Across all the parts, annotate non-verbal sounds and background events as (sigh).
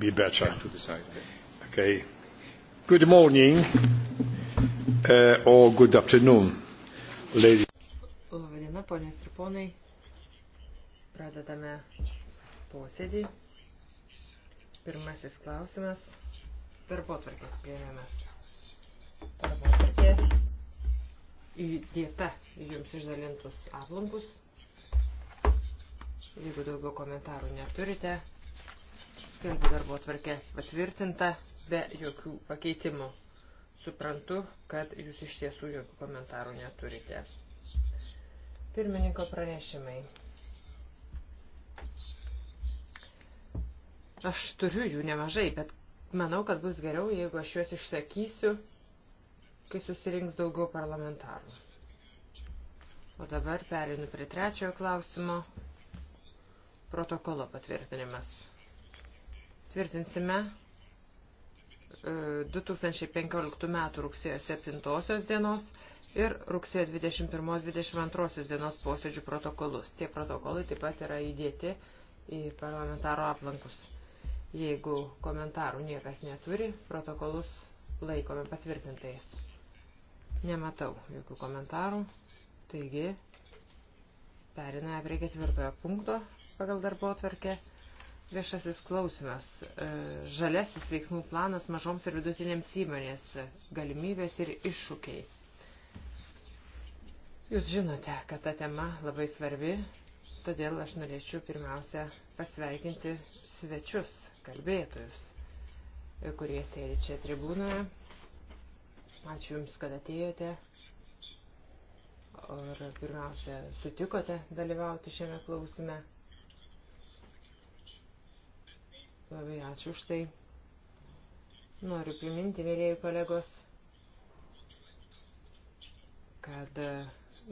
be better. Okay. Good morning uh, or good afternoon, ladies. Labadiena, ponės ir ponai. Pradedame posėdį. Pirmasis klausimas. Darbotvarkės priėmėmės. Darbotvarkė įdėta į jums išdalintus aplankus. Jeigu daugiau komentarų neturite, Skelbiu darbo tvarkę patvirtinta be jokių pakeitimų. Suprantu, kad jūs iš tiesų jokių komentarų neturite. Pirmininko pranešimai. Aš turiu jų nemažai, bet manau, kad bus geriau, jeigu aš juos išsakysiu, kai susirinks daugiau parlamentarų. O dabar perinu prie trečiojo klausimo. Protokolo patvirtinimas tvirtinsime 2015 e, m. rugsėjo 7 dienos ir rugsėjo 21-22 dienos posėdžių protokolus. Tie protokolai taip pat yra įdėti į parlamentaro aplankus. Jeigu komentarų niekas neturi, protokolus laikome patvirtintai. Nematau jokių komentarų. Taigi, periname prie ketvirtojo punkto pagal darbo atvarkę. Viešasis klausimas. E, Žalesis veiksmų planas mažoms ir vidutinėms įmonės. Galimybės ir iššūkiai. Jūs žinote, kad ta tema labai svarbi, todėl aš norėčiau pirmiausia pasveikinti svečius, kalbėtojus, e, kurie sėdi čia tribūnoje. Ačiū Jums, kad atėjote ir pirmiausia sutikote dalyvauti šiame klausime. Labai ačiū už tai. Noriu priminti, mėlyjei kolegos, kad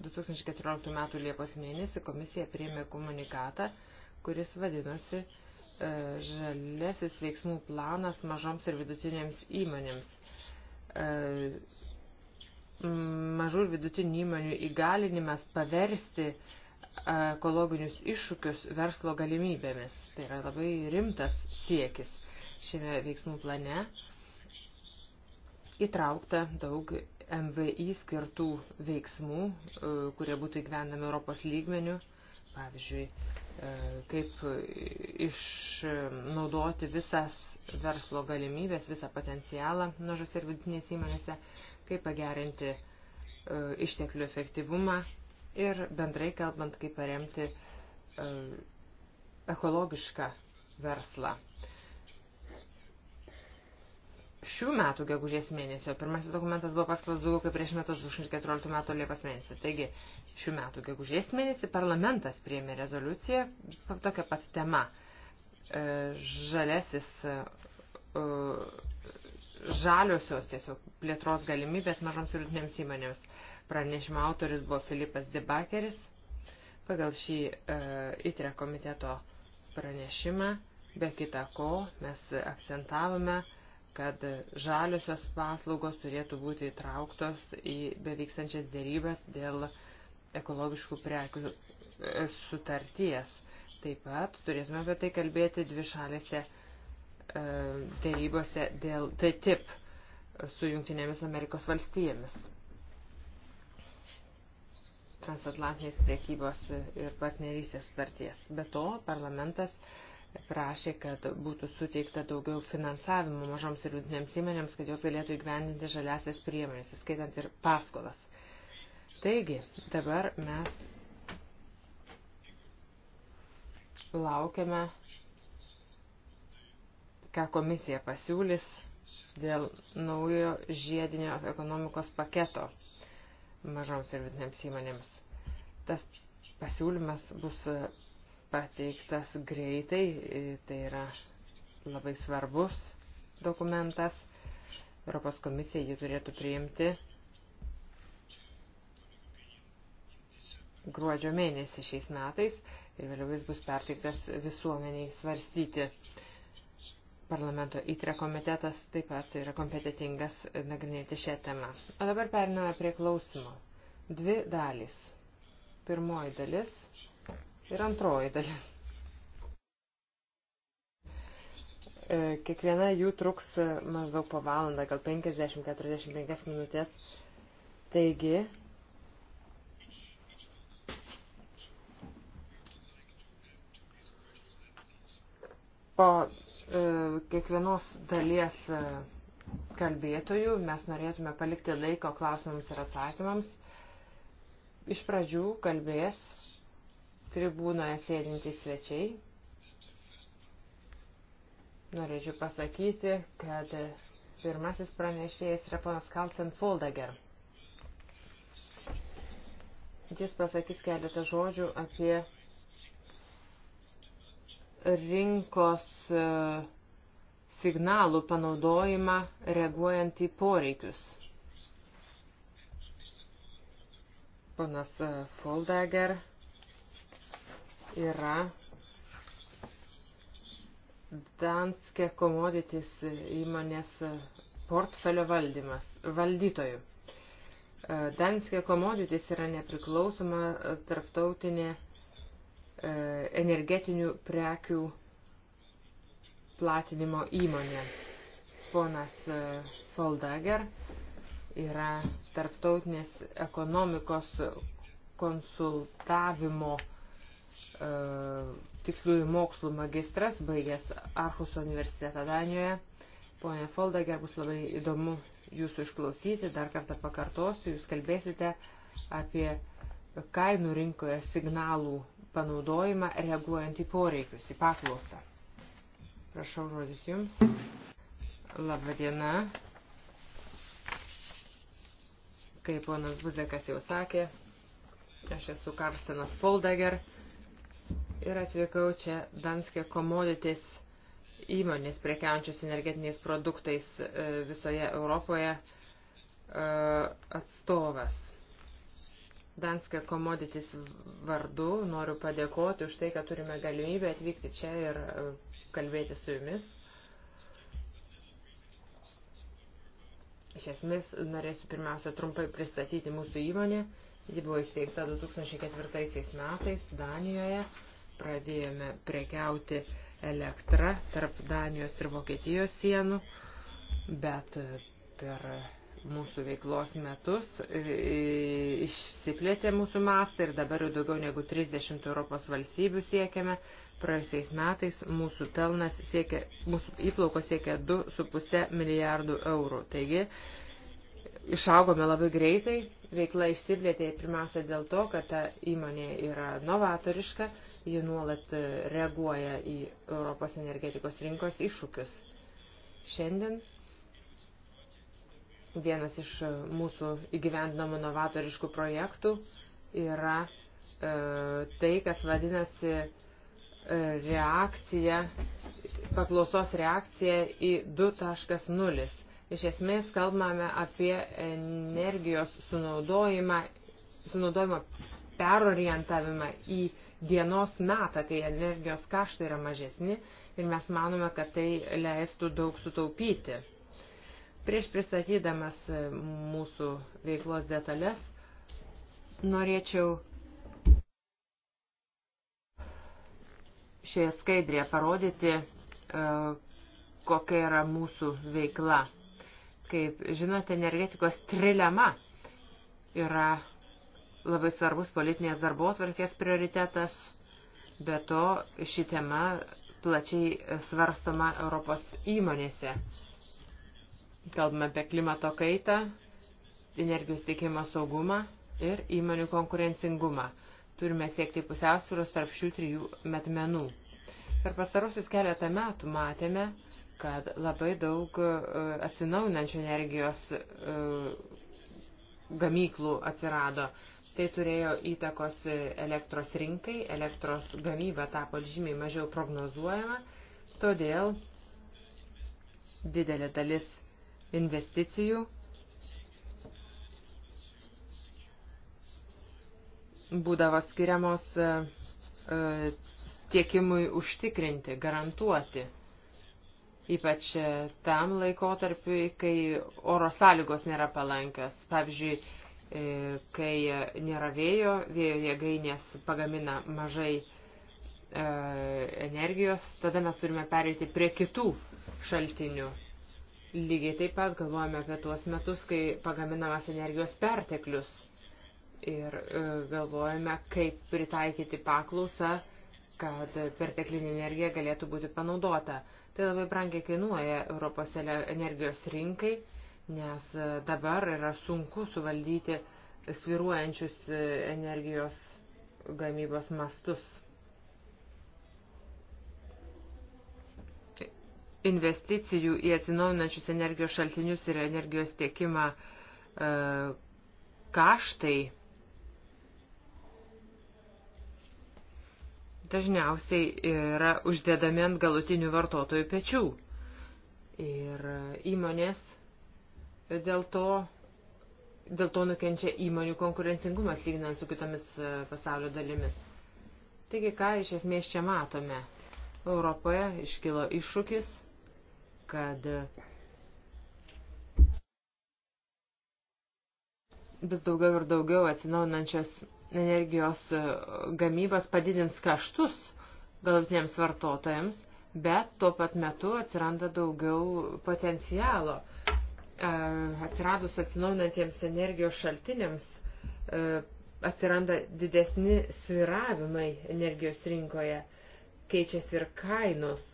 2014 m. Liepos mėnesį komisija priėmė komunikatą, kuris vadinosi e, Žalesis veiksmų planas mažoms ir vidutinėms įmonėms. E, mažų ir vidutinių įmonių įgalinimas paversti uh, ekologinius iššūkius verslo galimybėmis. Tai yra labai rimtas siekis šiame veiksmų plane. Įtraukta daug MVI skirtų veiksmų, e, kurie būtų įgyvendami Europos lygmenių. Pavyzdžiui, e, kaip išnaudoti visas verslo galimybės, visą potencialą mažos ir vidinės įmonėse, kaip pagerinti e, išteklių efektyvumą, ir bendrai kalbant, kaip paremti e, ekologišką verslą. Šių metų gegužės mėnesio pirmasis dokumentas buvo paskelbtas daugiau kaip prieš metus 2014 metų Liepos mėnesį. Taigi, šių metų gegužės mėnesį parlamentas priėmė rezoliuciją tokia pat tema. E, žalesis, e, žaliosios tiesiog plėtros galimybės mažoms ir vidutinėms įmonėms Pranešimo autoris buvo Filipas Debakeris. Pagal šį e, ITRE komiteto pranešimą, be kita ko, mes akcentavome, kad žaliosios paslaugos turėtų būti įtrauktos į bevykstančias dėrybas dėl ekologiškų prekių e, sutarties. Taip pat turėtume apie tai kalbėti dvi šalėse e, dėrybose dėl TTIP su Junktinėmis Amerikos valstijomis transatlantinės priekybos ir partnerystės sutarties. Be to, parlamentas prašė, kad būtų suteikta daugiau finansavimo mažoms ir vidutinėms įmonėms, kad jos galėtų įgyvendinti žaliasias priemonės, įskaitant ir paskolas. Taigi, dabar mes laukiame, ką komisija pasiūlys dėl naujo žiedinio ekonomikos paketo mažoms ir vidutinėms įmonėms. Tas pasiūlymas bus pateiktas greitai, tai yra labai svarbus dokumentas. Europos komisija jį turėtų priimti gruodžio mėnesį šiais metais ir vėliau jis bus perteiktas visuomeniai svarstyti. Parlamento įtre komitetas taip pat yra kompetitingas nagrinėti šią temą. O dabar periname prie klausimo. Dvi dalys. Pirmoji dalis ir antroji dalis. E, kiekviena jų truks maždaug po valandą, gal 50-45 minutės. Taigi, po e, kiekvienos dalies e, kalbėtojų mes norėtume palikti laiko klausimams ir atsakymams. Iš pradžių kalbės tribūnoje sėdintys svečiai. Norėčiau pasakyti, kad pirmasis pranešėjas yra ponas Kalsen Foldager. Jis pasakys keletą žodžių apie rinkos e, signalų panaudojimą reaguojant į poreikius. Ponas e, Foldager yra Danske Commodities įmonės portfelio valdymas, valdytojų. E, Danske Commodities yra nepriklausoma tarptautinė e, energetinių prekių platinimo įmonė. Ponas Foldager yra tarptautinės ekonomikos konsultavimo e, tiksliųjų mokslų magistras, baigęs Arhuso universitetą Danijoje. Pone Foldager, bus labai įdomu jūsų išklausyti, dar kartą pakartosiu, jūs kalbėsite apie kainų rinkoje signalų panaudojimą reaguojant į poreikius, į paklausą. Prašau žodis jums. Labą dieną. Kaip ponas Buzekas jau sakė, aš esu Karstenas Foldager ir atvykau čia Danske Commodities įmonės prekiaujančios energetiniais produktais e, visoje Europoje e, atstovas. Danske Commodities vardu noriu padėkoti už tai, kad turime galimybę atvykti čia ir e, kalbėti su jumis. Iš esmės, norėsiu pirmiausia trumpai pristatyti mūsų įmonę. Ji buvo įsteigta 2004 metais Danijoje. Pradėjome prekiauti elektrą tarp Danijos ir Vokietijos sienų, bet per mūsų veiklos metus, e, išsiplėtė mūsų mastą ir dabar jau daugiau negu 30 Europos valstybių siekiame. Praėjusiais metais mūsų pelnas siekia, mūsų įplaukos siekia 2,5 milijardų eurų. Taigi, išaugome labai greitai, veikla išsiplėtė pirmiausia dėl to, kad ta įmonė yra novatoriška, ji nuolat e, reaguoja į Europos energetikos rinkos iššūkius. Šiandien Vienas iš mūsų įgyvendinamų novatoriškų projektų yra e, tai, kas vadinasi e, reakcija, paklausos reakcija į 2.0. Iš esmės kalbame apie energijos sunaudojimą, sunaudojimą perorientavimą į dienos metą, kai energijos kaštai yra mažesni ir mes manome, kad tai leistų daug sutaupyti. Prieš pristatydamas e, mūsų veiklos detalės, norėčiau šioje skaidrėje parodyti, e, kokia yra mūsų veikla. Kaip žinote, energetikos trilema yra labai svarbus politinės darbotvarkės prioritetas, be to ši tema plačiai svarstoma Europos įmonėse. Kalbame apie klimato kaitą, energijos tiekimo saugumą ir įmonių konkurencingumą. Turime siekti pusiausvėros tarp šių trijų metmenų. Per pastarusius keletą metų matėme, kad labai daug e, atsinaujinančių energijos e, gamyklų atsirado. Tai turėjo įtakos elektros rinkai, elektros gamyba tapo žymiai mažiau prognozuojama, todėl didelė dalis investicijų būdavo skiriamos e, e, tiekimui užtikrinti, garantuoti. Ypač e, tam laikotarpiui, kai oro sąlygos nėra palankios. Pavyzdžiui, kai nėra vėjo, vėjo jėgainės pagamina mažai energijos, tada mes turime pereiti prie kitų šaltinių Lygiai taip pat galvojame apie tuos metus, kai pagaminamas energijos perteklius ir e, galvojame, kaip pritaikyti paklausą, kad perteklinė energija galėtų būti panaudota. Tai labai brangiai kainuoja Europos energijos rinkai, nes e, dabar yra sunku suvaldyti sviruojančius e, energijos gamybos mastus. investicijų į atsinaujinančius energijos šaltinius ir energijos tiekimą e, kaštai dažniausiai yra uždedami ant galutinių vartotojų pečių. Ir įmonės dėl to, dėl to nukenčia įmonių konkurencingumas lyginant su kitomis e, pasaulio dalimis. Taigi, ką iš esmės čia matome? Europoje iškilo iššūkis kad vis daugiau ir daugiau atsinaujinančios energijos gamybos padidins kaštus galutiniams vartotojams, bet tuo pat metu atsiranda daugiau potencialo. E, atsiradus atsinaujinantiems energijos šaltiniams e, atsiranda didesni sviravimai energijos rinkoje, keičiasi ir kainos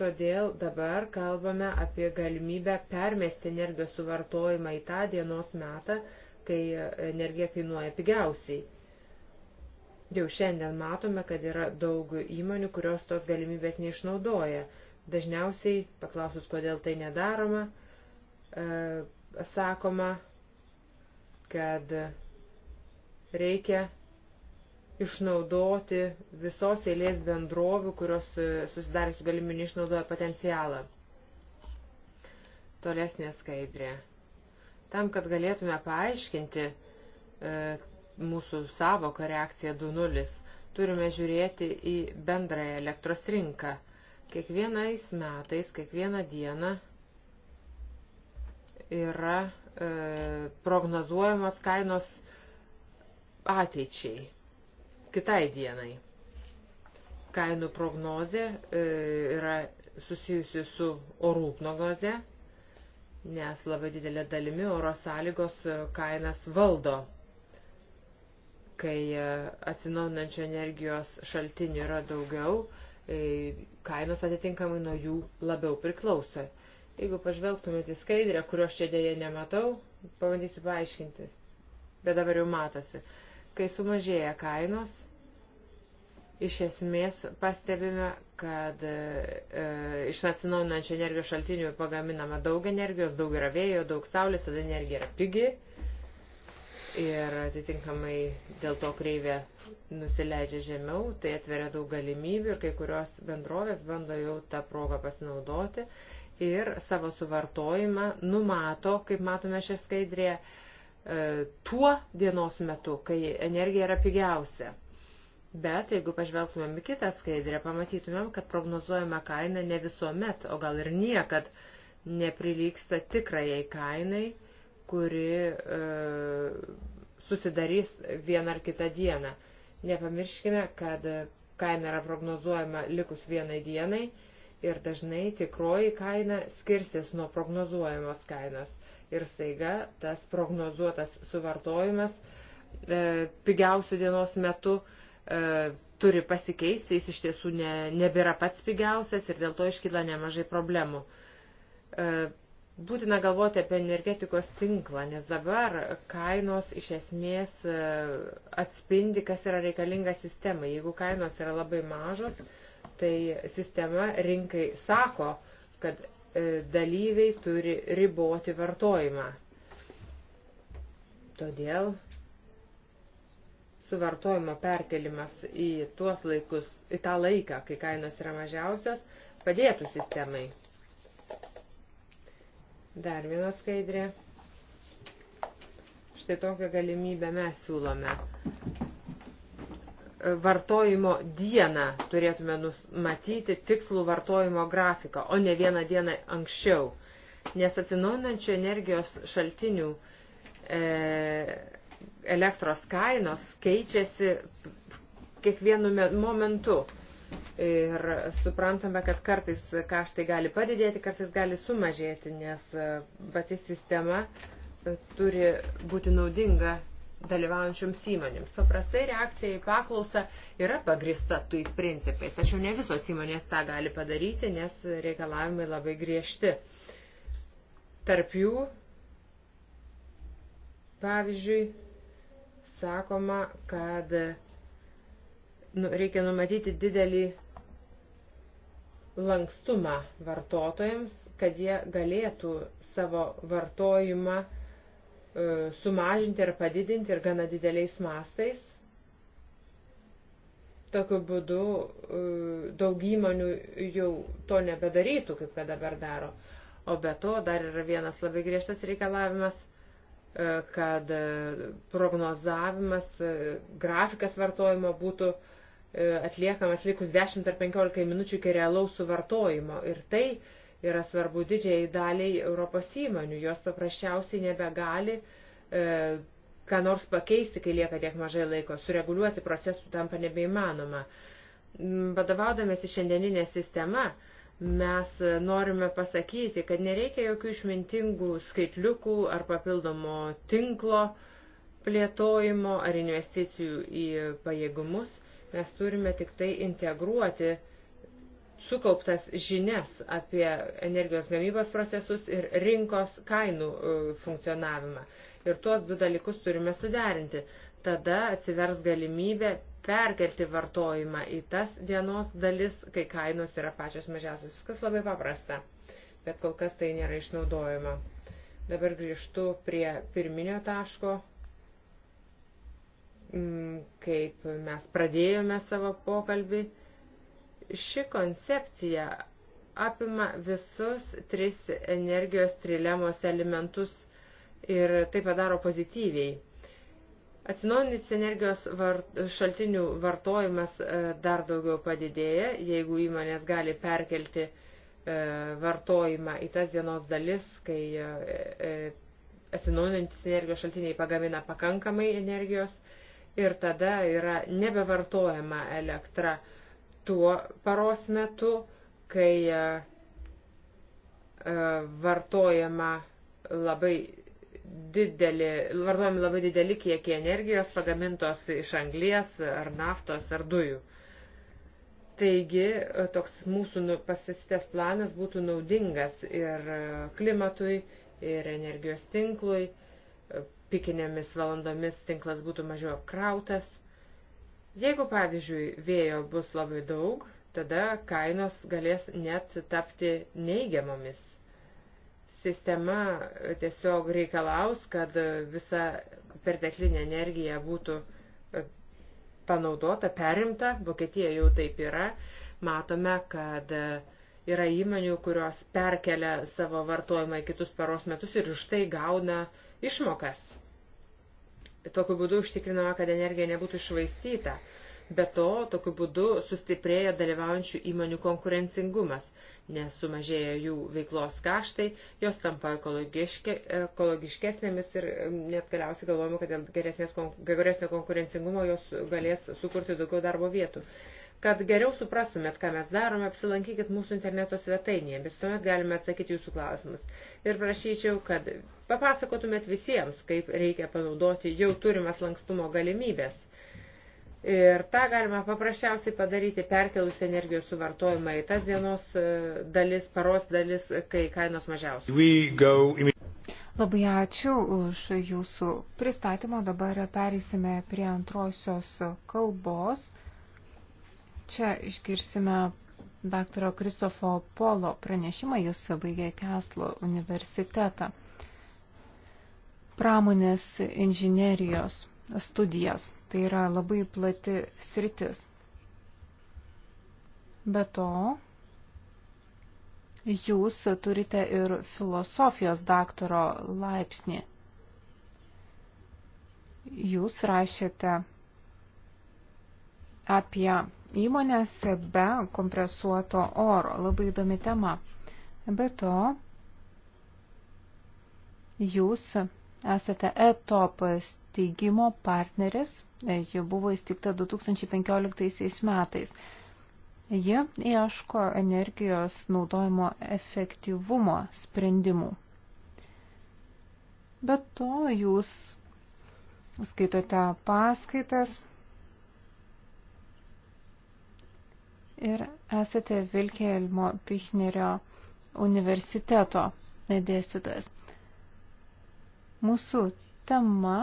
Todėl dabar kalbame apie galimybę permesti energijos suvartojimą į tą dienos metą, kai energija kainuoja pigiausiai. Jau šiandien matome, kad yra daug įmonių, kurios tos galimybės neišnaudoja. Dažniausiai, paklausus, kodėl tai nedaroma, e, sakoma, kad reikia išnaudoti visos eilės bendrovių, kurios e, susidarė su galimi neišnaudoja potencialą. Tolesnė skaidrė. Tam, kad galėtume paaiškinti e, mūsų savoką reakciją 2.0, turime žiūrėti į bendrąją elektros rinką. Kiekvienais metais, kiekvieną dieną yra e, prognozuojamos kainos ateičiai kitai dienai. Kainų prognozė e, yra susijusi su orų prognoze, nes labai didelė dalimi oro sąlygos e, kainas valdo kai e, atsinaunančio energijos šaltinių yra daugiau, kainos atitinkamai nuo jų labiau priklauso. Jeigu pažvelgtumėte į skaidrę, kurios čia dėje nematau, pabandysiu paaiškinti, bet dabar jau matosi kai sumažėja kainos, iš esmės pastebime, kad e, iš atsinaujinančių energijos šaltinių pagaminama daug energijos, daug yra vėjo, daug saulės, tada energija yra pigi ir atitinkamai dėl to kreivė nusileidžia žemiau, tai atveria daug galimybių ir kai kurios bendrovės bando jau tą progą pasinaudoti ir savo suvartojimą numato, kaip matome šią skaidrėje, E, tuo dienos metu, kai energija yra pigiausia. Bet jeigu pažvelgtumėm į kitą skaidrę, pamatytumėm, kad prognozuojama kaina ne visuomet, o gal ir niekad neprilyksta tikrajai kainai, kuri e, susidarys vieną ar kitą dieną. Nepamirškime, kad kaina yra prognozuojama likus vienai dienai ir dažnai tikroji kaina skirsis nuo prognozuojamos kainos ir staiga tas prognozuotas suvartojimas e, pigiausių dienos metu e, turi pasikeisti, jis iš tiesų ne, nebėra pats pigiausias ir dėl to iškyla nemažai problemų. E, būtina galvoti apie energetikos tinklą, nes dabar kainos iš esmės e, atspindi, kas yra reikalinga sistemai. Jeigu kainos yra labai mažos, tai sistema rinkai sako, kad E, dalyviai turi riboti vartojimą. Todėl suvartojimo perkelimas į tuos laikus, į tą laiką, kai kainos yra mažiausios, padėtų sistemai. Dar viena skaidrė. Štai tokią galimybę mes siūlome vartojimo dieną turėtume numatyti tikslų vartojimo grafiką, o ne vieną dieną anksčiau. Nes atsinaujinančių energijos šaltinių e, elektros kainos keičiasi kiekvienu momentu. Ir suprantame, kad kartais kaštai gali padidėti, kartais gali sumažėti, nes e, pati sistema e, turi būti naudinga dalyvaujančioms įmonėms. Paprastai reakcija į paklausą yra pagrista tais principais, tačiau ne visos įmonės tą gali padaryti, nes reikalavimai labai griežti. Tarp jų, pavyzdžiui, sakoma, kad nu, reikia numatyti didelį lankstumą vartotojams, kad jie galėtų savo vartojimą uh, E, sumažinti ar padidinti ir gana dideliais mastais. Tokiu būdu e, daug įmonių jau to nebedarytų, kaip kad dabar daro. O be to dar yra vienas labai griežtas reikalavimas, e, kad prognozavimas, grafikas vartojimo būtų atliekamas likus 10 ar 15 minučių iki realaus suvartojimo. Ir tai uh, yra svarbu didžiai daliai Europos įmonių. Jos paprasčiausiai nebegali e, ką nors pakeisti, kai lieka tiek mažai laiko. Sureguliuoti procesų tampa nebeįmanoma. Mm, Vadovaudamėsi šiandieninė sistema, mes e, norime pasakyti, kad nereikia jokių išmintingų skaitliukų ar papildomo tinklo plėtojimo ar investicijų į pajėgumus. Mes turime tik tai integruoti sukauptas žinias apie energijos gamybos procesus ir rinkos kainų e, funkcionavimą. Ir tuos du dalykus turime suderinti. Tada atsivers galimybė perkelti vartojimą į tas dienos dalis, kai kainos yra pačios mažiausios. Viskas labai paprasta, bet kol kas tai nėra išnaudojama. Dabar grįžtu prie pirminio taško, mm, kaip mes pradėjome savo pokalbį Ši koncepcija apima visus tris energijos trilemos elementus ir tai padaro pozityviai. Atsinaujantis energijos vart, šaltinių vartojimas e, dar daugiau padidėja, jeigu įmonės gali perkelti e, vartojimą į tas dienos dalis, kai e, atsinaujantis energijos šaltiniai pagamina pakankamai energijos ir tada yra nebevartojama elektra tuo paros metu, kai e, e, vartojama labai didelį, vartojami labai dideli kiekiai energijos pagamintos iš anglies ar naftos ar dujų. Taigi e, toks mūsų nu, pasistės planas būtų naudingas ir klimatui, ir energijos tinklui, pikinėmis valandomis tinklas būtų mažiau apkrautas Jeigu, pavyzdžiui, vėjo bus labai daug, tada kainos galės net tapti neigiamomis. Sistema tiesiog reikalaus, kad visa perteklinė energija būtų e, panaudota, perimta. Vokietija jau taip yra. Matome, kad e, yra įmonių, kurios perkelia savo vartojimą į kitus paros metus ir už tai gauna išmokas. Tokiu būdu užtikrinama, kad energija nebūtų išvaistyta. Be to, tokiu būdu sustiprėja dalyvaujančių įmonių konkurencingumas, nes sumažėja jų veiklos kaštai, jos tampa ekologiške, ekologiškesnėmis ir net galiausiai galvojame, kad dėl geresnio konkurencingumo jos galės sukurti daugiau darbo vietų. Kad geriau suprastumėt, ką mes darome, apsilankykit mūsų interneto svetainėje, visuomet galime atsakyti jūsų klausimus. Ir prašyčiau, kad papasakotumėt visiems, kaip reikia panaudoti jau turimas lankstumo galimybės. Ir tą galima paprasčiausiai padaryti perkelus energijos suvartojimą į tas dienos e, dalis, paros dalis, kai kainos mažiausios. Labai ačiū už jūsų pristatymą. Dabar perėsime prie antrosios kalbos. Čia išgirsime daktaro Kristofo Polo pranešimą, jis baigė Keslo universitetą. Pramonės inžinerijos studijas. Tai yra labai plati sritis. Be to, jūs turite ir filosofijos daktaro laipsnį. Jūs rašėte apie Įmonės be kompresuoto oro. Labai įdomi tema. Be to, jūs esate ETOP steigimo partneris. Ji buvo įsteigta 2015 metais. Ji ieško energijos naudojimo efektyvumo sprendimų. Bet to jūs skaitote paskaitas, ir esate Vilkelmo Pichnerio universiteto dėstytojas. Mūsų tema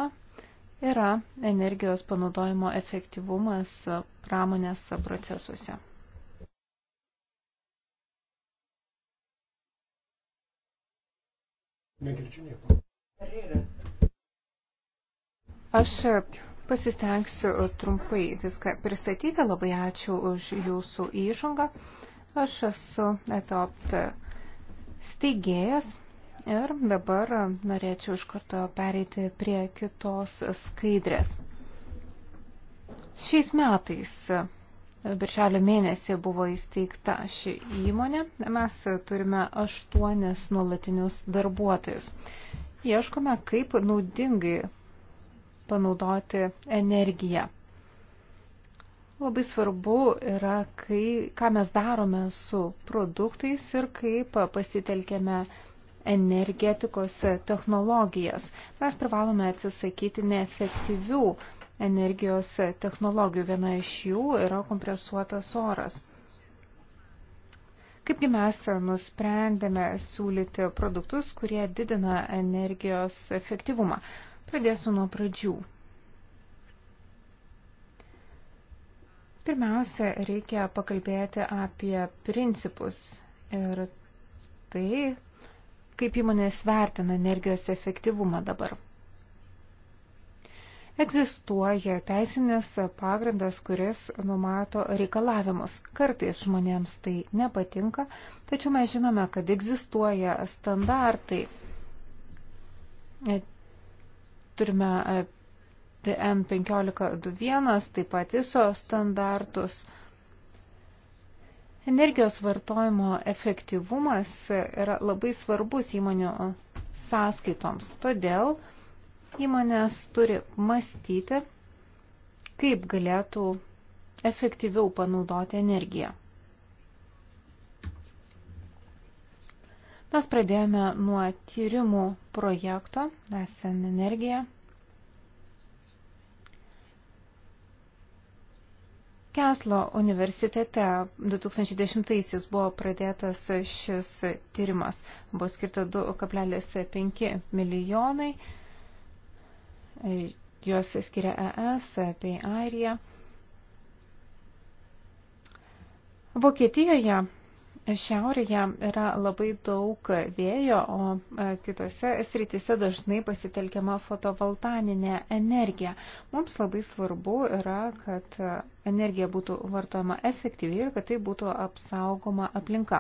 yra energijos panaudojimo efektyvumas pramonės procesuose. Negirdžiu nieko. Aš Pasistengsiu e, trumpai viską pristatyti. Labai ačiū už jūsų įžangą. Aš esu ETOPT steigėjas ir dabar norėčiau iš karto pereiti prie kitos skaidrės. Šiais metais e, Birželio mėnesį buvo įsteigta ši įmonė. Mes turime aštuonis nuolatinius darbuotojus. Ieškome, kaip naudingai panaudoti energiją. Labai svarbu yra, kai, ką mes darome su produktais ir kaip pasitelkėme energetikos technologijas. Mes privalome atsisakyti neefektyvių energijos technologijų. Viena iš jų yra kompresuotas oras. Kaipgi mes nusprendėme siūlyti produktus, kurie didina energijos efektyvumą. Pradėsiu nuo pradžių. Pirmiausia, reikia pakalbėti apie principus ir tai, kaip įmonės vertina energijos efektyvumą dabar. Egzistuoja teisinės pagrindas, kuris numato reikalavimus. Kartais žmonėms tai nepatinka, tačiau mes žinome, kad egzistuoja standartai Turime e, PN1521, taip pat ISO standartus. Energijos vartojimo efektyvumas yra labai svarbus įmonių sąskaitoms. Todėl įmonės turi mąstyti, kaip galėtų efektyviau panaudoti energiją. Mes pradėjome nuo tyrimų projekto SN energija. Keslo universitete 2010-aisiais buvo pradėtas šis tyrimas. Buvo skirta 2,5 milijonai. Jos skiria ES bei Airija. Vokietijoje Šiaurėje yra labai daug vėjo, o e, kitose srityse dažnai pasitelkiama fotovoltaninė energija. Mums labai svarbu yra, kad energija būtų vartojama efektyviai ir kad tai būtų apsaugoma aplinka.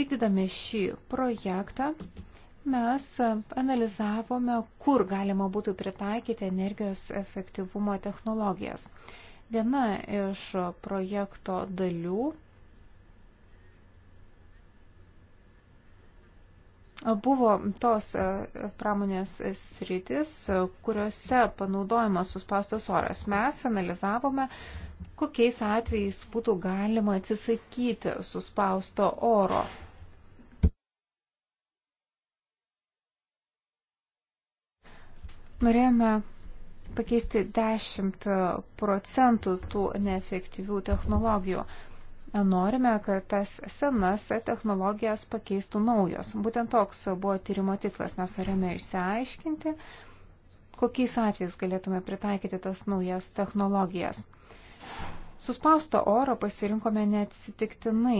Vykdydami šį projektą mes analizavome, kur galima būtų pritaikyti energijos efektyvumo technologijas. Viena iš projekto dalių Buvo tos e, pramonės sritis, e, kuriuose panaudojamas suspastos oras. Mes analizavome, kokiais atvejais būtų galima atsisakyti suspausto oro. Norėjome pakeisti 10 procentų tų neefektyvių technologijų. Norime, kad tas senas technologijas pakeistų naujos. Būtent toks buvo tyrimo tikslas. Mes norėjome išsiaiškinti, kokiais atvejais galėtume pritaikyti tas naujas technologijas. Suspausto oro pasirinkome neatsitiktinai.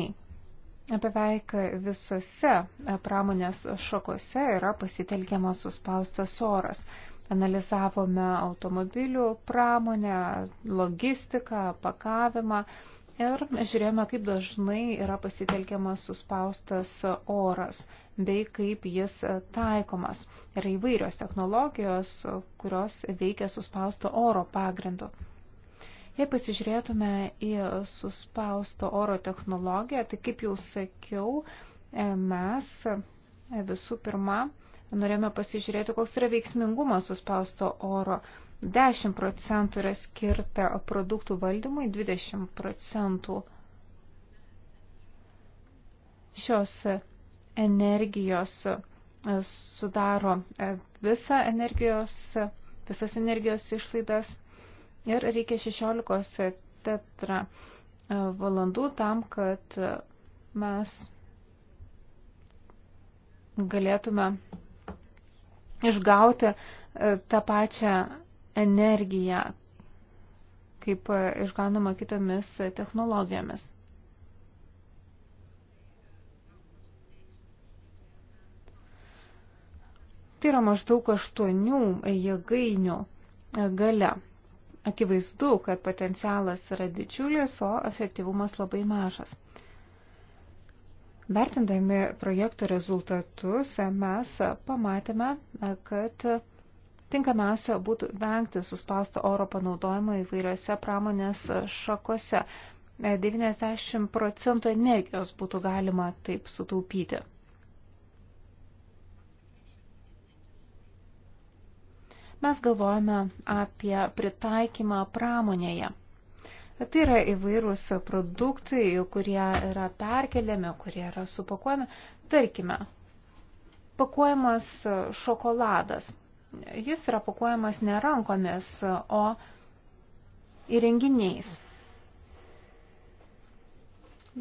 Beveik visose pramonės šakose yra pasitelkiamas suspaustas oras analizavome automobilių pramonę, logistiką, pakavimą, ir žiūrėjome, kaip dažnai yra pasitelkiamas suspaustas oras bei kaip jis taikomas. Yra įvairios technologijos, kurios veikia suspausto oro pagrindu. Jei pasižiūrėtume į suspausto oro technologiją, tai kaip jau sakiau, mes visų pirma norėjome pasižiūrėti, koks yra veiksmingumas suspausto oro. 10 procentų yra skirta produktų valdymui, 20 procentų šios energijos e, sudaro e, visą energijos, visas energijos išlaidas ir reikia 16 tetra e, valandų tam, kad mes galėtume išgauti tą pačią energiją, kaip išganoma kitomis technologijomis. Tai yra maždaug aštuonių jėgainių gale. Akivaizdu, kad potencialas yra didžiulis, o efektyvumas labai mažas. Vertindami projekto rezultatus mes pamatėme, kad Tinkamiausia būtų vengti suspausto oro panaudojimo įvairiose pramonės šakose. 90 e, procentų energijos būtų galima taip sutaupyti. Mes galvojame apie pritaikymą pramonėje. Tai yra įvairūs produktai, kurie yra perkeliami, kurie yra supakuojami. Tarkime, pakuojamas šokoladas jis yra pakuojamas ne rankomis, o įrenginiais.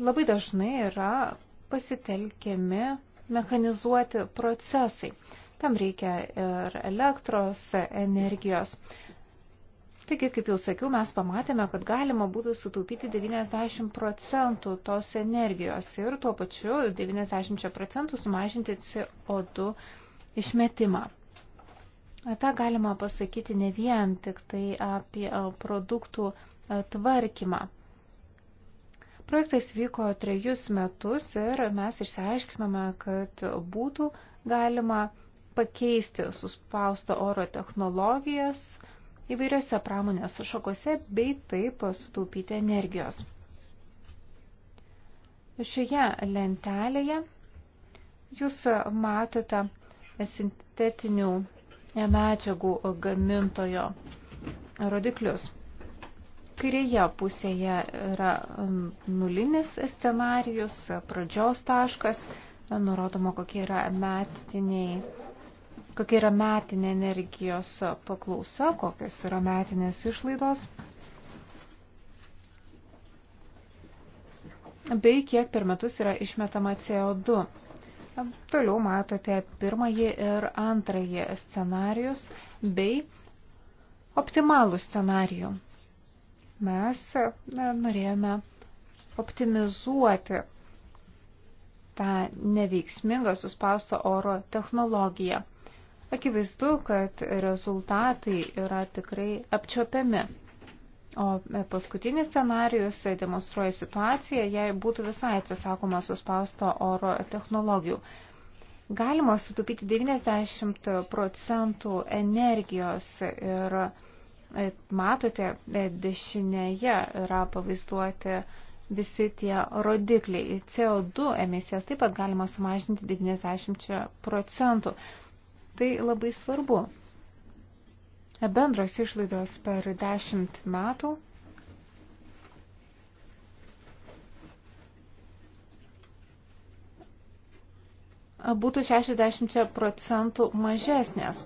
Labai dažnai yra pasitelkiami mechanizuoti procesai. Tam reikia ir elektros, energijos. Taigi, kaip jau sakiau, mes pamatėme, kad galima būtų sutaupyti 90 procentų tos energijos ir tuo pačiu 90 procentų sumažinti CO2 išmetimą. Ta galima pasakyti ne vien tik tai apie produktų tvarkymą. Projektas vyko trejus metus ir mes išsiaiškinome, kad būtų galima pakeisti suspausto oro technologijas įvairiose pramonės šakose bei taip sutaupyti energijos. Šioje lentelėje jūs matote sintetinių medžiagų gamintojo rodiklius. Kairėje pusėje yra nulinis scenarius, pradžios taškas, nurodoma, kokie yra metiniai kokia yra metinė energijos paklausa, kokios yra metinės išlaidos, bei kiek per metus yra išmetama CO2. Toliau matote pirmąjį ir antrąjį scenarius bei optimalų scenarijų. Mes na, norėjome optimizuoti tą neveiksmingą suspausto oro technologiją. Akivaizdu, kad rezultatai yra tikrai apčiopiami. O e, paskutinis scenarius e, demonstruoja situaciją, jei būtų visai atsisakoma suspausto oro technologijų. Galima sutaupyti 90 procentų energijos ir e, matote, dešinėje yra pavaizduoti visi tie rodikliai. CO2 emisijas taip pat galima sumažinti 90 procentų. Tai labai svarbu. Bendros išlaidos per 10 metų būtų 60 procentų mažesnės.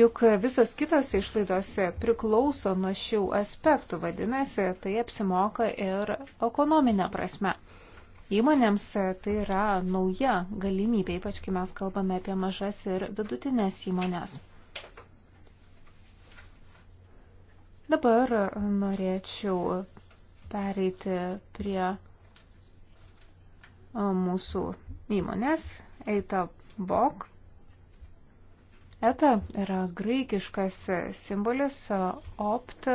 Juk visos kitos išlaidos priklauso nuo šių aspektų, vadinasi, tai apsimoka ir ekonominė prasme. Įmonėms e, tai yra nauja galimybė, ypač kai mes kalbame apie mažas ir vidutinės įmonės. Dabar e, norėčiau pereiti prie e, mūsų įmonės Eita Bok. Eta yra graikiškas simbolis, opt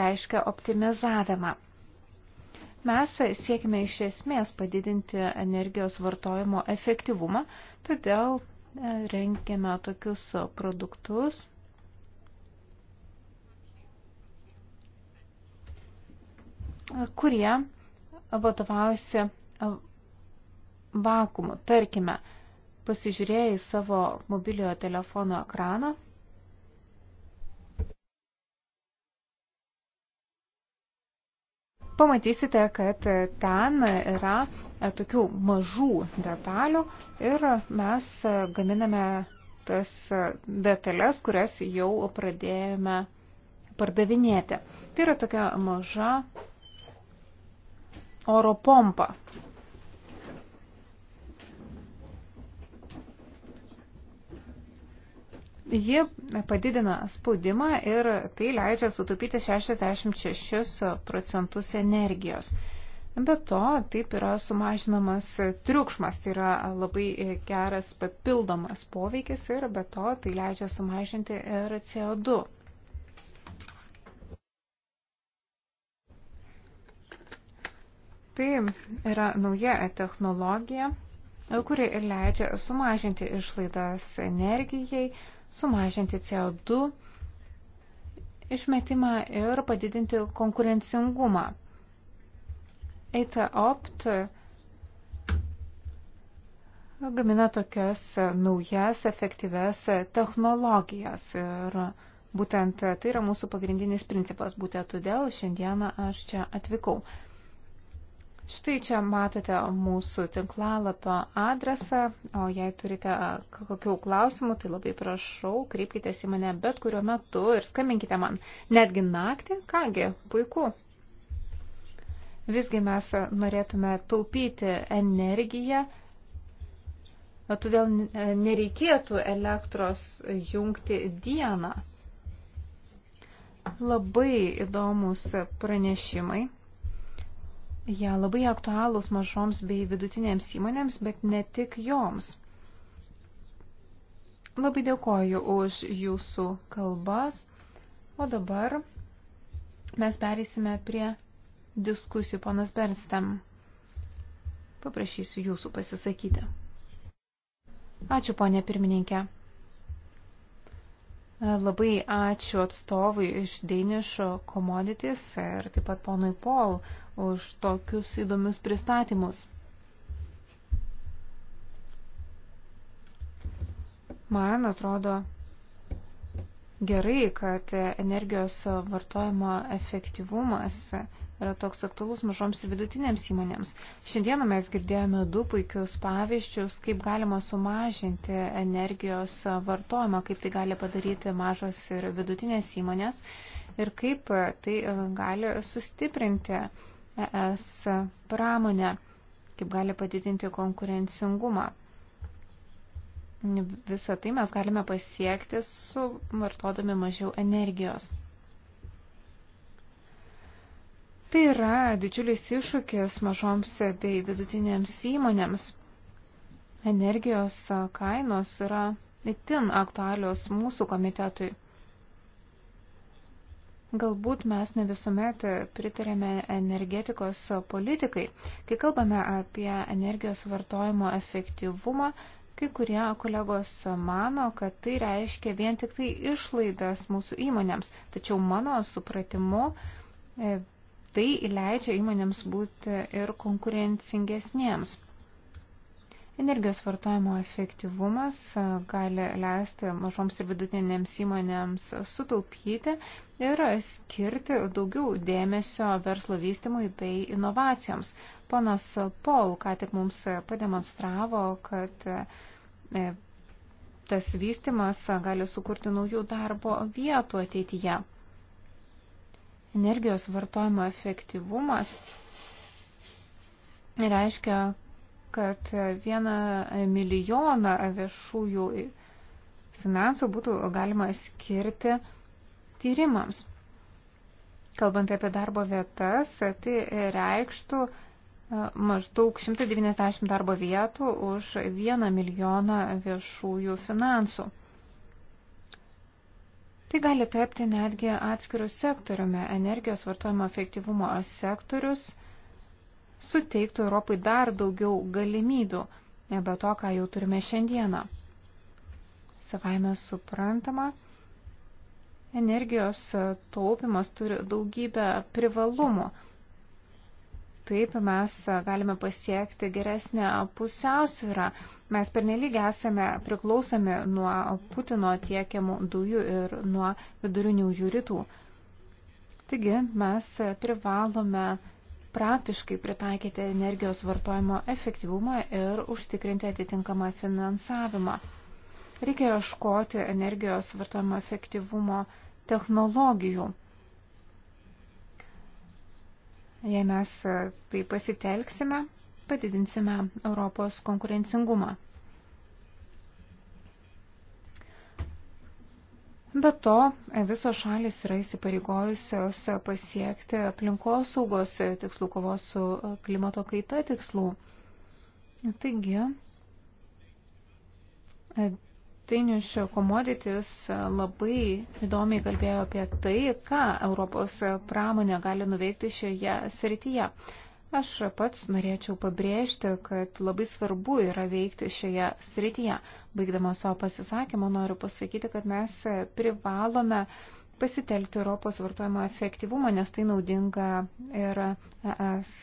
reiškia optimizavimą. Mes siekime iš esmės padidinti energijos vartojimo efektyvumą, todėl e, rengiame tokius produktus. kurie vadovaujasi e, vakumu. Tarkime, pasižiūrėjai savo mobiliojo telefono ekraną, pamatysite, kad ten yra e, tokių mažų detalių ir mes e, gaminame tas e, detalės, kurias jau pradėjome pardavinėti. Tai yra tokia maža oro pompa, Ji padidina spaudimą ir tai leidžia sutaupyti 66 procentus energijos. Be to, taip yra sumažinamas triukšmas, tai yra labai geras papildomas poveikis ir be to tai leidžia sumažinti ir CO2 Tai yra nauja technologija, kuri leidžia sumažinti išlaidas energijai, sumažinti CO2 išmetimą ir padidinti konkurencingumą. EITOPT gamina tokias naujas efektyves technologijas ir būtent tai yra mūsų pagrindinis principas, būtent todėl šiandieną aš čia atvykau. Štai čia matote mūsų tinklalapio adresą, o jei turite kokių klausimų, tai labai prašau, kreipkite į mane bet kuriuo metu ir skambinkite man. Netgi naktį, kągi, puiku. Visgi mes norėtume taupyti energiją, todėl e, nereikėtų elektros jungti dieną. Labai įdomus pranešimai jie ja, labai aktualūs mažoms bei vidutinėms įmonėms, bet ne tik joms. Labai dėkoju už jūsų kalbas, o dabar mes perėsime prie diskusijų, panas Berstem. Paprašysiu jūsų pasisakyti. Ačiū, ponė pirmininkė. Labai ačiū atstovui iš Danišo Commodities ir taip pat ponui Paul už tokius įdomius pristatymus. Man atrodo gerai, kad energijos vartojimo efektyvumas yra toks aktualus mažoms ir vidutinėms įmonėms. Šiandieną mes girdėjome du puikius pavyzdžius, kaip galima sumažinti energijos vartojimą, kaip tai gali padaryti mažos ir vidutinės įmonės ir kaip tai e, gali sustiprinti ES pramonę, kaip gali padidinti konkurencingumą. Visą tai mes galime pasiekti su vartodami mažiau energijos. Tai yra didžiulis iššūkis mažoms bei vidutinėms įmonėms. Energijos kainos yra itin aktualios mūsų komitetui. Galbūt mes ne visuomet pritarėme energetikos politikai. Kai kalbame apie energijos vartojimo efektyvumą, kai kurie kolegos mano, kad tai reiškia vien tik tai išlaidas mūsų įmonėms. Tačiau mano supratimu Tai leidžia įmonėms būti ir konkurencingesniems. Energijos vartojimo efektyvumas gali leisti mažoms ir vidutinėms įmonėms sutaupyti ir skirti daugiau dėmesio verslo vystimui bei inovacijoms. Ponas Pol ką tik mums pademonstravo, kad e, tas vystimas gali sukurti naujų darbo vietų ateityje. Energijos vartojimo efektyvumas reiškia, kad vieną milijoną viešųjų finansų būtų galima skirti tyrimams. Kalbant apie darbo vietas, tai reikštų e, maždaug 190 darbo vietų už 1 milijoną viešųjų finansų. Tai gali tapti netgi atskirų sektoriumi. Energijos vartojimo efektyvumo sektorius suteiktų Europai dar daugiau galimybių, nebe to, ką jau turime šiandieną. Savaime suprantama, energijos taupimas turi daugybę privalumų. Taip mes galime pasiekti geresnę pusiausvyrą. Mes pernelyg esame priklausomi nuo Putino tiekiamų dujų ir nuo viduriniųjų rytų. Taigi mes privalome praktiškai pritaikyti energijos vartojimo efektyvumą ir užtikrinti atitinkamą finansavimą. Reikia ieškoti energijos vartojimo efektyvumo technologijų. Jei mes e, tai pasitelksime, padidinsime Europos konkurencingumą. Be to, e, visos šalis yra įsipareigojusios pasiekti aplinkosaugos tikslų, kovos su e, klimato kaita tikslų. Taigi, Tainius Komoditis e, labai įdomiai kalbėjo apie tai, ką Europos pramonė gali nuveikti šioje srityje. Aš pats norėčiau pabrėžti, kad labai svarbu yra veikti šioje srityje. Baigdama savo pasisakymą noriu pasakyti, kad mes privalome pasitelkti Europos vartojimo efektyvumą, nes tai naudinga ir ES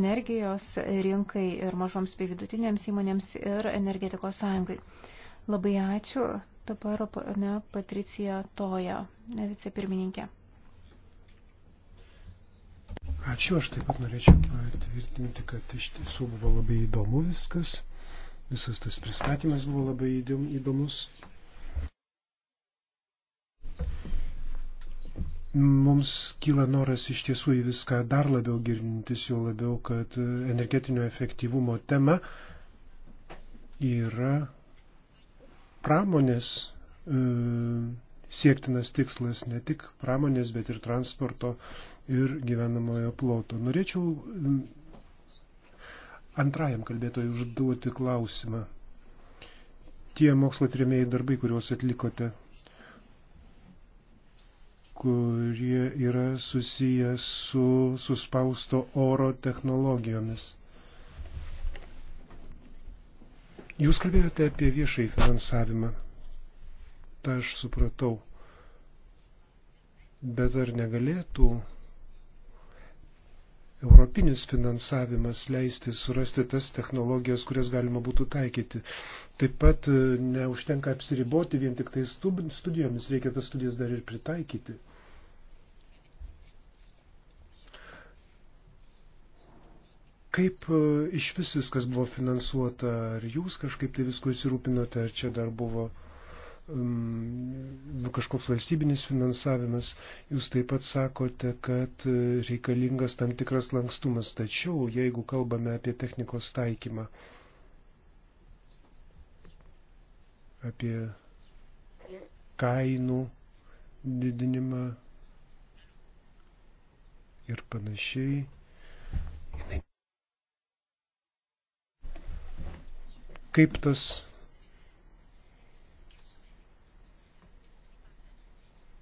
energijos rinkai ir mažoms bei vidutinėms įmonėms ir energetikos sąjungai. Labai ačiū. Dabar ne, Patricija Toja, vicepirmininkė. Ačiū, aš taip pat norėčiau patvirtinti, kad iš tiesų buvo labai įdomu viskas. Visas tas pristatymas buvo labai įdomus. Mums kyla noras iš tiesų į viską dar labiau girdintis, jo labiau, kad energetinio efektyvumo tema yra pramonės e, siektinas tikslas, ne tik pramonės, bet ir transporto ir gyvenamojo ploto. Norėčiau antrajam kalbėtojui užduoti klausimą. Tie mokslo trėmėjai darbai, kuriuos atlikote, kurie yra susiję su suspausto oro technologijomis. Jūs kalbėjote apie viešai finansavimą. Ta aš supratau. Bet ar negalėtų europinis finansavimas leisti surasti tas technologijas, kurias galima būtų taikyti. Taip pat e, neužtenka apsiriboti vien tik tai studijomis, reikia tas studijas dar ir pritaikyti. Kaip e, iš vis viskas buvo finansuota, ar jūs kažkaip tai visko įsirūpinote, ar čia dar buvo um, nu, kažkoks valstybinis finansavimas, jūs taip pat sakote, kad e, reikalingas tam tikras lankstumas, tačiau jeigu kalbame apie technikos taikymą, apie kainų didinimą ir panašiai, jinai kaip tas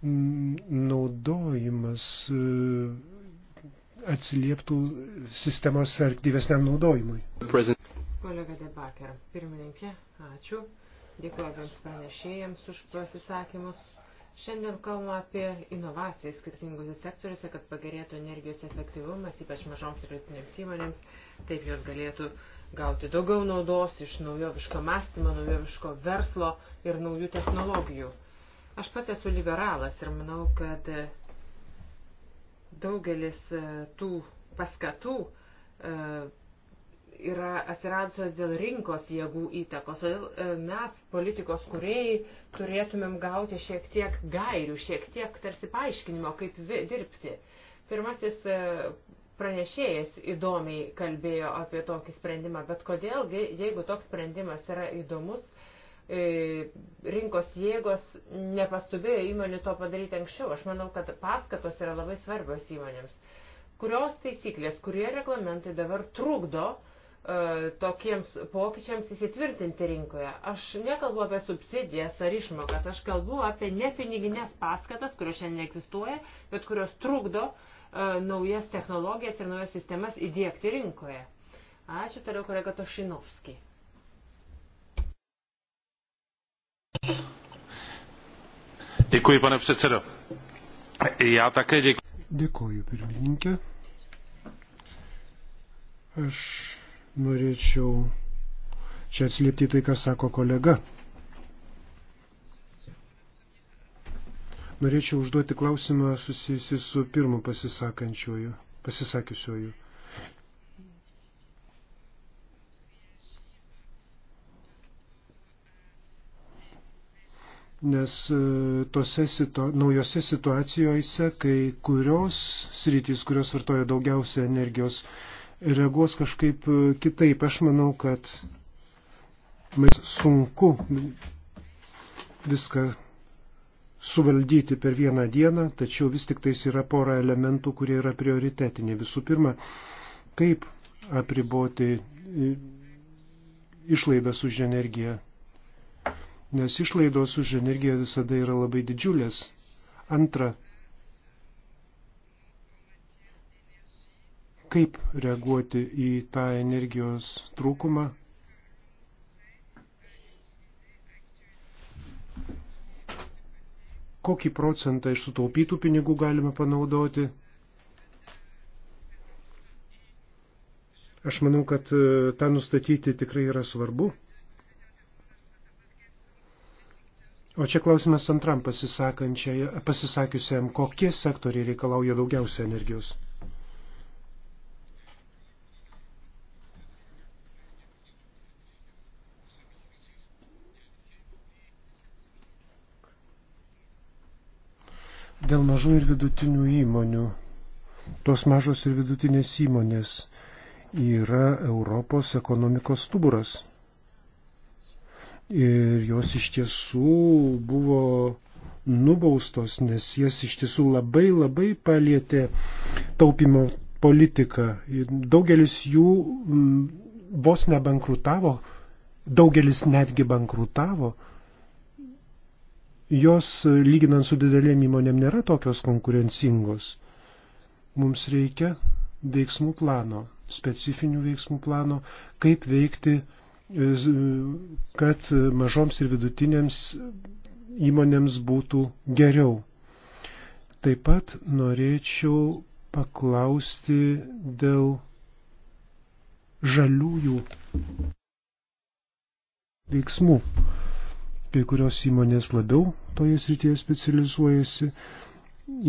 naudojimas e, atsilieptų sistemos efektyvesniam naudojimui. Kolega Debaker, pirmininkė, ačiū. Dėkuojams pranešėjams už pasisakymus. Šiandien kalbame apie inovacijas skirtingose sektoriuose, kad pagerėtų energijos efektyvumas, ypač mažoms ir vidutinėms įmonėms, taip jos galėtų uh, gauti daugiau naudos iš naujoviško mąstymo, naujoviško verslo ir naujų technologijų. Aš pat esu liberalas ir manau, kad e, daugelis e, tų paskatų e, yra atsiradusios dėl rinkos jėgų įtakos. Todėl mes, politikos kuriejai, turėtumėm gauti šiek tiek gairių, šiek tiek tarsi paaiškinimo, kaip dirbti. Pirmasis pranešėjas įdomiai kalbėjo apie tokį sprendimą, bet kodėlgi, jeigu toks sprendimas yra įdomus, e, rinkos jėgos nepastubėjo įmonių to padaryti anksčiau. Aš manau, kad paskatos yra labai svarbios įmonėms. Kurios taisyklės, kurie reglamentai dabar trukdo uh, tokiems pokyčiams įsitvirtinti rinkoje. Aš nekalbu apie subsidijas ar išmokas, aš kalbu apie nepiniginės paskatas, kurios šiandien egzistuoja, bet kurios trukdo uh, E, naujas technologijas ir naujas sistemas įdėkti rinkoje. Ačiū toliau kolega Tošinovski. Děkuji, pane předsedo. Já také děkuji. Děkuji, pirmininkė. Aš norėčiau čia atsiliepti tai, ką sako kolega. Norėčiau užduoti klausimą susijusi su pirmu pasisakančiuoju, pasisakiusiuoju. nes e, tose situ, naujose situacijose, kai kurios sritys, kurios vartoja daugiausia energijos, reaguos kažkaip e, kitaip. Aš manau, kad mes sunku viską suvaldyti per vieną dieną, tačiau vis tik tais yra pora elementų, kurie yra prioritetiniai. Visų pirma, kaip apriboti išlaidas už energiją. Nes išlaidos už energiją visada yra labai didžiulės. Antra, kaip reaguoti į tą energijos trūkumą, kokį procentą iš sutaupytų pinigų galime panaudoti. Aš manau, kad e, tą nustatyti tikrai yra svarbu. O čia klausimas antram pasisakiusiam, kokie sektoriai reikalauja daugiausia energijos. Dėl mažų ir vidutinių įmonių. Tos mažos ir vidutinės įmonės yra Europos ekonomikos stuburas. Ir jos iš tiesų buvo nubaustos, nes jas iš tiesų labai labai palietė taupimo politika. Daugelis jų mm, vos nebankrutavo, daugelis netgi bankrutavo jos, e, lyginant su didelėm įmonėm, nėra tokios konkurencingos. Mums reikia veiksmų plano, specifinių veiksmų plano, kaip veikti, e, kad mažoms ir vidutinėms įmonėms būtų geriau. Taip pat norėčiau paklausti dėl žaliųjų veiksmų kai kurios įmonės labiau toje srityje specializuojasi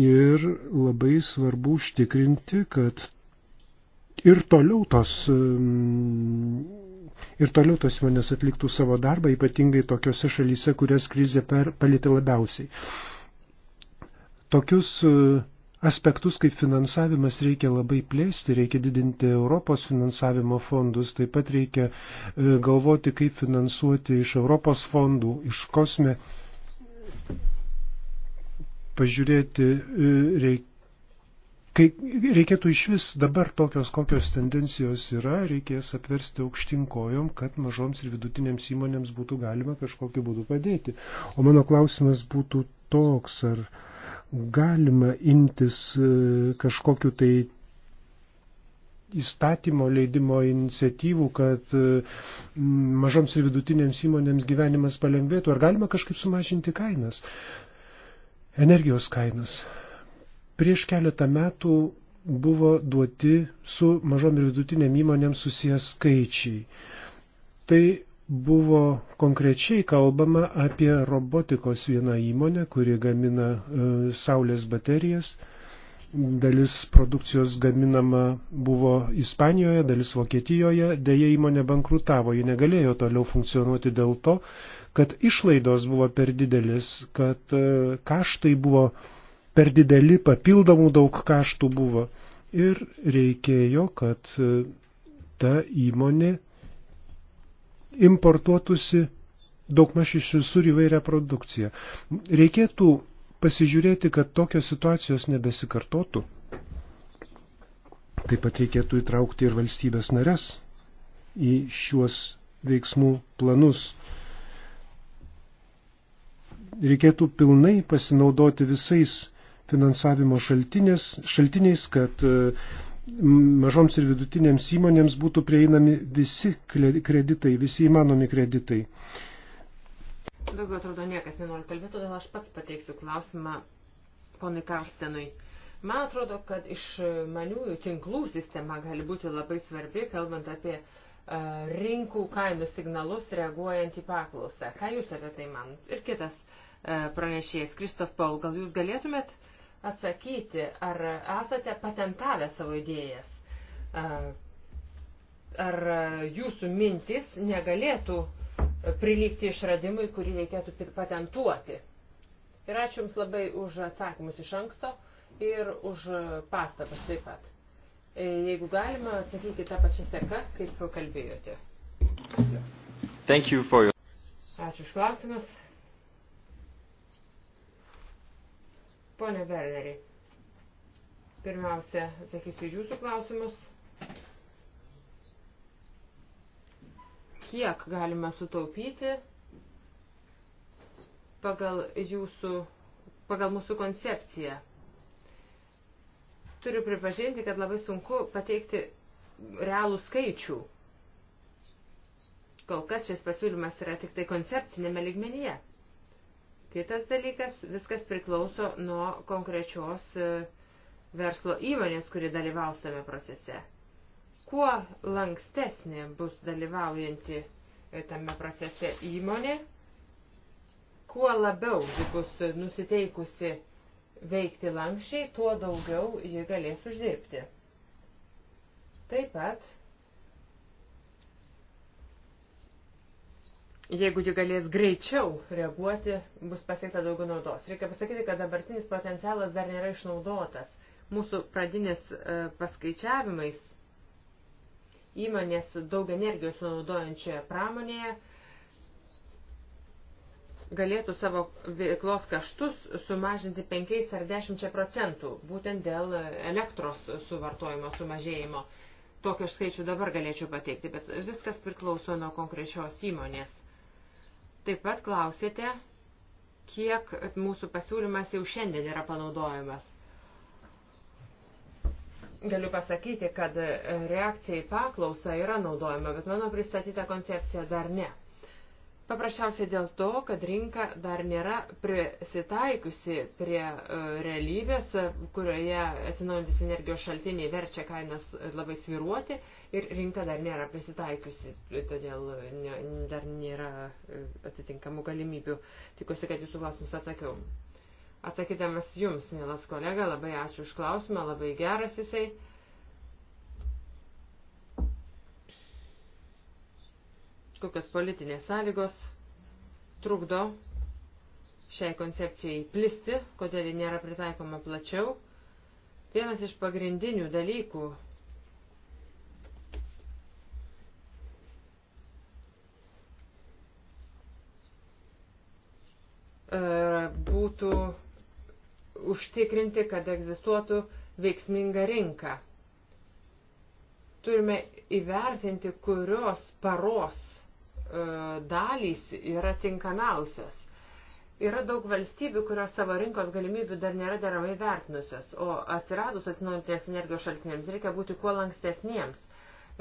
ir labai svarbu užtikrinti, kad ir toliau tos, mm, ir toliau tos įmonės atliktų savo darbą, ypatingai tokiose šalyse, kurias krizė per, palėtė labiausiai. Tokius uh, aspektus kaip finansavimas reikia labai plėsti, reikia didinti Europos finansavimo fondus, taip pat reikia e, galvoti, kaip finansuoti iš Europos fondų, iš kosme. Pažiūrėti e, reikia. Kai reikėtų iš vis dabar tokios, kokios tendencijos yra, reikės apversti aukštinkojom, kad mažoms ir vidutinėms įmonėms būtų galima kažkokiu būdu padėti. O mano klausimas būtų toks, ar uh, galima imtis e, kažkokiu tai įstatymo leidimo iniciatyvų, kad e, mažoms ir vidutinėms įmonėms gyvenimas palengvėtų? Ar galima kažkaip sumažinti kainas, energijos kainas? Prieš keletą metų buvo duoti su mažom ir vidutinėm įmonėm susijęs skaičiai. Tai buvo konkrečiai kalbama apie robotikos vieną įmonę, kuri gamina e, saulės baterijas. Dalis produkcijos gaminama buvo Ispanijoje, dalis Vokietijoje, dėja įmonė bankrutavo, ji negalėjo toliau funkcionuoti dėl to, kad išlaidos buvo per didelis, kad e, kaštai buvo per dideli, papildomų daug kaštų buvo ir reikėjo, kad e, ta įmonė importuotųsi daugmaž iš visur įvairią produkciją. Reikėtų pasižiūrėti, kad tokios situacijos nebesikartotų. Taip pat reikėtų įtraukti ir valstybės nares į šiuos veiksmų planus. Reikėtų pilnai pasinaudoti visais finansavimo šaltinės, šaltiniais, kad mažoms ir vidutinėms įmonėms būtų prieinami visi kreditai, visi įmanomi kreditai. Daugiau atrodo niekas nenori kalbėti, todėl aš pats pateiksiu klausimą ponui Karstenui. Man atrodo, kad išmaniųjų tinklų sistema gali būti labai svarbi, kalbant apie e, rinkų kainų signalus reaguojant į paklausą. Ką Jūs apie tai man? Ir kitas e, pranešėjas, Kristof Paul, gal Jūs galėtumėt uh, atsakyti, ar esate patentavę savo idėjas, ar jūsų mintis negalėtų prilygti išradimui, kurį reikėtų patentuoti. Ir ačiū Jums labai už atsakymus iš anksto ir už pastabas taip pat. E, jeigu galima, atsakykite tą pačią seką, kaip kalbėjote. Thank you for your... Ačiū už klausimus. Pone Berleri, pirmiausia, atsakysiu jūsų klausimus. Kiek galime sutaupyti pagal, jūsų, pagal mūsų koncepciją? Turiu pripažinti, kad labai sunku pateikti realų skaičių. Kol kas šis pasiūlymas yra tik tai koncepcinėme ligmenyje. Kitas dalykas, viskas priklauso nuo konkrečios e, verslo įmonės, kuri dalyvaus tame procese. Kuo lankstesnė bus dalyvaujanti e, tame procese įmonė, kuo labiau ji bus nusiteikusi veikti lankščiai, tuo daugiau ji galės uždirbti. Taip pat jeigu ji galės greičiau reaguoti, bus pasiekta daugiau naudos. Reikia pasakyti, kad dabartinis potencialas dar nėra išnaudotas. Mūsų pradinės e, paskaičiavimais įmonės daug energijos sunaudojančioje pramonėje galėtų savo veiklos kaštus sumažinti 5 ar 10 procentų, būtent dėl elektros suvartojimo sumažėjimo. Tokį skaičių dabar galėčiau pateikti, bet viskas priklauso nuo konkrečios įmonės. Taip pat klausėte, kiek mūsų pasiūlymas jau šiandien yra panaudojamas. Galiu pasakyti, kad reakcija į paklausą yra naudojama, bet mano pristatyta koncepcija dar ne. Paprasčiausiai dėl to, kad rinka dar nėra prisitaikiusi prie e, realybės, kurioje atsinaujantis energijos šaltiniai verčia kainas labai sviruoti ir rinka dar nėra prisitaikiusi, todėl ne, dar nėra e, atitinkamų galimybių. Tikiuosi, kad jūsų klausimus atsakiau. Atsakydamas jums, mielas kolega, labai ačiū už klausimą, labai geras jisai. kokios politinės sąlygos trukdo šiai koncepcijai plisti, kodėl ji nėra pritaikoma plačiau. Vienas iš pagrindinių dalykų e, būtų užtikrinti, kad egzistuotų veiksminga rinka. Turime įvertinti, kurios paros E, dalys yra tinkamiausios. Yra daug valstybių, kurios savo rinkos galimybių dar nėra deramai vertinusios, o atsiradus atsinaujintinės energijos šaltiniams reikia būti kuo lankstesniems.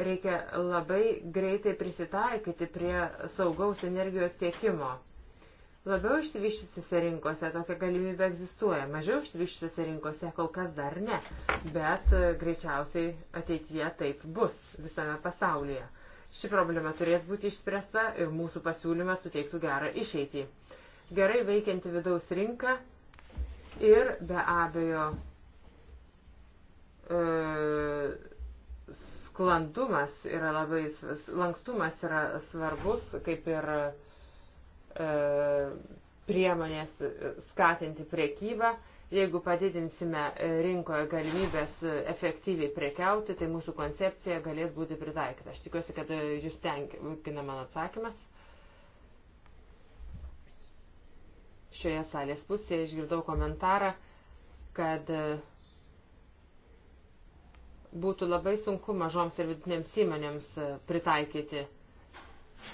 Reikia labai greitai prisitaikyti prie saugaus energijos tiekimo. Labiau išsivyščiusiose rinkose tokia galimybė egzistuoja, mažiau išsivyščiusiose rinkose kol kas dar ne, bet greičiausiai ateityje taip bus visame pasaulyje. Ši problema turės būti išspręsta ir mūsų pasiūlymas suteiktų gerą išeitį. Gerai veikianti vidaus rinka ir be abejo e, sklandumas yra labai, lankstumas yra svarbus, kaip ir e, priemonės skatinti priekybą Jeigu padidinsime e, rinkoje galimybės e, efektyviai prekiauti, tai mūsų koncepcija galės būti pritaikyta. Aš tikiuosi, kad e, jūs tenkina mano atsakymas. Šioje salės pusėje išgirdau komentarą, kad būtų labai sunku mažoms ir vidutinėms įmonėms pritaikyti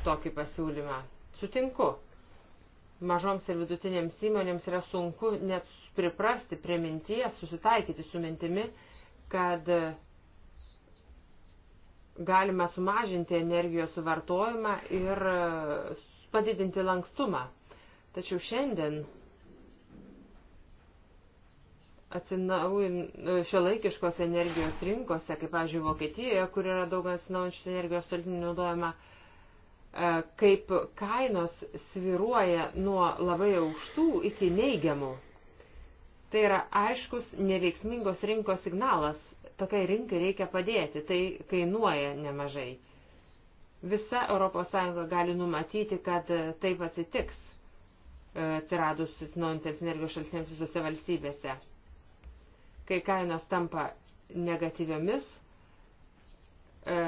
tokį pasiūlymą. Sutinku mažoms ir vidutinėms įmonėms yra sunku net priprasti prie minties, susitaikyti su mintimi, kad galima sumažinti energijos suvartojimą ir padidinti lankstumą. Tačiau šiandien šio laikiškos energijos rinkose, kaip, pavyzdžiui, Vokietijoje, kur yra daug atsinaujančios energijos šaltinių naudojama, E, kaip kainos sviruoja nuo labai aukštų iki neigiamų. Tai yra aiškus neveiksmingos rinkos signalas. Tokiai rinkai reikia padėti, tai kainuoja nemažai. Visa ES gali numatyti, kad taip atsitiks e, atsiradus atsinaujantiems energijos šaltiniams visose valstybėse. Kai kainos tampa negatyviomis, e,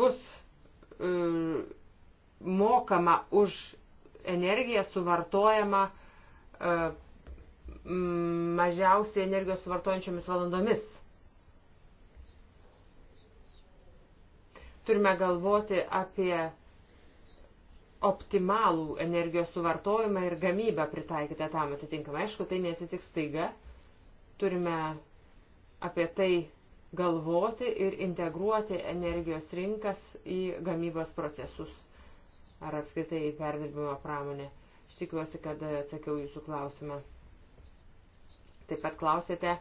bus Mm, mokama už energiją suvartojama e, mm, mažiausiai energijos suvartojančiomis valandomis. Turime galvoti apie optimalų energijos suvartojimą ir gamybą pritaikytą tam atitinkamai. Aišku, tai nesitiks staiga. Turime apie tai galvoti ir integruoti energijos rinkas į gamybos procesus ar apskritai į perdirbimo pramonę. Aš tikiuosi, kad atsakiau jūsų klausimą. Taip pat klausėte,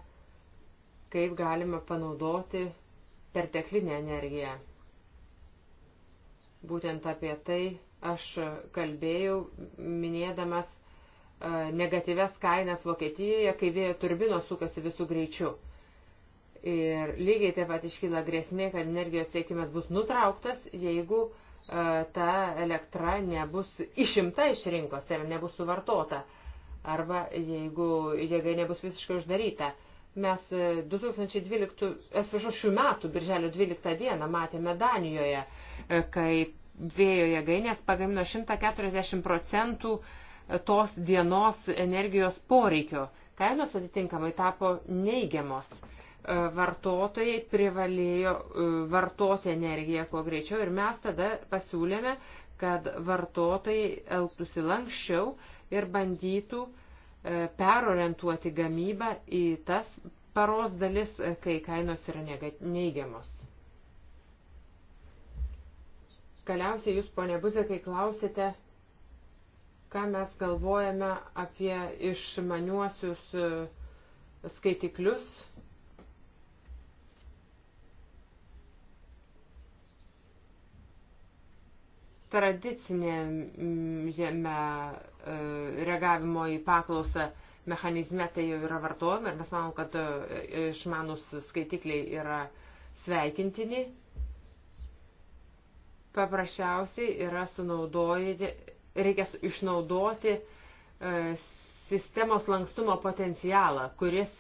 kaip galima panaudoti perteklinę energiją. Būtent apie tai aš kalbėjau, minėdamas e, negatyves kainas Vokietijoje, kai vėjo turbinos sukasi visų greičių. Ir lygiai taip pat iškyla grėsmė, kad energijos tiekimas bus nutrauktas, jeigu e, ta elektra nebus išimta iš rinkos, tai yra nebus suvartota, arba jeigu jėgai nebus visiškai uždaryta. Mes 2012, e, atsiprašau, šių metų, birželio 12 dieną matėme Danijoje, e, kai vėjo jėgainės pagamino 140 procentų tos dienos energijos poreikio. Kainos atitinkamai tapo neigiamos. E, vartotojai privalėjo e, vartoti energiją kuo greičiau ir mes tada pasiūlėme, kad vartotojai elgtųsi lankščiau ir bandytų e, perorientuoti gamybą į tas paros dalis, kai kainos yra neigiamos. Galiausiai jūs, ponė Buzekai, klausėte, ką mes galvojame apie išmaniuosius skaitiklius Tradicinėme e, reagavimo į paklausą mechanizme tai jau yra vartojama ir mes manom, kad e, išmanus skaitikliai yra sveikintini. Paprasčiausiai yra sunaudojami, reikia išnaudoti e, sistemos lankstumo potencialą, kuris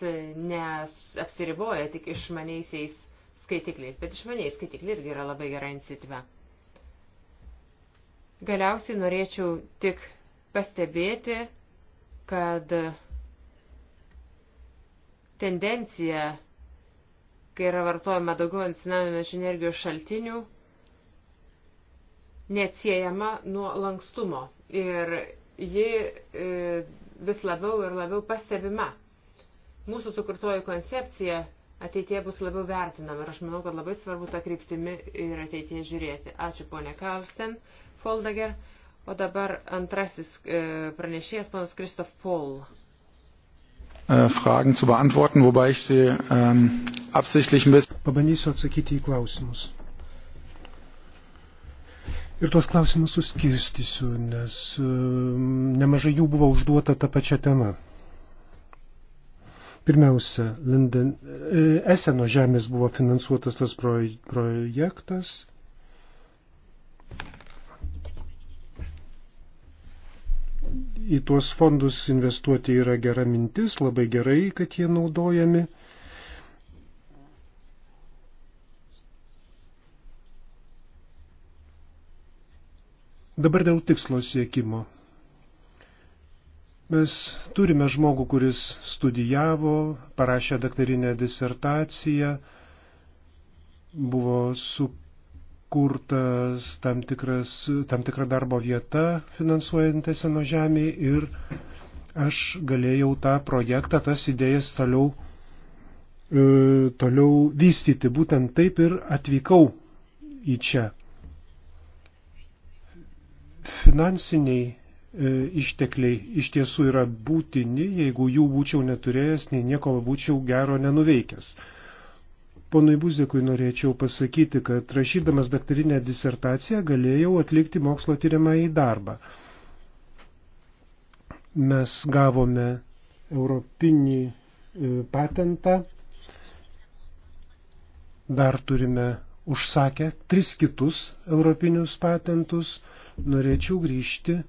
neapsiriboja tik išmaniaisiais skaitikliais, bet išmaniai skaitikliai irgi yra labai gera iniciatyva. Galiausiai norėčiau tik pastebėti, kad tendencija, kai yra vartojama daugiau atsinaujinančių energijos šaltinių, neatsiejama nuo lankstumo ir ji e, vis labiau ir labiau pastebima. Mūsų sukurtoji koncepcija ateitie bus labiau vertinama ir aš manau, kad labai svarbu tą kryptimį ir ateitie žiūrėti. Ačiū ponė Karlsten, Foldager, o dabar antrasis e, pranešėjas, panas Kristof Paul. E, Fragen zu beantworten, wobei ich sie ähm, absichtlich ein bisschen. Pabandysiu atsakyti į klausimus. Ir tuos klausimus suskirstysiu, nes e, nemažai jų buvo užduota tą pačią temą. Pirmiausia, Linden, Eseno žemės buvo finansuotas tas projektas į tuos fondus investuoti yra gera mintis, labai gerai, kad jie naudojami. Dabar dėl tikslo siekimo. Mes turime žmogų, kuris studijavo, parašė daktarinę disertaciją, buvo su sukurtas tam, tikras, tam tikra darbo vieta finansuojant eseno žemė ir aš galėjau tą projektą, tas idėjas toliau, e, toliau vystyti. Būtent taip ir atvykau į čia. Finansiniai e, ištekliai iš tiesų yra būtini, jeigu jų būčiau neturėjęs, nei nieko būčiau gero nenuveikęs. E, Ponui Buzikui norėčiau pasakyti, kad rašydamas daktarinę disertaciją galėjau atlikti mokslo tyriamąjį darbą. Mes gavome europinį e, patentą, dar turime užsakę tris kitus europinius patentus. Norėčiau grįžti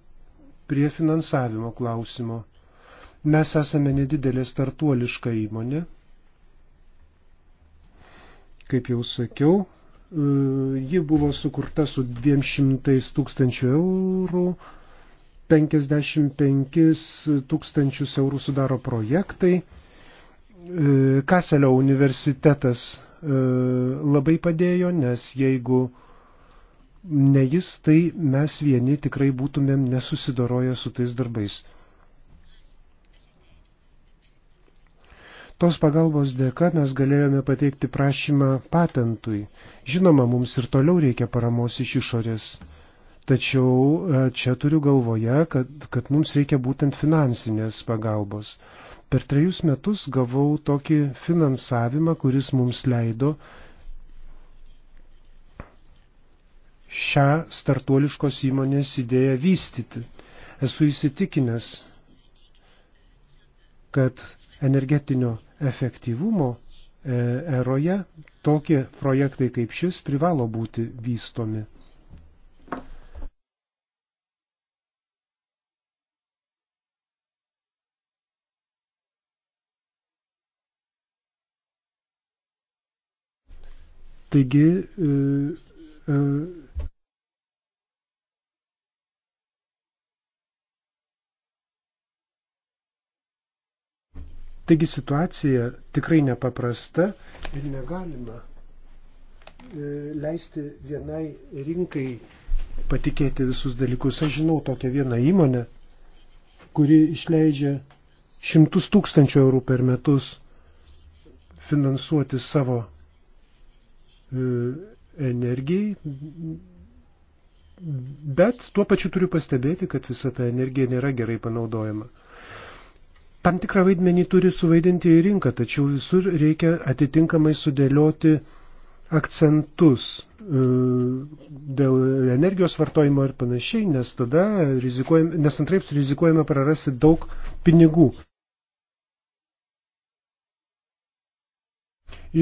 prie finansavimo klausimo. Mes esame nedidelė startuoliška įmonė, Kaip jau sakiau, e, ji buvo sukurta su 200 tūkstančių eurų, 55 tūkstančius eurų sudaro projektai. E, Kaselio universitetas e, labai padėjo, nes jeigu ne jis, tai mes vieni tikrai būtumėm nesusidoroję su tais darbais. Tos pagalbos dėka mes galėjome pateikti prašymą patentui. Žinoma, mums ir toliau reikia paramos iš išorės. Tačiau e, čia turiu galvoje, kad, kad mums reikia būtent finansinės pagalbos. Per trejus metus gavau tokį finansavimą, kuris mums leido šią startuoliškos įmonės idėją vystyti. Esu įsitikinęs, kad energetinio efektyvumo e, eroje tokie projektai kaip šis privalo būti vystomi. Taigi, e, e, Taigi situacija tikrai nepaprasta ir negalima e, leisti vienai rinkai patikėti visus dalykus. Aš žinau tokią vieną įmonę, kuri išleidžia šimtus tūkstančių eurų per metus finansuoti savo e, energijai, bet tuo pačiu turiu pastebėti, kad visa ta energija nėra gerai panaudojama. Tam tikrą vaidmenį turi suvaidinti į rinką, tačiau visur reikia atitinkamai sudėlioti akcentus e, dėl energijos vartojimo ir panašiai, nes tada rizikuojame, nes antraip rizikuojame prarasti daug pinigų.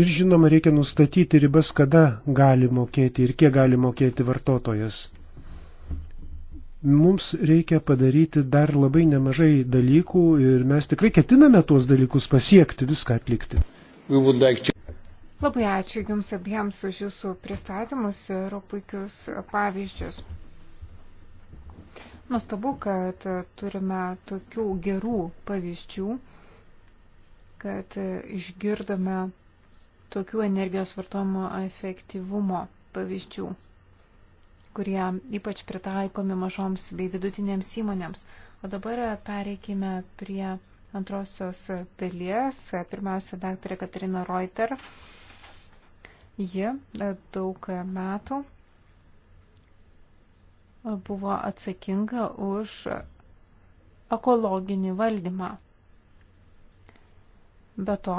Ir žinoma, reikia nustatyti ribas, kada gali mokėti ir kiek gali mokėti vartotojas mums reikia padaryti dar labai nemažai dalykų ir mes tikrai ketiname tuos dalykus pasiekti, viską atlikti. Like to... Labai ačiū Jums abiems už Jūsų pristatymus ir puikius pavyzdžius. Nustabu, kad turime tokių gerų pavyzdžių, kad išgirdome tokių energijos vartojimo efektyvumo pavyzdžių kurie ypač pritaikomi mažoms bei vidutinėms įmonėms. O dabar pereikime prie antrosios dalies. Pirmiausia, daktarė Katarina Reuter. Ji e, daug metų buvo atsakinga už ekologinį valdymą. Be to,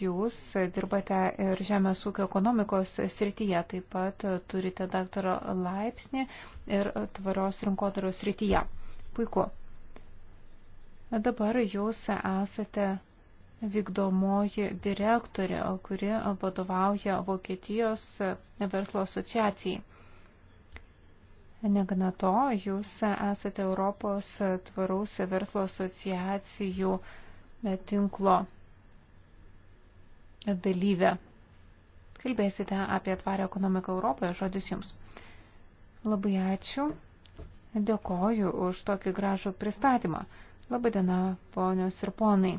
jūs dirbate ir žemės ūkio ekonomikos srityje, taip pat turite daktaro laipsnį ir tvarios rinkodaros srityje. Puiku. Dabar jūs esate vykdomoji direktorė, kuri vadovauja Vokietijos verslo asociacijai. Negana to, jūs esate Europos tvaraus verslo asociacijų tinklo dalyvę. Kalbėsite apie tvarę ekonomiką Europoje, žodis jums. Labai ačiū. Dėkoju už tokį gražų pristatymą. Labai diena, ponios ir ponai.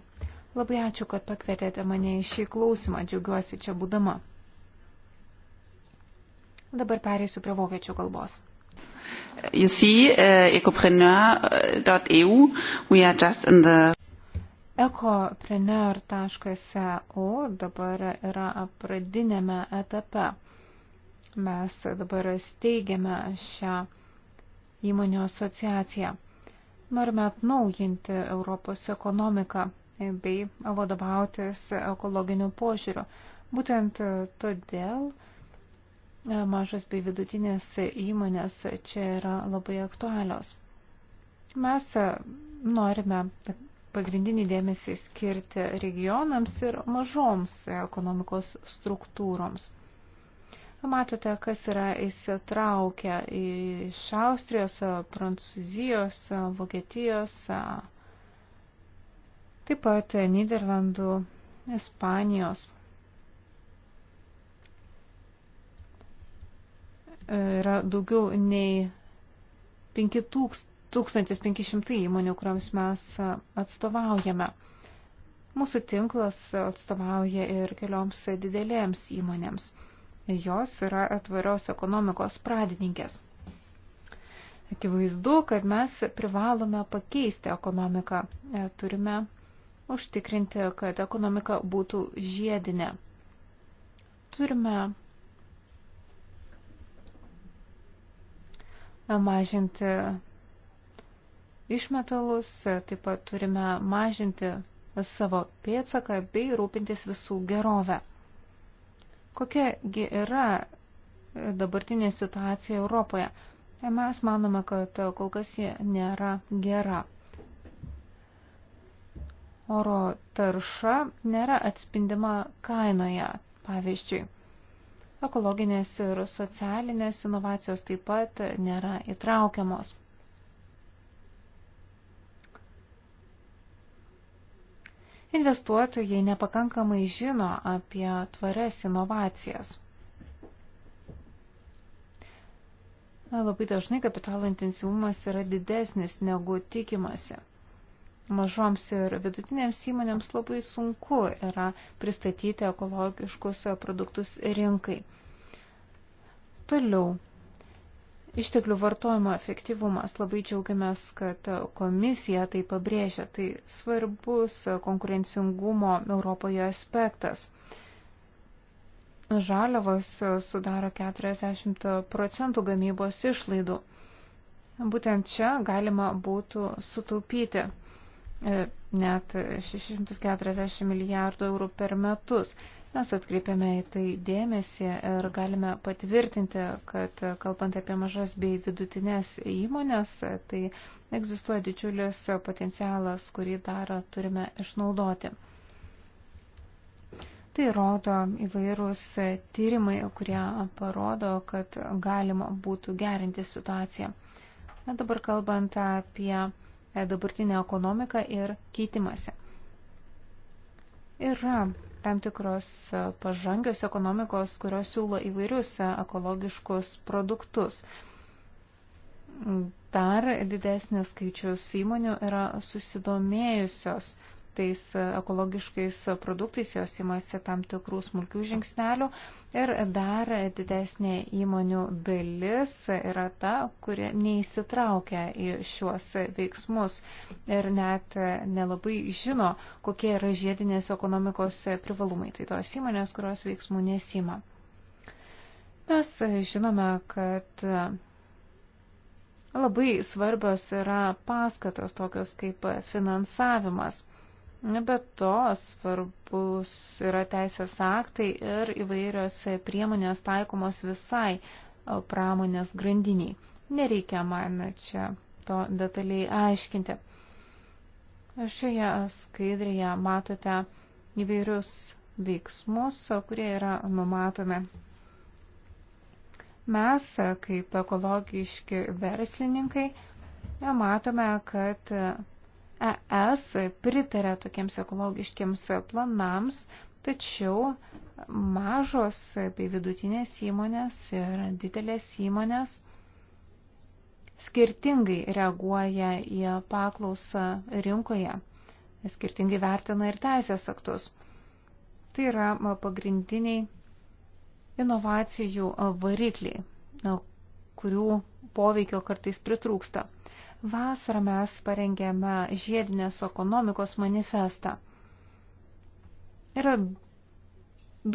Labai ačiū, kad pakvietėte mane į šį klausimą, džiaugiuosi čia būdama. Dabar perėsiu prie vokiečių kalbos. You see, uh, ecopreneur.eu, we are just in the ekopreneur.eu dabar yra pradinėme etape. Mes dabar steigiame šią įmonių asociaciją. Norime atnaujinti Europos ekonomiką bei vadovautis ekologiniu požiūriu. Būtent todėl mažos bei vidutinės įmonės čia yra labai aktualios. Mes norime pagrindinį dėmesį skirti regionams ir mažoms ekonomikos struktūroms. Matote, kas yra įsitraukę iš Austrijos, Prancūzijos, Vokietijos, taip pat Niderlandų, Ispanijos. Yra daugiau nei 5000 1500 įmonių, kuriams mes atstovaujame. Mūsų tinklas atstovauja ir kelioms didelėms įmonėms. Jos yra tvarios ekonomikos pradininkės. Akivaizdu, kad mes privalome pakeisti ekonomiką. E, turime užtikrinti, kad ekonomika būtų žiedinė. Turime mažinti išmetalus, taip pat turime mažinti savo pėtsaką bei rūpintis visų gerovę. Kokiagi yra dabartinė situacija Europoje? Mes manome, kad kol kas ji nėra gera. Oro tarša nėra atspindima kainoje, pavyzdžiui. Ekologinės ir socialinės inovacijos taip pat nėra įtraukiamos. investuotojai nepakankamai žino apie tvarias inovacijas. Labai dažnai kapitalo intensyvumas yra didesnis negu tikimasi. Mažoms ir vidutinėms įmonėms labai sunku yra pristatyti ekologiškus produktus rinkai. Toliau Išteklių vartojimo efektyvumas. Labai džiaugiamės, kad komisija tai pabrėžia. Tai svarbus konkurencingumo Europoje aspektas. Žaliavos sudaro 40 procentų gamybos išlaidų. Būtent čia galima būtų sutaupyti e, net 640 milijardų eurų per metus. Mes atkreipiame į tai dėmesį ir galime patvirtinti, kad kalbant apie mažas bei vidutinės įmonės, tai egzistuoja didžiulis potencialas, kurį dar turime išnaudoti. Tai rodo įvairūs tyrimai, kurie parodo, kad galima būtų gerinti situaciją. Na, dabar kalbant apie dabartinę ekonomiką ir keitimąsi. Yra tam tikros e, pažangios ekonomikos, kurios siūlo įvairius e, ekologiškus produktus. Dar didesnis skaičius įmonių yra susidomėjusios tais ekologiškais produktais, jos imasi tam tikrų smulkių žingsnelių ir dar didesnė įmonių dalis yra ta, kuri neįsitraukia į šiuos veiksmus ir net nelabai žino, kokie yra žiedinės ekonomikos privalumai. Tai tos įmonės, kurios veiksmų nesima. Mes žinome, kad Labai svarbios yra paskatos tokios kaip finansavimas. Be to svarbus yra teisės aktai ir įvairios priemonės taikomos visai e, pramonės grandiniai. Nereikia man čia to detaliai aiškinti. Šioje skaidrėje matote įvairius veiksmus, e, kurie yra numatomi. Mes, e, kaip ekologiški verslininkai, matome, kad ES pritarė tokiems ekologiškiams planams, tačiau mažos bei vidutinės įmonės ir didelės įmonės skirtingai reaguoja į paklausą rinkoje, skirtingai vertina ir teisės aktus. Tai yra pagrindiniai inovacijų varikliai, kurių poveikio kartais pritrūksta. Vasarą mes parengėme žiedinės ekonomikos manifestą. Yra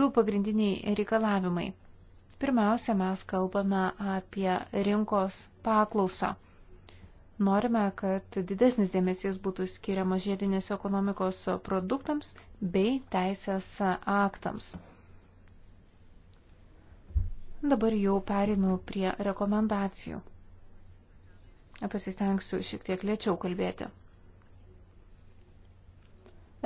du pagrindiniai reikalavimai. Pirmiausia, mes kalbame apie rinkos paklausą. Norime, kad didesnis dėmesys būtų skiriamas žiedinės ekonomikos produktams bei teisės aktams. Dabar jau perinu prie rekomendacijų. Pasistengsiu šiek tiek lėčiau kalbėti.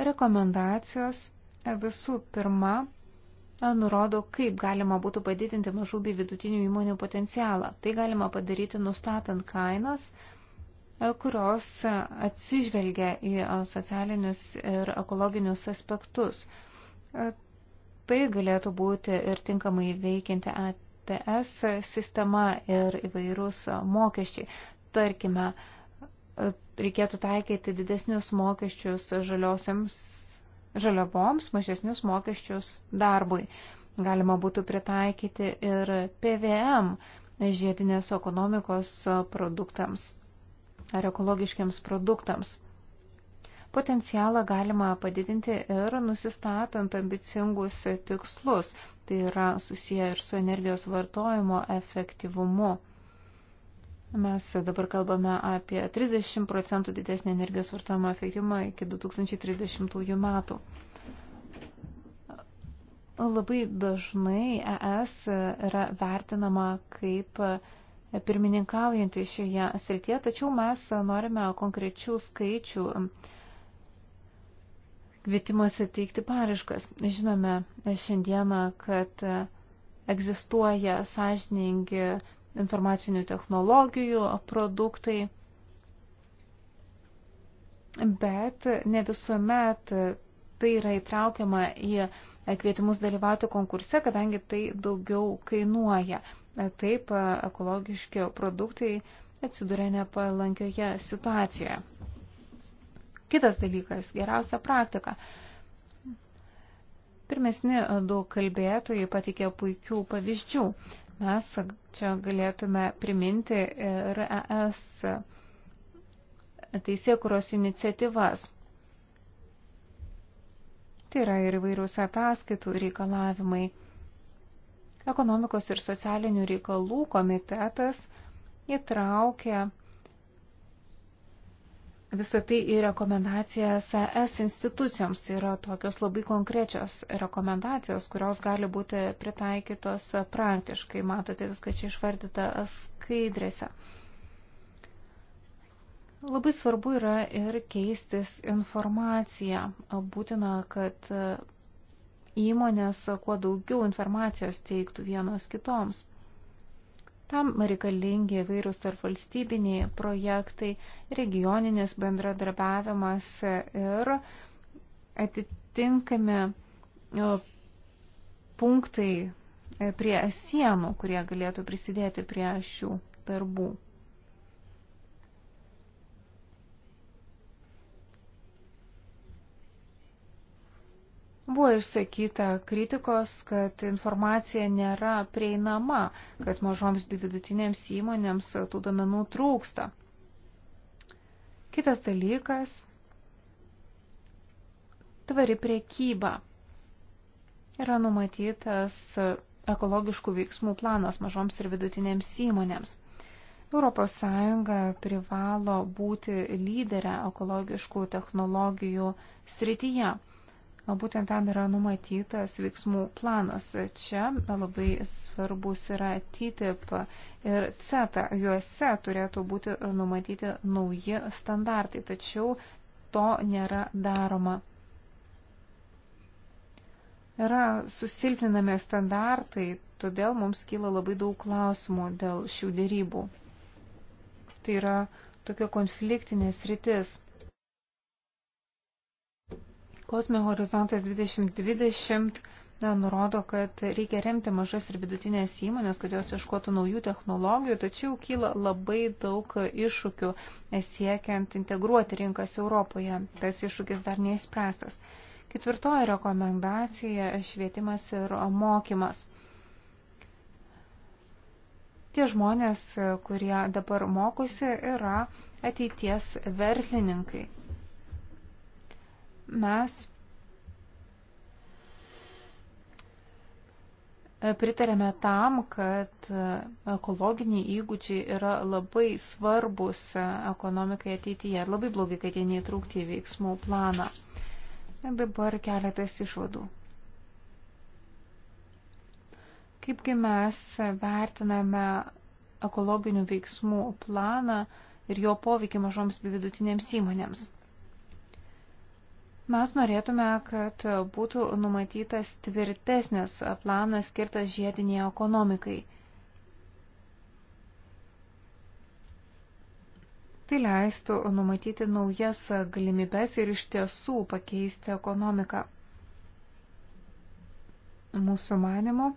Rekomendacijos e, visų pirma e, nurodo, kaip galima būtų padidinti mažų bei vidutinių įmonių potencialą. Tai galima padaryti nustatant kainas, e, kurios atsižvelgia į socialinius ir ekologinius aspektus. Tai galėtų būti ir tinkamai veikianti ATS sistema ir įvairūs mokesčiai. Tarkime, reikėtų taikyti didesnius mokesčius žaliosiams žaliavoms, mažesnius mokesčius darbui. Galima būtų pritaikyti ir PVM žiedinės ekonomikos produktams ar ekologiškiams produktams. Potencialą galima padidinti ir nusistatant ambicingus tikslus, tai yra susiję ir su energijos vartojimo efektyvumu. Mes dabar kalbame apie 30 procentų didesnį energijos vartojimo efektyvumą iki 2030 metų. Labai dažnai ES yra vertinama kaip pirmininkaujantį šioje srityje, tačiau mes norime konkrečių skaičių kvietimuose teikti paraškas. Žinome šiandieną, kad egzistuoja sąžiningi informacinių technologijų produktai, bet ne visuomet tai yra įtraukiama į kvietimus dalyvauti konkurse, kadangi tai daugiau kainuoja. Taip ekologiški produktai atsiduria nepalankioje situacijoje. Kitas dalykas - geriausia praktika. Pirmesni du kalbėtojai patikė puikių pavyzdžių. Mes čia galėtume priminti ir ES teisėkuros iniciatyvas. Tai yra ir įvairiaus ataskaitų reikalavimai. Ekonomikos ir socialinių reikalų komitetas įtraukė visą tai į rekomendacijas ES institucijoms. Tai yra tokios labai konkrečios rekomendacijos, kurios gali būti pritaikytos praktiškai. Matote viską čia išvardyta skaidrėse. Labai svarbu yra ir keistis informaciją. Būtina, kad įmonės kuo daugiau informacijos teiktų vienos kitoms. Tam reikalingi vairūs tarp valstybiniai projektai, regioninis bendradarbiavimas ir atitinkami punktai e, prie sienų, kurie galėtų prisidėti prie šių darbų. Buvo išsakyta kritikos, kad informacija nėra prieinama, kad mažoms bei vidutinėms įmonėms tų domenų trūksta. Kitas dalykas - tvari priekyba. Yra numatytas ekologiškų veiksmų planas mažoms ir vidutinėms įmonėms. ES privalo būti lyderę ekologiškų technologijų srityje. Būtent tam yra numatytas veiksmų planas. Čia labai svarbus yra TTIP ir CETA. Juose turėtų būti numatyti nauji standartai, tačiau to nėra daroma. Yra susilpninami standartai, todėl mums kyla labai daug klausimų dėl šių dėrybų. Tai yra tokia konfliktinė sritis. Kosme horizontas 2020 na, nurodo, kad reikia remti mažas ir vidutinės įmonės, kad jos iškotų naujų technologijų, tačiau kyla labai daug iššūkių siekiant integruoti rinkas Europoje. Tas iššūkis dar neįspręstas. Ketvirtoji rekomendacija - švietimas ir mokymas. Tie žmonės, kurie dabar mokosi, yra ateities verslininkai mes pritarėme tam, kad ekologiniai įgūdžiai yra labai svarbus ekonomikai ateityje ir labai blogai, kad jie neįtraukti į veiksmų planą. Dabar keletas išvadų. Kaipgi mes vertiname ekologinių veiksmų planą ir jo poveikį mažoms bei vidutinėms įmonėms? Mes norėtume, kad būtų numatytas tvirtesnis planas skirtas žiediniai ekonomikai. Tai leistų numatyti naujas galimybes ir iš tiesų pakeisti ekonomiką. Mūsų manimu,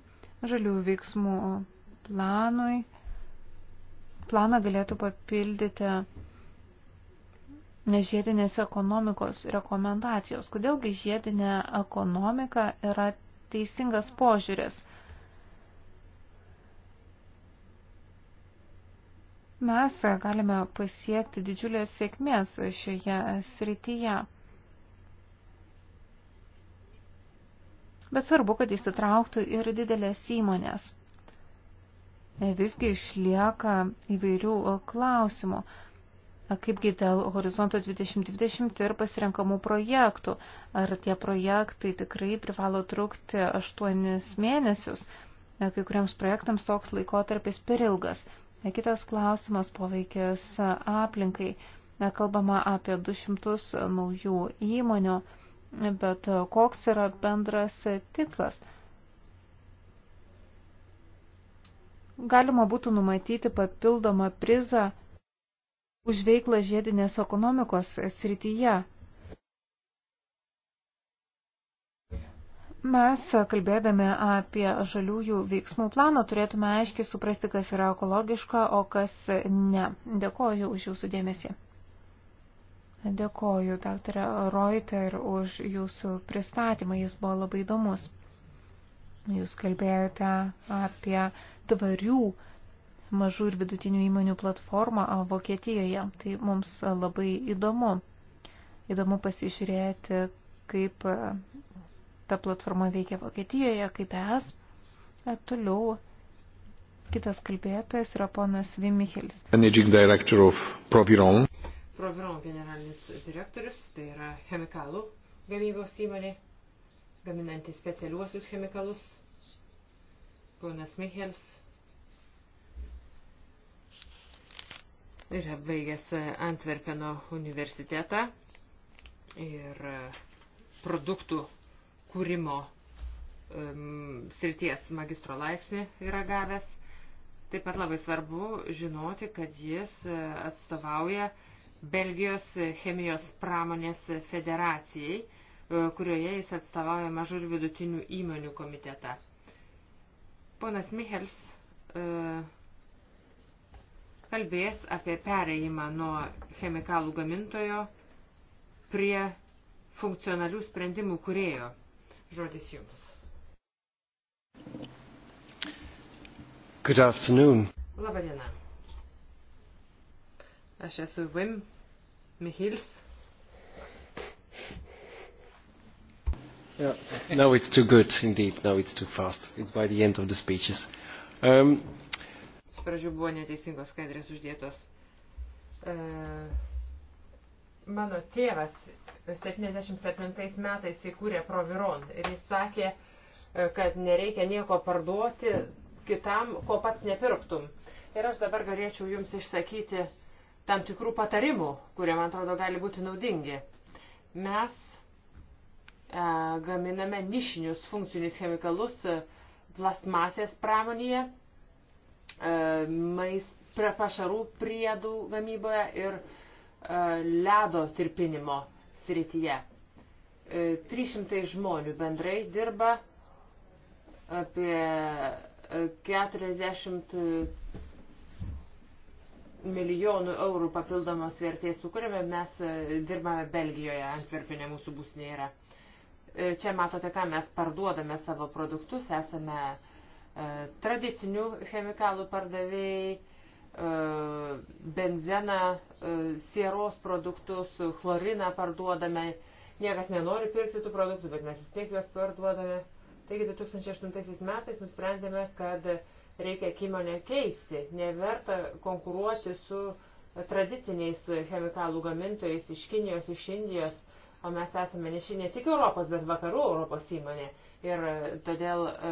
žalių veiksmų planui, planą galėtų papildyti žiedinės ekonomikos rekomendacijos. Kodėlgi žiedinė ekonomika yra teisingas požiūris? Mes galime pasiekti didžiulės sėkmės šioje srityje. Bet svarbu, kad įsitrauktų ir didelės įmonės. Visgi išlieka įvairių klausimų kaipgi dėl horizonto 2020 ir pasirenkamų projektų. Ar tie projektai tikrai privalo trukti 8 mėnesius? E, kai kuriems projektams toks laikotarpis per ilgas. E, kitas klausimas poveikis aplinkai. E, kalbama apie 200 naujų įmonių, bet koks yra bendras tikslas? Galima būtų numatyti papildomą prizą už veiklą žiedinės ekonomikos srityje. Mes, kalbėdami apie žaliųjų veiksmų planą, turėtume aiškiai suprasti, kas yra ekologiška, o kas ne. Dėkoju už jūsų dėmesį. Dėkoju, daktarė Reuter, už jūsų pristatymą. Jis buvo labai įdomus. Jūs kalbėjote apie tvarių mažų ir vidutinių įmonių platformą Vokietijoje. Tai mums labai įdomu. Įdomu pasižiūrėti, kaip ta platforma veikia Vokietijoje, kaip es. Toliau kitas kalbėtojas yra ponas Vimichelis. Managing Director of Proviron. Proviron generalinis direktorius, tai yra chemikalų gamybos įmonė, gaminanti specialiuosius chemikalus. Ponas Michelis ir baigęs Antverpeno universitetą ir produktų kūrimo um, srities magistro laipsnį yra gavęs. Taip pat labai svarbu žinoti, kad jis atstovauja Belgijos chemijos pramonės federacijai, e, kurioje jis atstovauja mažų ir vidutinių įmonių komitetą. Ponas Michels uh, kalbės apie pereimą nuo chemikalų gamintojo prie funkcionalių sprendimų kurėjo. Žodis jums. Good afternoon. Labadiena. Aš esu Vim Mihils. Yeah. No, it's too good, indeed. No, it's too fast. It's by the end of the speeches. Um, Iš pradžių buvo neteisingos skaidrės uždėtos. E, mano tėvas 77 metais įkūrė Proviron ir jis sakė, e, kad nereikia nieko parduoti kitam, ko pats nepirktum. Ir aš dabar galėčiau jums išsakyti tam tikrų patarimų, kurie, man atrodo, gali būti naudingi. Mes e, gaminame nišinius funkcinius chemikalus e, plastmasės pramonėje E, mais, pašarų priedų gamyboje ir e, ledo tirpinimo srityje. 300 e, žmonių bendrai dirba apie 40 milijonų eurų papildomos vertės sukūrėme, mes dirbame Belgijoje, Antverpinė mūsų būsnė yra. Čia matote, ką mes parduodame savo produktus, esame uh, E, tradicinių chemikalų pardavėjai, e, benzeną, e, sieros produktus, chloriną parduodame. Niekas nenori pirkti tų produktų, bet mes vis tiek juos parduodame. Taigi 2008 metais nusprendėme, kad reikia įmonę keisti. Neverta konkuruoti su tradiciniais chemikalų gamintojais iš Kinijos, iš Indijos, o mes esame ne, ši, ne tik Europos, bet vakarų Europos įmonė ir e, todėl e,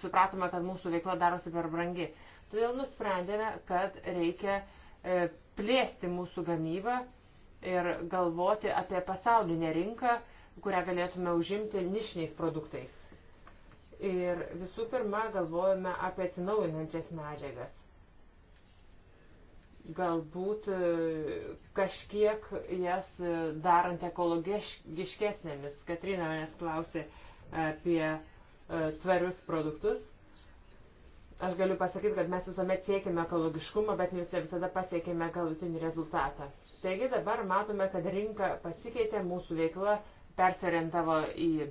supratome, kad mūsų veikla darosi per brangi. Todėl nusprendėme, kad reikia e, plėsti mūsų gamybą ir galvoti apie pasaulinę rinką, kurią galėtume užimti nišiniais produktais. Ir visų pirma, galvojame apie atsinaujinančias medžiagas galbūt kažkiek jas darant ekologiškesnėmis. Katrina manęs klausė, apie e, tvarius produktus. Aš galiu pasakyti, kad mes visuomet siekime ekologiškumo, bet ne visada pasiekime galutinį rezultatą. Taigi dabar matome, kad rinka pasikeitė, mūsų veikla persiorientavo į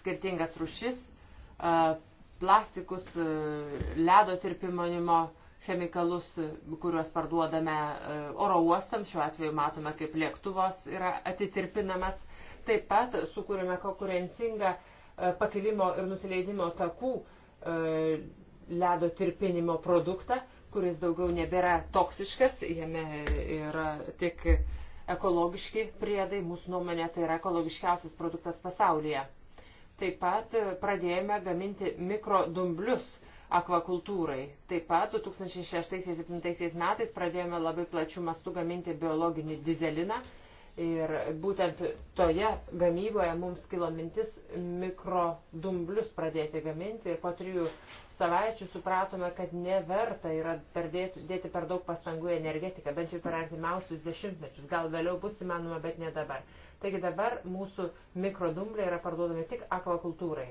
skirtingas rušis, e, plastikus, e, ledo tirpimonimo chemikalus, kuriuos parduodame oro uostams, šiuo atveju matome, kaip lėktuvos yra atitirpinamas Taip pat sukūrėme konkurencingą e, pakilimo ir nusileidimo takų e, ledo tirpinimo produktą, kuris daugiau nebėra toksiškas, jame yra tik ekologiški priedai, mūsų nuomonė tai yra ekologiškiausias produktas pasaulyje. Taip pat e, pradėjome gaminti mikrodumblius akvakultūrai. Taip pat 2006-2007 metais pradėjome labai plačių mastų gaminti biologinį dizeliną, Ir būtent toje gamyboje mums kilo mintis mikrodumblius pradėti gaminti ir po trijų savaičių supratome, kad neverta yra perdėti, dėti per daug pastangų į energetiką, bent jau per artimiausius dešimtmečius. Gal vėliau bus įmanoma, bet ne dabar. Taigi dabar mūsų mikrodumbliai yra parduodami tik akvakultūrai.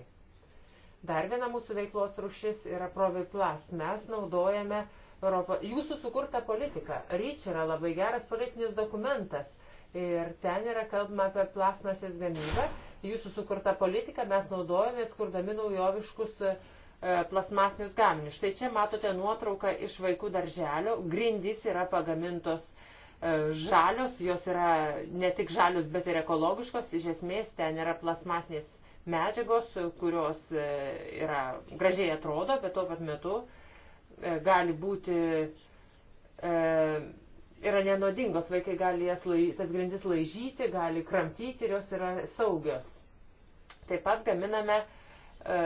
Dar viena mūsų veiklos rušis yra proviplas. Mes naudojame Europą. Jūsų sukurta politika. Ryč yra labai geras politinis dokumentas Ir ten yra kalbama apie plasmasės gamybą. Jūsų sukurta politika mes naudojame, skurdami naujoviškus e, plasmasinius gaminius. Štai čia matote nuotrauką iš vaikų darželio. Grindys yra pagamintos e, žalios, jos yra ne tik žalios, bet ir ekologiškos. Iš esmės ten yra plasmasinės medžiagos, kurios e, yra gražiai atrodo, bet tuo pat metu gali būti e, yra nenodingos, vaikai gali jas, lai, tas grindis laižyti, gali kramtyti ir jos yra saugios. Taip pat gaminame e,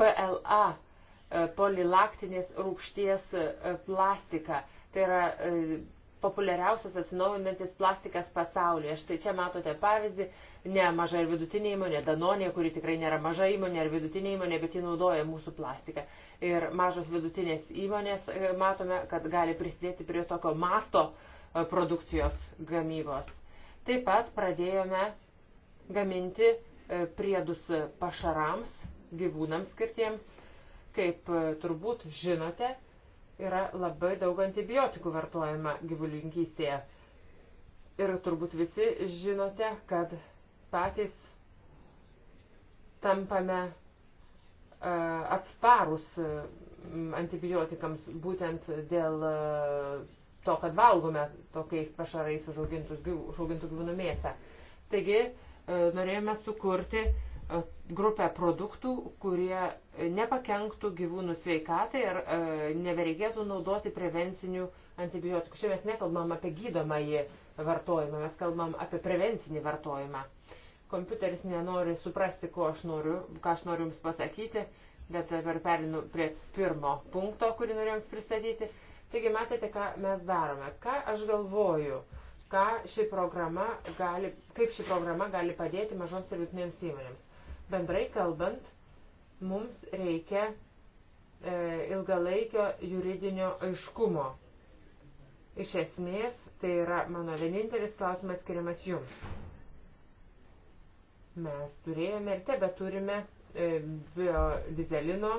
PLA e, polilaktinės rūkšties e, plastiką. Tai yra e, populiariausias atsinaujinantis plastikas pasaulyje. Štai čia matote pavyzdį, ne maža ir vidutinė įmonė, Danonė, kuri tikrai nėra maža įmonė ar vidutinė įmonė, bet ji naudoja mūsų plastiką. Ir mažos vidutinės įmonės e, matome, kad gali prisidėti prie tokio masto e, produkcijos gamybos. Taip pat pradėjome gaminti e, priedus pašarams, gyvūnams skirtiems. Kaip turbūt žinote, yra labai daug antibiotikų vartojama gyvulininkystėje. Ir turbūt visi žinote, kad patys tampame e, atsparus antibiotikams būtent dėl e, to, kad valgome tokiais pašarais užaugintų gyvūnų mėsą. Taigi e, norėjome sukurti uh, grupę produktų, kurie nepakenktų gyvūnų sveikatai ir e, nebereikėtų naudoti prevencinių antibiotikų. Čia mes nekalbam apie gydomąjį vartojimą, mes kalbam apie prevencinį vartojimą. Kompiuteris nenori suprasti, ko aš noriu, ką aš noriu Jums pasakyti, bet dabar perinu prie pirmo punkto, kurį norėjom pristatyti. Taigi matėte, ką mes darome. Ką aš galvoju? Ką ši programa gali, kaip ši programa gali padėti mažoms ir vidutinėms įmonėms Bendrai kalbant, mums reikia e, ilgalaikio juridinio aiškumo. Iš esmės, tai yra mano vienintelis klausimas skiriamas jums. Mes turėjome ir tebe turime e, biodizelino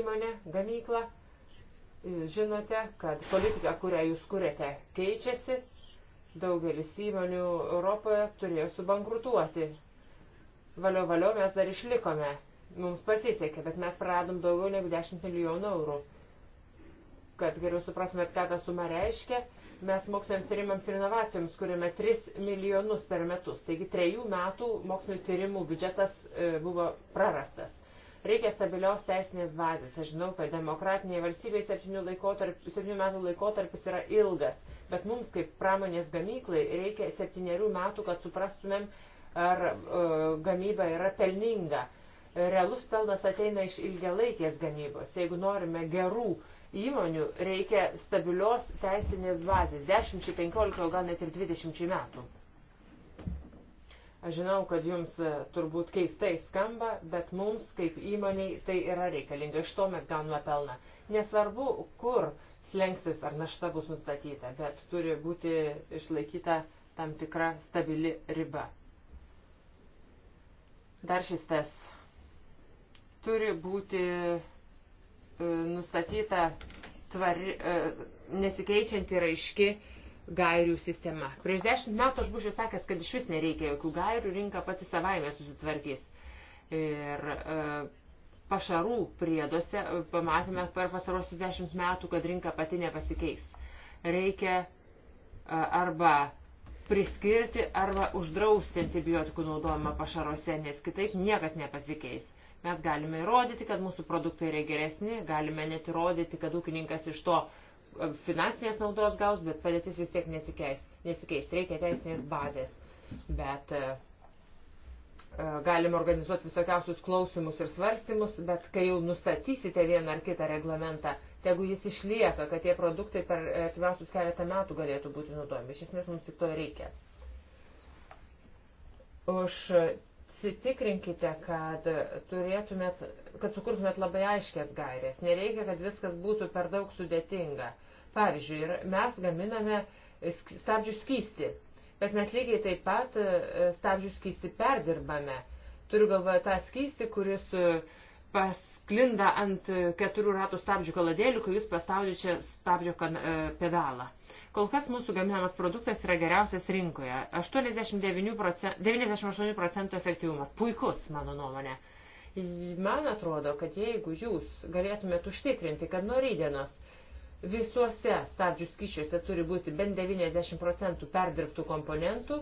įmonę, gamyklą. Žinote, kad politika, kurią jūs kuriate, keičiasi. Daugelis įmonių Europoje turėjo subankrutuoti valio valio mes dar išlikome. Mums pasisekė, bet mes praradom daugiau negu 10 milijonų eurų. Kad geriau suprasme, ką ta suma reiškia, mes moksliniams tyrimams ir inovacijoms skiriame 3 milijonus per metus. Taigi trejų metų mokslinio tyrimų biudžetas e, buvo prarastas. Reikia stabilios teisinės bazės. Aš žinau, kad demokratinėje valstybėje 7, laikotarp, 7 metų laikotarpis yra ilgas, bet mums kaip pramonės gamyklai reikia 7 metų, kad suprastumėm, ar e, gamyba yra pelninga. Realus pelnas ateina iš ilgalaikės gamybos. Jeigu norime gerų įmonių, reikia stabilios teisinės bazės 10, 15, o gal net ir 20 metų. Aš žinau, kad jums e, turbūt keistai skamba, bet mums kaip įmoniai tai yra reikalinga. Iš to mes gauname pelną. Nesvarbu, kur slengsis ar našta bus nustatyta, bet turi būti išlaikyta tam tikra stabili riba dar šis tas turi būti e, nustatyta tvari, e, nesikeičianti raiški gairių sistema. Prieš dešimt metų aš būčiau sakęs, kad iš vis nereikia jokių gairių, rinka pati savaime susitvarkys. Ir e, pašarų prieduose pamatėme per pasarosius dešimt metų, kad rinka pati nepasikeis. Reikia arba priskirti arba uždrausti antibiotikų naudojimą pašaruose, nes kitaip niekas nepasikeis. Mes galime įrodyti, kad mūsų produktai yra geresni, galime net įrodyti, kad ūkininkas iš to e, finansinės naudos gaus, bet padėtis vis tiek nesikeis. nesikeis. Reikia teisinės bazės. Bet e, e, galime organizuoti visokiausius klausimus ir svarstymus, bet kai jau nustatysite vieną ar kitą reglamentą, tegu jis išlieka, kad tie produktai per e, artimiausius keletą metų galėtų būti naudojami. Iš esmės mums tik to reikia. Užsitikrinkite, kad, turėtumėt, kad sukurtumėt labai aiškės gairės. Nereikia, kad viskas būtų per daug sudėtinga. Pavyzdžiui, mes gaminame stabdžių skystį, bet mes lygiai taip pat e, stabdžių skystį perdirbame. Turiu galvoje tą skystį, kuris e, pas klinda ant keturių ratų stabdžių kaladėlių, kai jūs paspaudžiate stabdžio e, pedalą. Kol kas mūsų gaminamas produktas yra geriausias rinkoje. 89 procent, 98 procentų efektyvumas. Puikus, mano nuomonė. Man atrodo, kad jeigu jūs galėtumėt užtikrinti, kad nuo rydienos visuose stabdžių skyšiuose turi būti bent 90 procentų perdirbtų komponentų,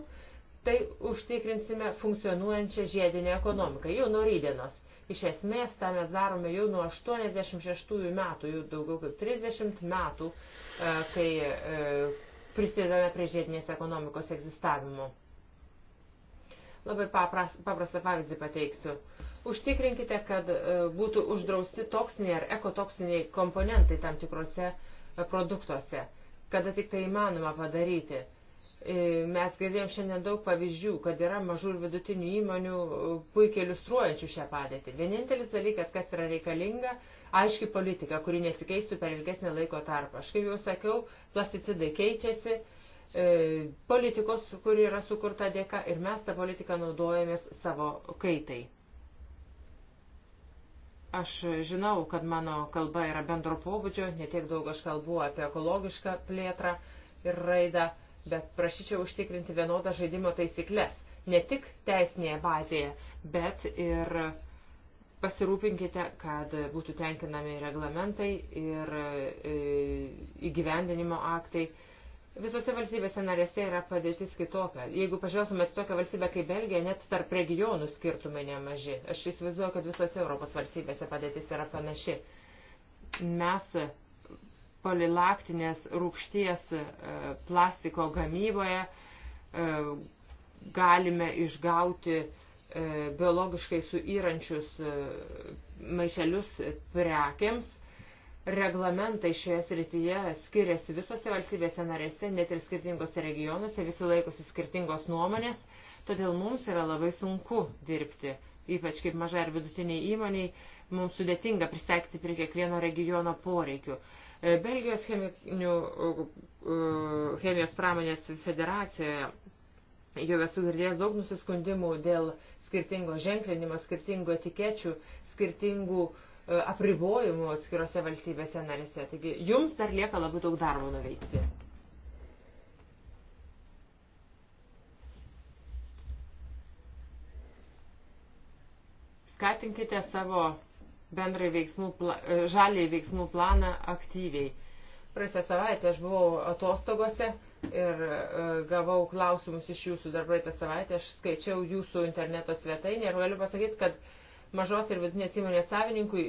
tai užtikrinsime funkcionuojančią žiedinę ekonomiką jau nuo rydienos Iš esmės, tą mes darome jau nuo 86 metų, jau daugiau kaip 30 metų, e, kai e, prisidedame prie žiedinės ekonomikos egzistavimo. Labai paprastą pavyzdį pateiksiu. Užtikrinkite, kad e, būtų uždrausti toksiniai ar ekotoksiniai komponentai tam tikrose produktuose, kada tik tai įmanoma padaryti E, mes girdėjom šiandien daug pavyzdžių, kad yra mažų ir vidutinių įmonių e, puikiai iliustruojančių šią padėtį. Vienintelis dalykas, kas yra reikalinga, aiški politika, kuri nesikeistų per ilgesnį laiko tarpą. Aš kaip jau sakiau, plasticidai keičiasi, e, politikos, kuri yra sukurta dėka ir mes tą politiką naudojamės savo kaitai. Aš žinau, kad mano kalba yra bendro pobūdžio, netiek daug aš kalbu apie ekologišką plėtrą ir raidą bet prašyčiau užtikrinti vienodą žaidimo taisyklės. Ne tik teisinėje bazėje, bet ir pasirūpinkite, kad būtų tenkinami reglamentai ir e, įgyvendinimo aktai. Visose valstybėse narėse yra padėtis kitokia. Jeigu pažvelgtumėt tokią valstybę kaip Belgija, net tarp regionų skirtumai nemaži. Aš įsivaizduoju, kad visose Europos valstybėse padėtis yra panaši. Mes polilaktinės rūkšties e, plastiko gamyboje e, galime išgauti e, biologiškai suyrančius maišelius prekiams. Reglamentai šioje srityje skiriasi visose valstybėse narėse, net ir skirtingose regionuose, visi laikosi skirtingos nuomonės, todėl mums yra labai sunku dirbti, ypač kaip mažai ir vidutiniai įmoniai, mums sudėtinga pristaikyti prie kiekvieno regiono poreikių. E, Belgijos cheminių, e, e, chemijos pramonės federacijoje jau esu girdėjęs daug nusiskundimų dėl skirtingo ženklinimo, skirtingų etikečių, skirtingų apribojimų atskirose valstybėse narėse. Taigi jums dar lieka labai daug darbo nuveikti. Skatinkite savo bendrai veiksmų, pla, e, žaliai veiksmų planą aktyviai. Praėjusią savaitę aš buvau atostogose ir e, gavau klausimus iš jūsų dar praeitą savaitę. Aš skaičiau jūsų interneto svetainę ir galiu pasakyti, kad mažos ir vidinės įmonės savininkui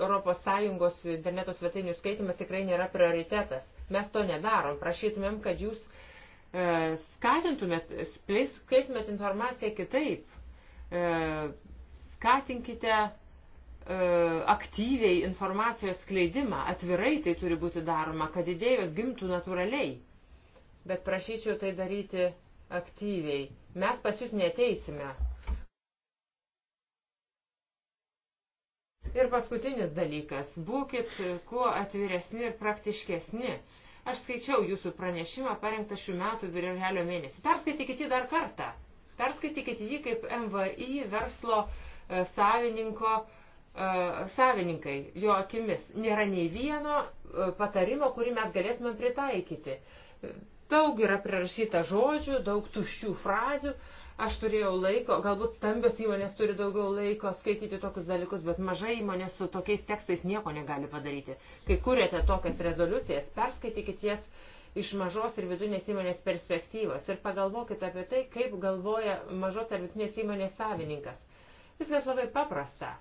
ES interneto svetainių skaitimas tikrai nėra prioritetas. Mes to nedarom. Prašytumėm, kad jūs e, skatintumėt, skleistumėt informaciją kitaip. Skatinkite E, aktyviai informacijos skleidimą, atvirai tai turi būti daroma, kad idėjos gimtų natūraliai. Bet prašyčiau tai daryti aktyviai. Mes pas jūs neteisime. Ir paskutinis dalykas. Būkit kuo atviresni ir praktiškesni. Aš skaičiau jūsų pranešimą parengtą šių metų birželio mėnesį. Perskaitykite jį dar kartą. Perskaitykite jį kaip MVI verslo e, savininko uh, savininkai, jo akimis, nėra nei vieno patarimo, kurį mes galėtume pritaikyti. Daug yra prirašyta žodžių, daug tuščių frazių. Aš turėjau laiko, galbūt stambios įmonės turi daugiau laiko skaityti tokius dalykus, bet mažai įmonės su tokiais tekstais nieko negali padaryti. Kai kuriate tokias rezoliucijas, perskaitykit jas iš mažos ir vidinės įmonės perspektyvos ir pagalvokit apie tai, kaip galvoja mažos ar vidinės įmonės savininkas. Viskas labai paprasta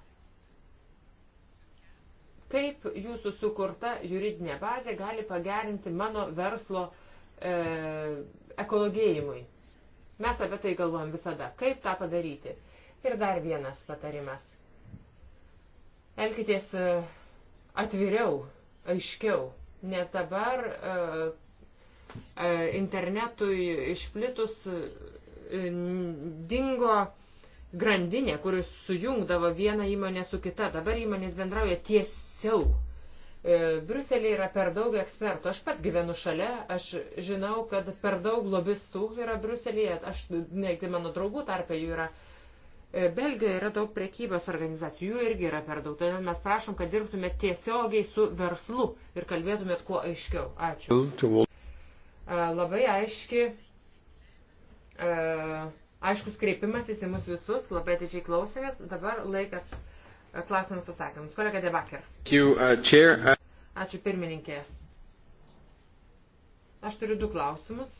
kaip jūsų sukurta juridinė bazė gali pagerinti mano verslo e, ekologėjimui. Mes apie tai galvojam visada, kaip tą padaryti. Ir dar vienas patarimas. Elkitės e, atviriau, aiškiau, nes dabar e, e, internetui išplitus e, dingo grandinė, kuris sujungdavo vieną įmonę su kita. Dabar įmonės bendrauja ties, baisiau. E, Briuselė yra per daug ekspertų. Aš pats gyvenu šalia, aš žinau, kad per daug lobistų yra Briuselėje. Aš, netgi mano draugų tarpe jų yra. E, Belgijoje yra daug prekybos organizacijų, jų irgi yra per daug. Todėl mes prašom, kad dirbtumėt tiesiogiai su verslu ir kalbėtumėt kuo aiškiau. Ačiū. E, labai aiški, aiškus kreipimasis į mus visus, labai atidžiai klausėmės. Dabar laikas klausimus atsakymus. Kolega Debaker. Uh, uh, ačiū pirmininkė. Aš turiu du klausimus.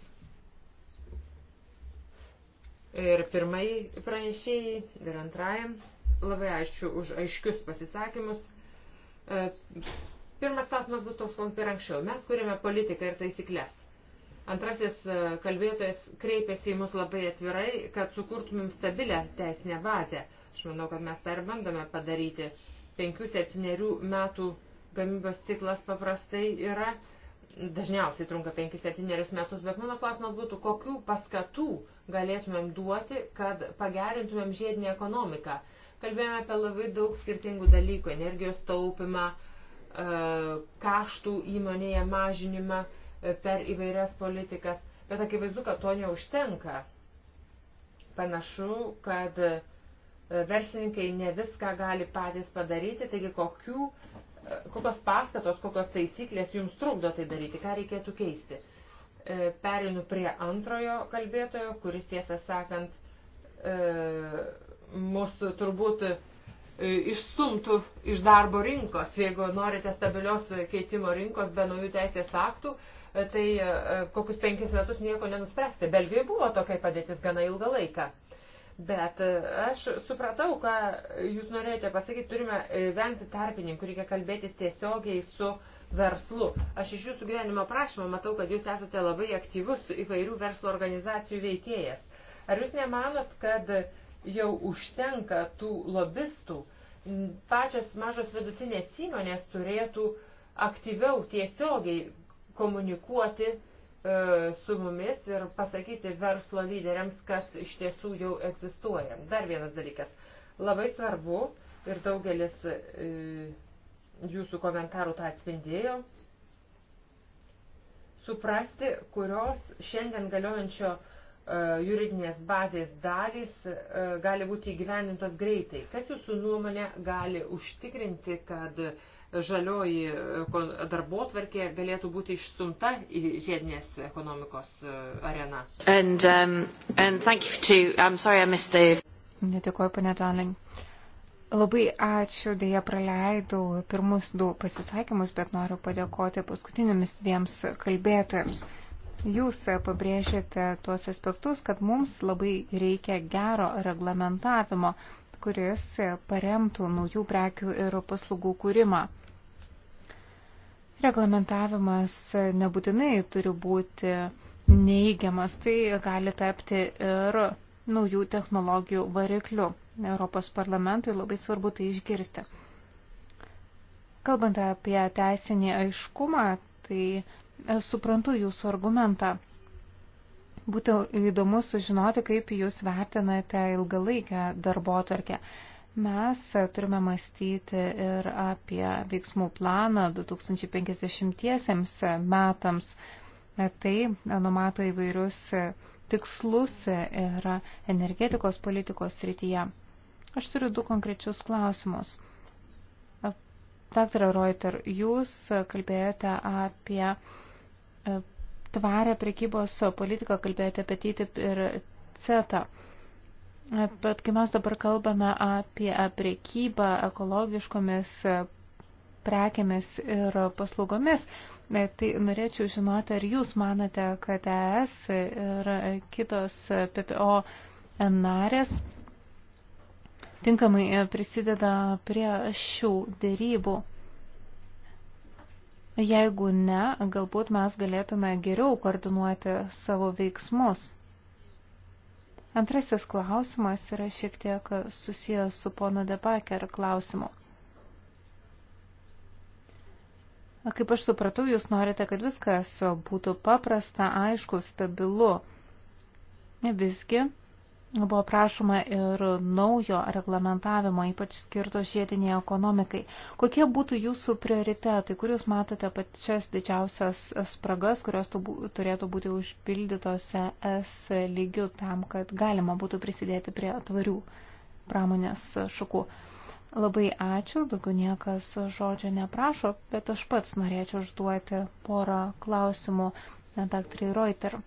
Ir pirmai pranešėjai, ir antrajam. Labai ačiū už aiškius pasisakymus. E, pirmas klausimas bus toks, kaip ir anksčiau. Mes kūrėme politiką ir taisyklės. Antrasis e, kalbėtojas kreipėsi į mus labai atvirai, kad sukurtumėm stabilę teisinę bazę Aš manau, kad mes tą ir bandome padaryti. 5-7 metų gamybos ciklas paprastai yra, dažniausiai trunka 5-7 metus, bet mano klausimas būtų, kokių paskatų galėtumėm duoti, kad pagerintumėm žiedinį ekonomiką. Kalbėjome apie labai daug skirtingų dalykų - energijos taupimą, e, kaštų įmonėje mažinimą e, per įvairias politikas, bet akivaizdu, kad to neužtenka. Panašu, kad verslininkai ne viską gali patys padaryti, taigi kokių, kokios paskatos, kokios taisyklės jums trukdo tai daryti, ką reikėtų keisti. E, perinu prie antrojo kalbėtojo, kuris tiesą sakant e, mus turbūt e, išstumtų iš darbo rinkos, jeigu norite stabilios keitimo rinkos be naujų teisės aktų, tai kokius penkis metus nieko nenuspręsti. Belgijoje buvo tokia padėtis gana ilgą laiką. Bet e, aš supratau, ką jūs norėjote pasakyti, turime e, vengti tarpininkų, reikia kalbėtis tiesiogiai su verslu. Aš iš jūsų gyvenimo prašymo matau, kad jūs esate labai aktyvus įvairių verslo organizacijų veikėjas. Ar jūs nemanot, kad jau užtenka tų lobistų? Pačios mažos vidutinės įmonės turėtų aktyviau tiesiogiai komunikuoti E, su mumis ir pasakyti verslo lyderiams, kas iš tiesų jau egzistuoja. Dar vienas dalykas. Labai svarbu ir daugelis e, jūsų komentarų tą atspindėjo. Suprasti, kurios šiandien galiojančio e, juridinės bazės dalys gali būti įgyvenintos greitai. Kas jūsų nuomonė gali užtikrinti, kad uh, žalioji e, darbo tvarkė galėtų būti išstumta į žiedinės ekonomikos e, areną. And, um, and thank you to, I'm sorry I missed the... Netikoju, pane Darling. Labai ačiū, dėja praleidau pirmus du pasisakymus, bet noriu padėkoti paskutinimis dviems kalbėtojams. Jūs pabrėžėte tuos aspektus, kad mums labai reikia gero reglamentavimo, kuris paremtų naujų prekių ir paslaugų kūrimą reglamentavimas nebūtinai turi būti neįgiamas, tai gali tapti ir naujų technologijų varikliu. Europos parlamentui labai svarbu tai išgirsti. Kalbant apie teisinį aiškumą, tai suprantu jūsų argumentą. Būtų įdomu sužinoti, kaip jūs vertinate ilgalaikę darbo atvarkę. Mes turime mąstyti ir apie veiksmų planą 2050 metams. Tai numato įvairius tikslus yra energetikos politikos srityje. Aš turiu du konkrečius klausimus. Dr. Reuter, jūs kalbėjote apie e, tvarę prekybos politiką, kalbėjote apie TTIP ir CETA. Bet kai mes dabar kalbame apie priekybą ekologiškomis prekėmis ir paslaugomis, e, tai norėčiau žinoti, ar jūs manote, kad ES ir kitos PPO narės tinkamai prisideda prie šių dėrybų. Jeigu ne, galbūt mes galėtume geriau koordinuoti savo veiksmus. Antrasis klausimas yra šiek tiek susijęs su pono Debaker klausimu. Kaip aš supratau, jūs norite, kad viskas būtų paprasta, aišku, stabilu. Visgi Buvo prašoma ir naujo reglamentavimo, ypač skirto žiediniai ekonomikai. Kokie būtų jūsų prioritetai, kur jūs matote pačias didžiausias spragas, kurios turėtų būti užpildytos es lygių tam, kad galima būtų prisidėti prie tvarių pramonės šakų? Labai ačiū, daugiau niekas žodžio neprašo, bet aš pats norėčiau užduoti porą klausimų daktarai Reuter.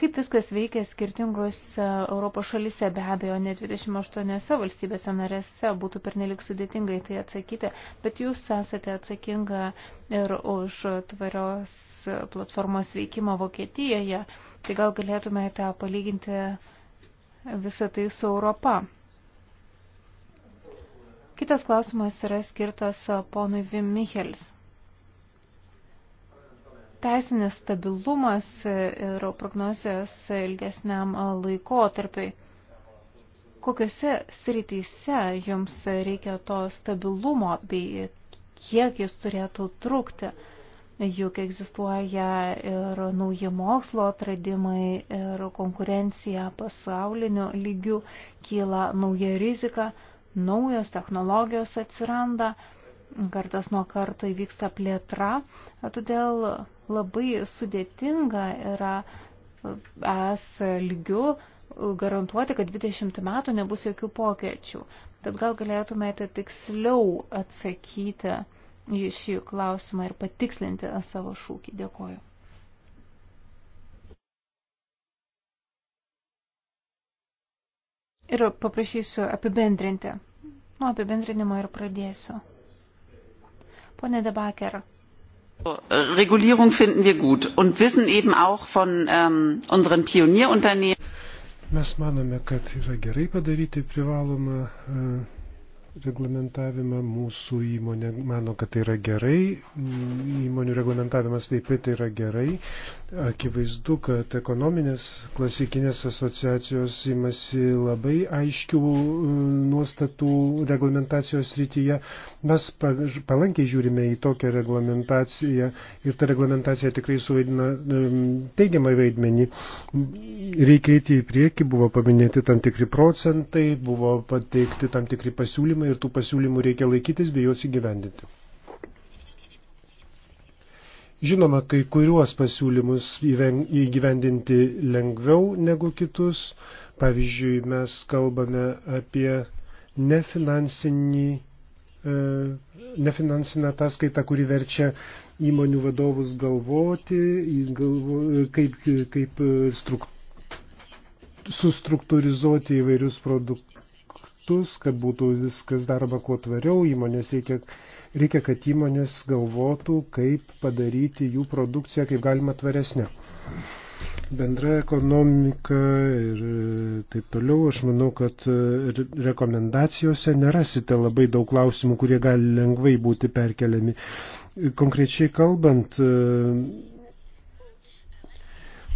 Kaip viskas veikia skirtingose Europos šalise, be abejo, ne 28 valstybėse narėse būtų pernelik sudėtingai tai atsakyti, bet jūs esate atsakinga ir už tvarios platformos veikimą Vokietijoje, tai gal galėtumėte palyginti visą tai su Europa. Kitas klausimas yra skirtas ponui Vim Michels teisinis stabilumas ir prognozijos ilgesniam laikotarpiai. Kokiuose srityse jums reikia to stabilumo bei kiek jis turėtų trukti? Juk egzistuoja ir nauji mokslo atradimai, ir konkurencija pasauliniu lygiu, kyla nauja rizika, naujos technologijos atsiranda kartas nuo karto įvyksta plėtra, todėl Labai sudėtinga yra es lygiu garantuoti, kad 20 metų nebus jokių pokėčių. Tad gal galėtumėte tiksliau atsakyti į šį klausimą ir patikslinti savo šūkį. Dėkoju. Ir paprašysiu apibendrinti. Nuo apibendrinimo ir pradėsiu. Pone Debaker, Regulierung finden wir gut und wissen eben auch von ähm, unseren Pionierunternehmen. Mes manome, kad yra gerai padaryti privalomą äh, reglamentavimą. Mūsų įmonė mano, kad tai yra gerai. Įmonių reglamentavimas taip pat yra gerai. Akivaizdu, kad ekonominės klasikinės asociacijos imasi labai aiškių e, nuostatų reglamentacijos rytyje. Mes palankiai žiūrime į tokią reglamentaciją ir ta reglamentacija tikrai suvaidina e, teigiamą vaidmenį. Reikia eiti į priekį, buvo paminėti tam tikri procentai, buvo pateikti tam tikri pasiūlymai pasiūlymai ir tų pasiūlymų reikia laikytis bei juos įgyvendinti. Žinoma, kai kuriuos pasiūlymus įgyvendinti lengviau negu kitus. Pavyzdžiui, mes kalbame apie nefinansinį, e, nefinansinę ataskaitą, kuri verčia įmonių vadovus galvoti, galvo, kaip, kaip e, struk, sustruktūrizuoti įvairius produk, kaštus, kad būtų viskas daroma kuo tvariau, įmonės reikia, reikia, kad įmonės galvotų, kaip padaryti jų produkciją kaip galima tvaresnė. Bendra ekonomika ir taip toliau, aš manau, kad rekomendacijose nerasite labai daug klausimų, kurie gali lengvai būti perkeliami. Konkrečiai kalbant,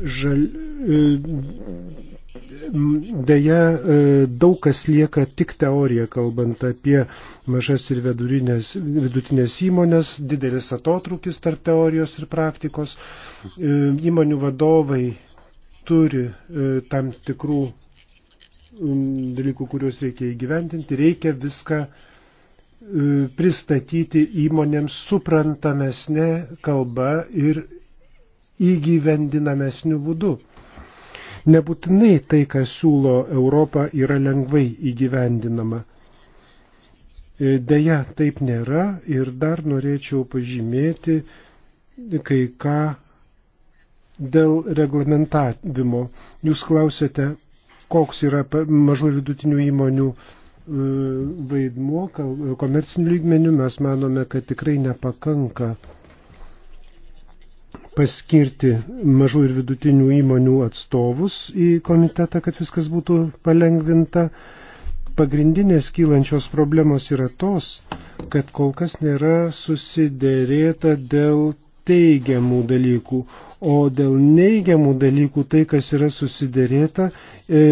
Žal... E, deja, e, daug kas lieka tik teorija, kalbant apie mažas ir vidutinės įmonės, didelis atotrukis tarp teorijos ir praktikos. E, įmonių vadovai turi tam tikrų dalykų, kuriuos reikia įgyventinti, reikia viską pristatyti įmonėms suprantamesnė kalba ir įgyvendinamesniu būdu. Nebūtinai tai, kas siūlo Europą, yra lengvai įgyvendinama. E, deja, taip nėra ir dar norėčiau pažymėti kai ką dėl reglamentavimo. Jūs klausėte, koks yra mažų ir vidutinių įmonių e, vaidmuo komercinių lygmenių. Mes manome, kad tikrai nepakanka paskirti mažų ir vidutinių įmonių atstovus į komitetą, kad viskas būtų palengvinta. Pagrindinės kylančios problemos yra tos, kad kol kas nėra susidėrėta dėl teigiamų dalykų, o dėl neigiamų dalykų tai, kas yra susidėrėta, e,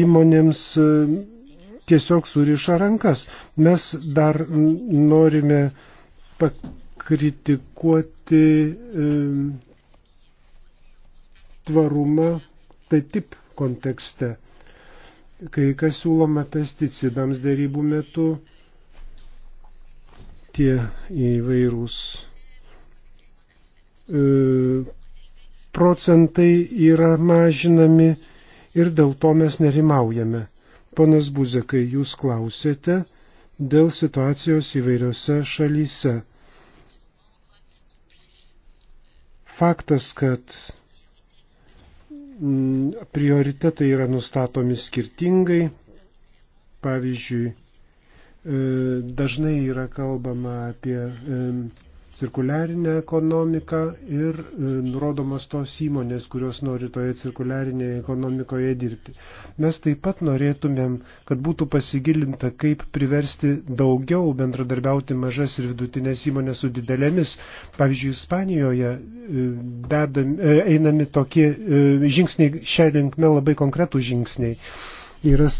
įmonėms e, tiesiog suriša rankas. Mes dar norime kritikuoti e, tvarumą tai tip kontekste. Kai kas siūloma pesticidams darybų metu, tie įvairūs e, procentai yra mažinami ir dėl to mes nerimaujame. Ponas Buzekai, jūs klausėte dėl situacijos įvairiose šalyse. Faktas, kad mm, prioritetai yra nustatomi skirtingai. Pavyzdžiui, e, dažnai yra kalbama apie cirkuliarinę ekonomiką ir e, nurodomos tos įmonės, kurios nori toje cirkuliarinėje ekonomikoje dirbti. Mes taip pat norėtumėm, kad būtų pasigilinta, kaip priversti daugiau bendradarbiauti mažas ir vidutinės įmonės su didelėmis. Pavyzdžiui, Ispanijoje e, bedami, e, einami tokie žingsniai, šią linkme labai konkretų žingsniai. Yra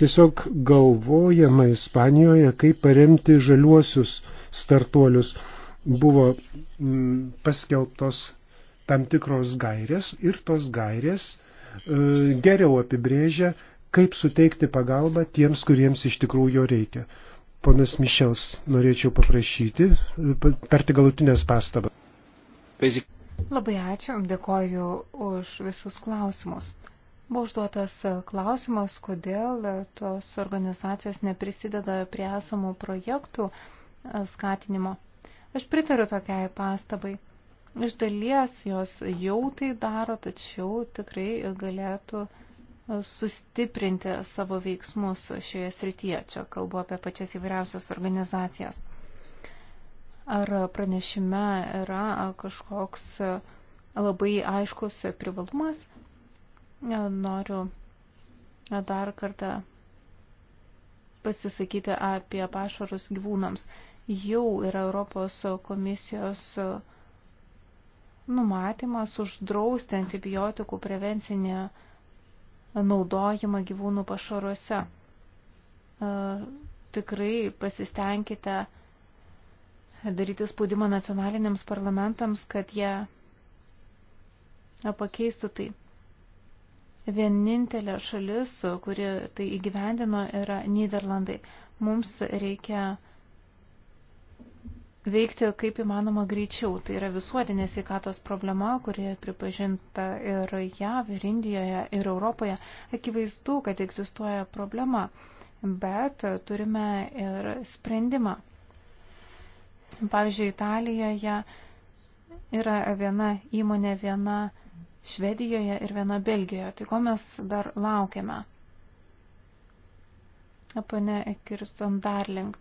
Tiesiog galvojama Ispanijoje, kaip paremti žaliuosius startuolius. Buvo mm, paskelbtos tam tikros gairės ir tos gairės e, geriau apibrėžia, kaip suteikti pagalbą tiems, kuriems iš tikrųjų jo reikia. Ponas Mišels, norėčiau paprašyti, e, tarti galutinės pastabas. Labai ačiū, dėkoju už visus klausimus. Buvo užduotas klausimas, kodėl tos organizacijos neprisideda prie esamų projektų e, skatinimo. Aš pritariu tokiai pastabai. Iš dalies jos jau tai daro, tačiau tikrai galėtų e, sustiprinti savo veiksmus šioje srityje. Čia kalbu apie pačias įvairiausias organizacijas. Ar pranešime yra kažkoks e, labai aiškus privalumas E, noriu e, dar kartą pasisakyti apie pašarus gyvūnams. Jau yra Europos komisijos e, numatymas uždrausti antibiotikų prevencinį naudojimą gyvūnų pašaruose. Tikrai pasistengkite daryti spaudimą nacionaliniams parlamentams, kad jie pakeistų tai. Vienintelė šalis, kuri tai įgyvendino, yra Niderlandai. Mums reikia veikti kaip įmanoma greičiau. Tai yra visuotinės sveikatos problema, kuri pripažinta ir JAV, ir Indijoje, ir Europoje. Akivaizdu, kad egzistuoja problema, bet turime ir sprendimą. Pavyzdžiui, Italijoje yra viena įmonė, viena Švedijoje ir viena Belgijoje. Tai ko mes dar laukiame? Pane Kirsten Darling.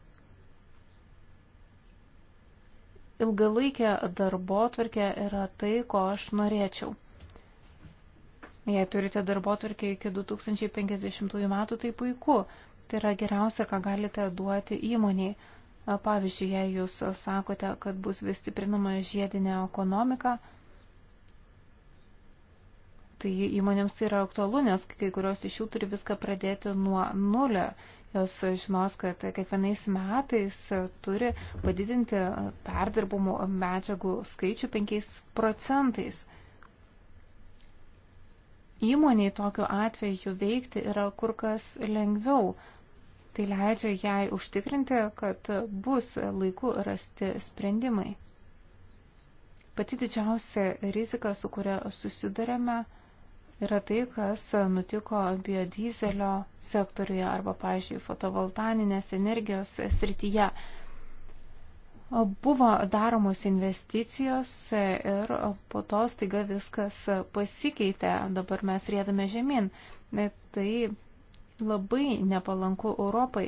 Ilgalaikė darbo tvarkė yra tai, ko aš norėčiau. Jei turite darbo tvarkę iki 2050 metų, tai puiku. Tai yra geriausia, ką galite duoti įmoniai. Pavyzdžiui, jei jūs sakote, kad bus vis stiprinama žiedinė ekonomika, Tai įmonėms tai yra aktualu, nes kai kurios iš jų turi viską pradėti nuo nulio. Jos žinos, kad kiekvienais metais turi padidinti perdirbamų medžiagų skaičių 5 procentais. Įmoniai tokiu atveju veikti yra kur kas lengviau. Tai leidžia jai užtikrinti, kad bus laiku rasti sprendimai. Pati didžiausia rizika, su kuria susidurėme, yra tai, kas nutiko biodizelio sektoriuje arba, pavyzdžiui, fotovoltaninės energijos srityje. Buvo daromos investicijos ir po to staiga viskas pasikeitė, dabar mes rėdame žemyn. Tai labai nepalanku Europai.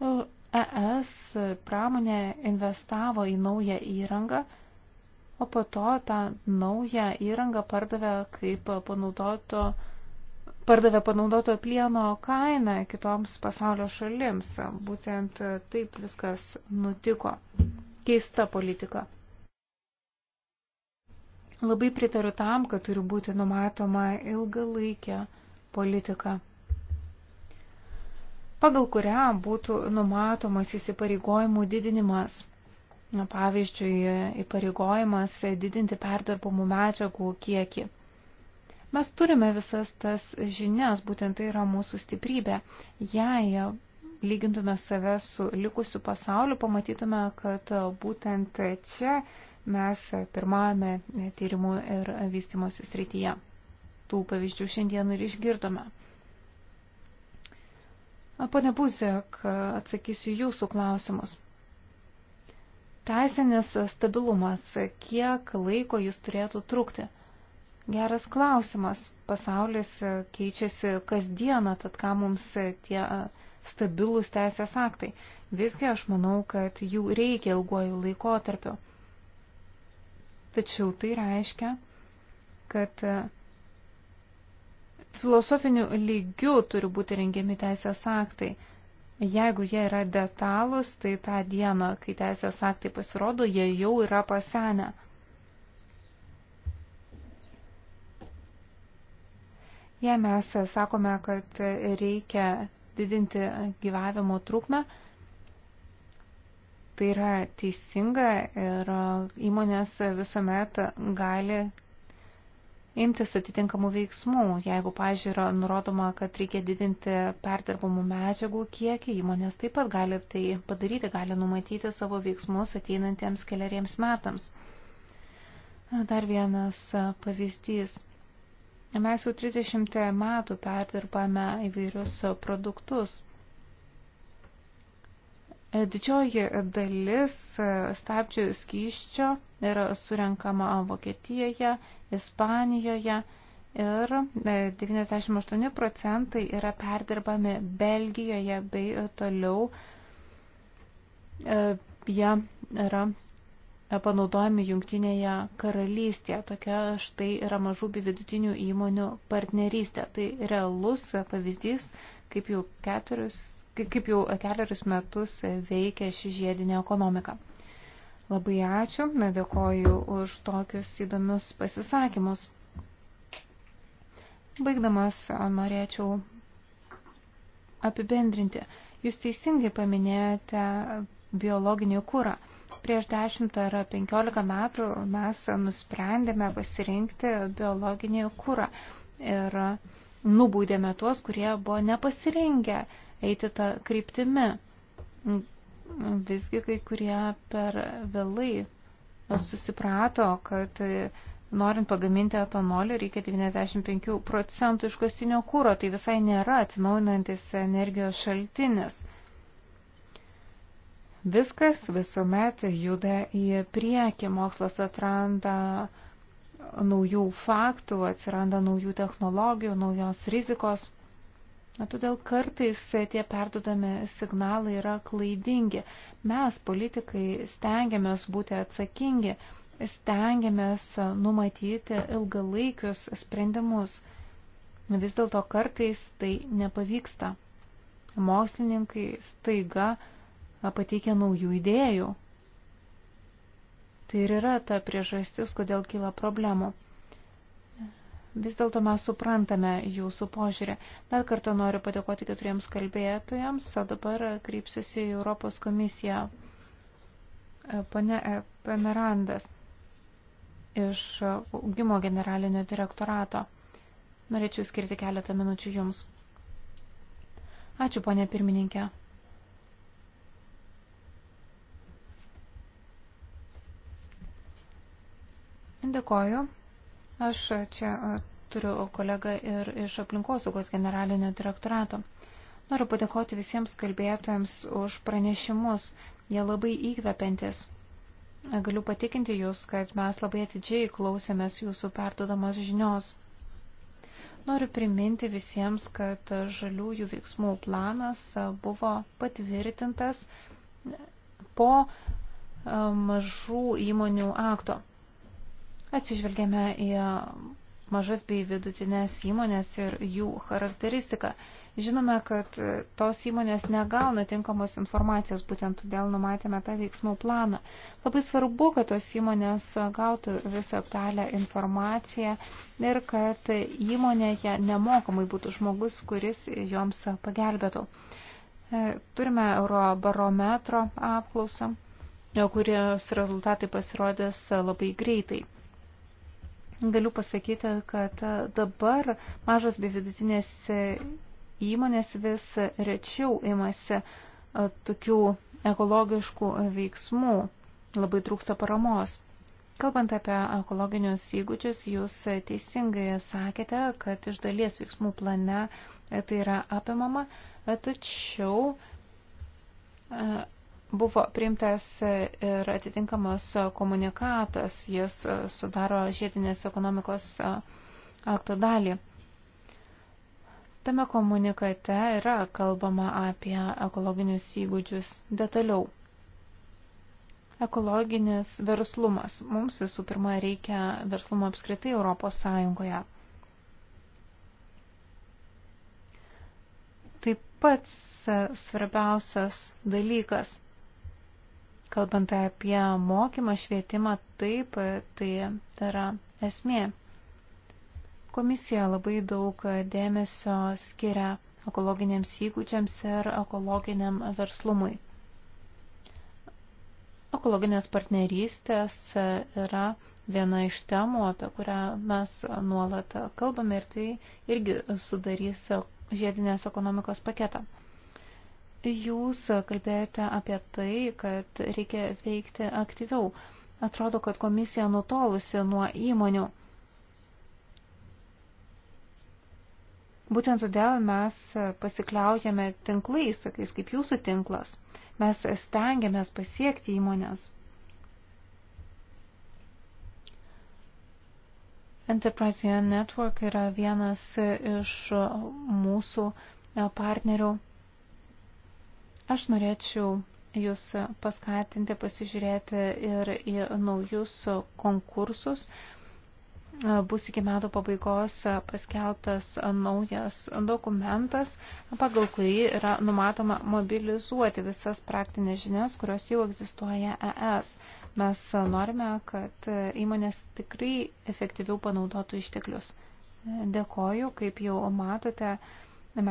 ES pramonė investavo į naują įrangą o po to tą naują įrangą pardavė kaip panaudoto, pardavė panaudoto plieno kainą kitoms pasaulio šalims. Būtent taip viskas nutiko. Keista politika. Labai pritariu tam, kad turi būti numatoma ilgalaikė politika pagal kurią būtų numatomas įsipareigojimų didinimas pavyzdžiui, įpareigojimas didinti perdirbamų medžiagų kiekį. Mes turime visas tas žinias, būtent tai yra mūsų stiprybė. Jei lygintume save su likusiu pasauliu, pamatytume, kad būtent čia mes pirmame tyrimų ir vystimosi srityje. Tų pavyzdžių šiandien ir išgirdome. Pane Buzek, atsakysiu jūsų klausimus. Teisinis stabilumas, kiek laiko jis turėtų trukti? Geras klausimas. Pasaulis keičiasi kasdieną, tad ką mums tie stabilūs teisės aktai. Visgi aš manau, kad jų reikia ilguoju laikotarpiu. Tačiau tai reiškia, kad filosofiniu lygiu turi būti rengiami teisės aktai. Jeigu jie yra detalūs, tai tą dieną, kai teisės aktai pasirodo, jie jau yra pasenę. Jei mes sakome, kad reikia didinti gyvavimo trukmę, tai yra teisinga ir įmonės visuomet gali imtis atitinkamų veiksmų, jeigu, pažiūrėjau, yra nurodoma, kad reikia didinti perdirbamų medžiagų kiekį, įmonės taip pat gali tai padaryti, gali numatyti savo veiksmus ateinantiems keliariems metams. Dar vienas pavyzdys. Mes jau 30 metų perdirbame įvairius produktus. Didžioji dalis stabdžių skyščio yra surenkama Vokietijoje, Ispanijoje ir 98 e, procentai yra perdirbami Belgijoje bei e, toliau e, jie yra panaudojami jungtinėje karalystėje. Tokia štai yra mažų bei vidutinių įmonių partnerystė. Tai realus pavyzdys, kaip jau, keturius, kaip jau keliarius metus veikia ši žiedinė ekonomika. Labai ačiū, na dėkoju už tokius įdomius pasisakymus. Baigdamas norėčiau apibendrinti. Jūs teisingai paminėjote biologinį kūrą. Prieš 10 ar 15 metų mes nusprendėme pasirinkti biologinį kūrą ir nubaudėme tuos, kurie buvo nepasirengę eiti tą kryptimi visgi kai kurie per vėlai susiprato, kad norint pagaminti etanolį reikia 95 procentų iškastinio kūro, tai visai nėra atsinaujinantis energijos šaltinis. Viskas visuomet juda į priekį, mokslas atranda naujų faktų, atsiranda naujų technologijų, naujos rizikos. Na, todėl kartais tie perdodami signalai yra klaidingi. Mes, politikai, stengiamės būti atsakingi, stengiamės numatyti ilgalaikius sprendimus. Vis dėlto kartais tai nepavyksta. Mokslininkai staiga pateikia naujų idėjų. Tai ir yra ta priežastis, kodėl kyla problemų. Vis dėlto mes suprantame jūsų požiūrį. Dar kartą noriu padėkoti keturiems kalbėtojams, o dabar kreipsiuosi į Europos komisiją. E, Pane e, Penerandas iš augimo generalinio direktorato. Norėčiau skirti keletą minučių jums. Ačiū, ponė pirmininkė. Dėkoju Aš čia turiu kolegą ir iš aplinkosaugos generalinio direktorato. Noriu padėkoti visiems kalbėtojams už pranešimus. Jie labai įkvepiantis. Galiu patikinti Jūs, kad mes labai atidžiai klausėmės Jūsų perdodamos žinios. Noriu priminti visiems, kad žaliųjų veiksmų planas buvo patvirtintas po mažų įmonių akto atsižvelgėme į mažas bei vidutinės įmonės ir jų charakteristiką. Žinome, kad tos įmonės negauna tinkamos informacijos, būtent todėl numatėme tą veiksmų planą. Labai svarbu, kad tos įmonės gautų visą aktualią informaciją ir kad įmonėje nemokamai būtų žmogus, kuris joms pagelbėtų. Turime Eurobarometro apklausą, kurios rezultatai pasirodės labai greitai galiu pasakyti, kad dabar mažos bei vidutinės įmonės vis rečiau imasi tokių ekologiškų veiksmų, labai trūksta paramos. Kalbant apie ekologinius įgūdžius, jūs teisingai sakėte, kad iš dalies veiksmų plane tai yra apimama, tačiau Buvo priimtas ir atitinkamas komunikatas, jis e, sudaro žiedinės ekonomikos e, akto dalį. Tame komunikate yra kalbama apie ekologinius įgūdžius detaliau. Ekologinis verslumas. Mums visų pirma reikia verslumo apskritai Europos Sąjungoje. Taip pats svarbiausias dalykas Kalbant apie mokymą, švietimą, taip, tai yra esmė. Komisija labai daug dėmesio skiria ekologiniams įgūdžiams ir ekologiniam verslumui. Ekologinės partnerystės yra viena iš temų, apie kurią mes nuolat kalbame ir tai irgi sudarys žiedinės ekonomikos paketą. Jūs kalbėjote apie tai, kad reikia veikti aktyviau. Atrodo, kad komisija nutolusi nuo įmonių. Būtent todėl mes pasikliaujame tinklais, tokiais kaip jūsų tinklas. Mes stengiamės pasiekti įmonės. Enterprise Network yra vienas iš mūsų partnerių Aš norėčiau jūs paskatinti pasižiūrėti ir į naujus konkursus. Bus iki metų pabaigos paskeltas naujas dokumentas, pagal kurį yra numatoma mobilizuoti visas praktinės žinias, kurios jau egzistuoja ES. Mes norime, kad įmonės tikrai efektyviau panaudotų išteklius. Dėkoju, kaip jau matote,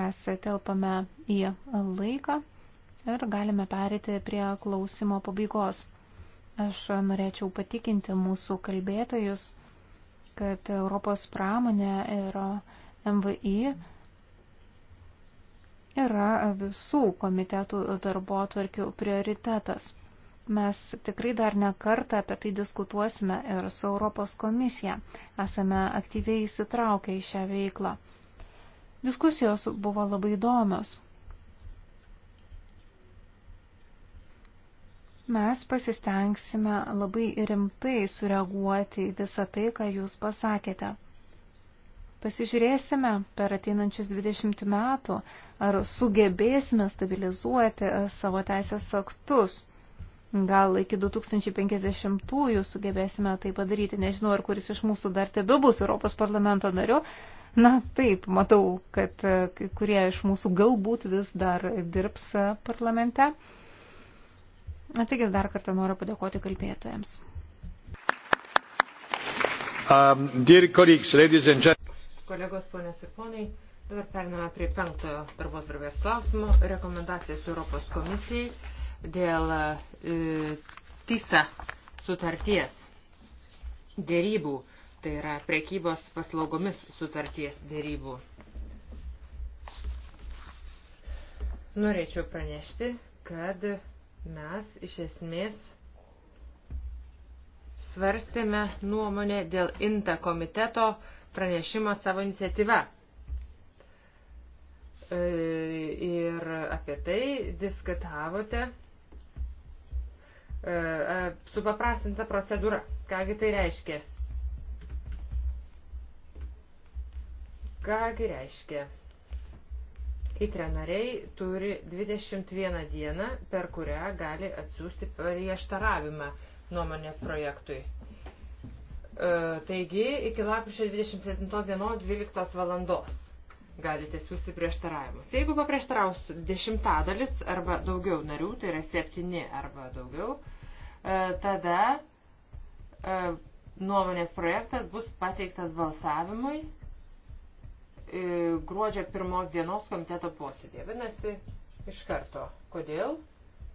mes telpame į laiką ir galime perėti prie klausimo pabaigos. Aš norėčiau patikinti mūsų kalbėtojus, kad Europos pramonė ir MVI yra visų komitetų darbo atvarkių prioritetas. Mes tikrai dar ne kartą apie tai diskutuosime ir su Europos komisija. Esame aktyviai įsitraukę į šią veiklą. Diskusijos buvo labai įdomios. Mes pasistengsime labai rimtai sureaguoti į visą tai, ką jūs pasakėte. Pasižiūrėsime per ateinančius 20 metų, ar sugebėsime stabilizuoti e, savo teisės aktus. Gal iki 2050-ųjų sugebėsime tai padaryti. Nežinau, ar kuris iš mūsų dar tebe bus Europos parlamento nariu. Na taip, matau, kad e, kurie iš mūsų galbūt vis dar dirbs e, parlamente. Taigi dar kartą noriu padėkoti kalbėtojams. Um, Kolegos, ponės ir ponai, dabar periname prie penktojo darbos darbės klausimo. Rekomendacijas Europos komisijai dėl e, TISA sutarties dėrybų, tai yra prekybos paslaugomis sutarties dėrybų. Norėčiau pranešti, kad mes iš esmės svarstėme nuomonę dėl INTA komiteto pranešimo savo iniciatyva. E, ir apie tai diskutavote e, e, supaprastinta procedūra. Kągi tai reiškia? Kągi reiškia? Įtre nariai turi 21 dieną, per kurią gali atsiųsti prieštaravimą nuomonės projektui. E, taigi, iki lapkričio 27 dienos 12 valandos galite siūsti prieštaravimus. Jeigu paprieštaraus dešimtadalis arba daugiau narių, tai yra septyni arba daugiau, e, tada e, nuomonės projektas bus pateiktas balsavimui E, gruodžio pirmos dienos komiteto posėdėje. Vadinasi, iš karto. Kodėl?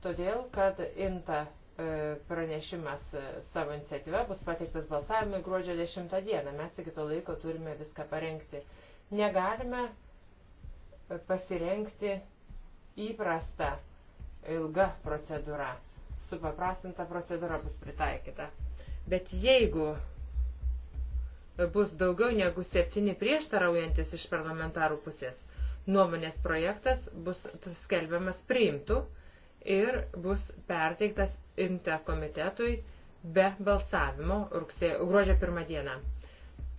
Todėl, kad INTA e, pranešimas e, savo iniciatyva bus pateiktas balsavimui gruodžio 10 dieną. Mes iki to laiko turime viską parengti. Negalime pasirengti įprastą ilgą procedūrą. Supaprastinta procedūra bus pritaikyta. Bet jeigu bus daugiau negu septyni prieštaraujantis iš parlamentarų pusės, nuomonės projektas bus skelbiamas priimtų ir bus perteiktas INTA komitetui be balsavimo rugsė, gruodžio pirmą dieną.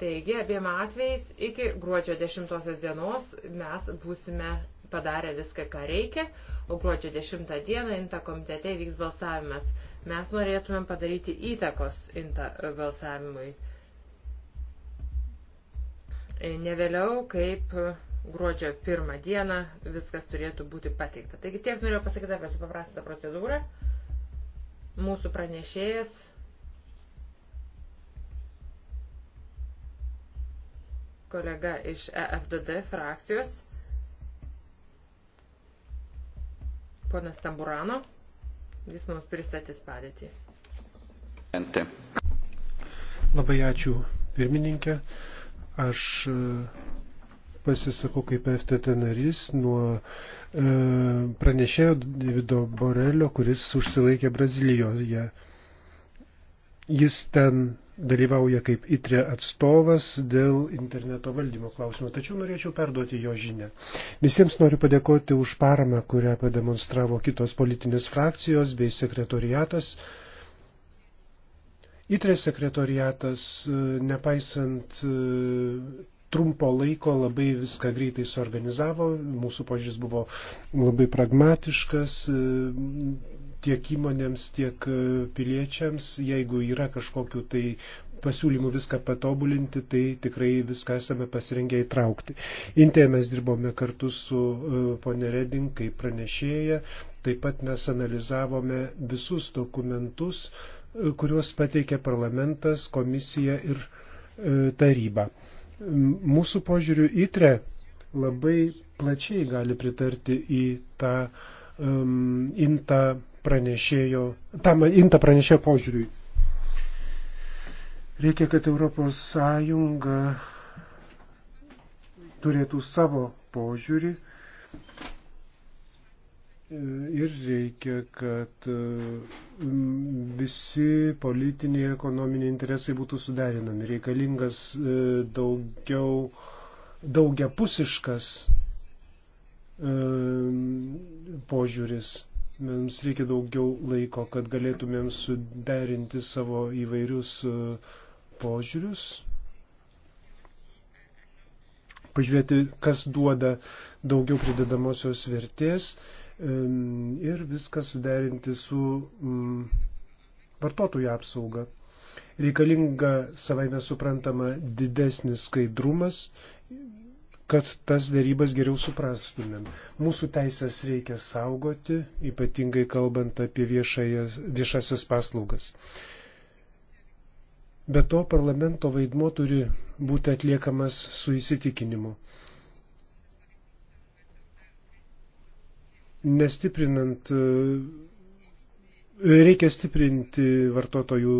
Taigi, abiem atvejais iki gruodžio 10 dienos mes būsime padarę viską, ką reikia, o gruodžio 10 dieną INTA komitete vyks balsavimas. Mes norėtumėm padaryti įtakos INTA balsavimui. E, ne vėliau, kaip gruodžio pirmą dieną viskas turėtų būti pateikta. Taigi tiek norėjau pasakyti apie supaprastą procedūrą. Mūsų pranešėjas kolega iš EFDD frakcijos, ponas Tamburano, jis mums pristatys padėtį. Labai ačiū pirmininkė. Aš e, pasisakau kaip FTT narys nuo e, pranešėjo Davido Borelio, kuris užsilaikė Brazilijoje. Jis ten dalyvauja kaip ITRE atstovas dėl interneto valdymo klausimo, tačiau norėčiau perduoti jo žinę. Visiems noriu padėkoti už paramą, kurią pademonstravo kitos politinės frakcijos bei sekretoriatas. E, Įtrė sekretoriatas, e, nepaisant e, trumpo laiko labai viską greitai suorganizavo, mūsų požiūris buvo labai pragmatiškas e, tiek įmonėms, tiek piliečiams, jeigu yra kažkokių tai pasiūlymų viską patobulinti, tai tikrai viską esame pasirengę įtraukti. Intėje mes dirbome kartu su ponė Reding kaip pranešėja, taip pat mes analizavome visus dokumentus, kuriuos pateikė parlamentas, komisija ir e, taryba. Mūsų požiūrių įtre labai plačiai gali pritarti į tą um, intą pranešėjo, tam intą pranešėjo požiūriui. Reikia, kad Europos Sąjunga turėtų savo požiūrį, uh, E, ir reikia, kad e, visi politiniai ir ekonominiai interesai būtų suderinami. Reikalingas e, daugiau, daugiapusiškas požiūris. Mums reikia daugiau laiko, kad galėtumėm suderinti savo įvairius požiūrius. Pažiūrėti, kas duoda daugiau pridedamosios vertės ir viską suderinti su mm, vartotojų apsauga. Reikalinga savaime suprantama didesnis skaidrumas, kad tas darybas geriau suprastumėm. Mūsų teisės reikia saugoti, ypatingai kalbant apie viešajas, viešasias paslaugas. Be to parlamento vaidmo turi būti atliekamas su įsitikinimu. nestiprinant, e, reikia stiprinti vartotojų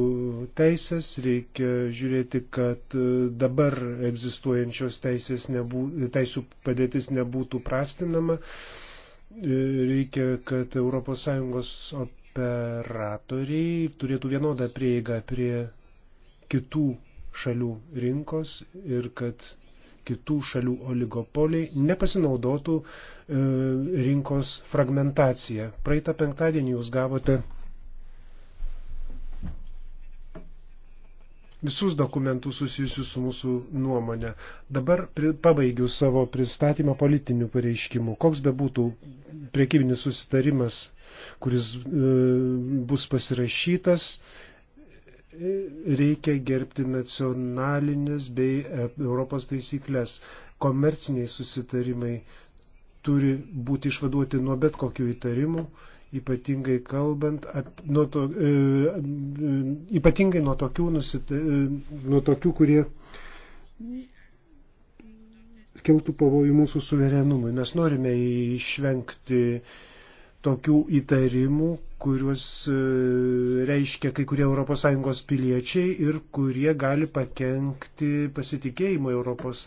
teisės, reikia žiūrėti, kad e, dabar egzistuojančios teisės nebū, teisų padėtis nebūtų prastinama, e, reikia, kad ES operatoriai turėtų vienodą prieigą prie kitų šalių rinkos ir kad kitų šalių oligopoliai nepasinaudotų e, rinkos fragmentacija. Praeitą penktadienį jūs gavote visus dokumentus susijusius su mūsų nuomonė. Dabar pri, pabaigiu savo pristatymą politinių pareiškimų. Koks bebūtų priekybinis susitarimas, kuris e, bus pasirašytas, reikia gerbti nacionalinės bei Europos taisyklės. Komerciniai susitarimai turi būti išvaduoti nuo bet kokių įtarimų, ypatingai kalbant, ap, nuo to, e, e, ypatingai nuo tokių, nusita, e, nuo tokių, kurie kiltų pavojų mūsų suverenumui. Mes norime išvengti e, tokių įtarimų, kuriuos e, reiškia kai kurie ES piliečiai ir kurie gali pakengti pasitikėjimo ES.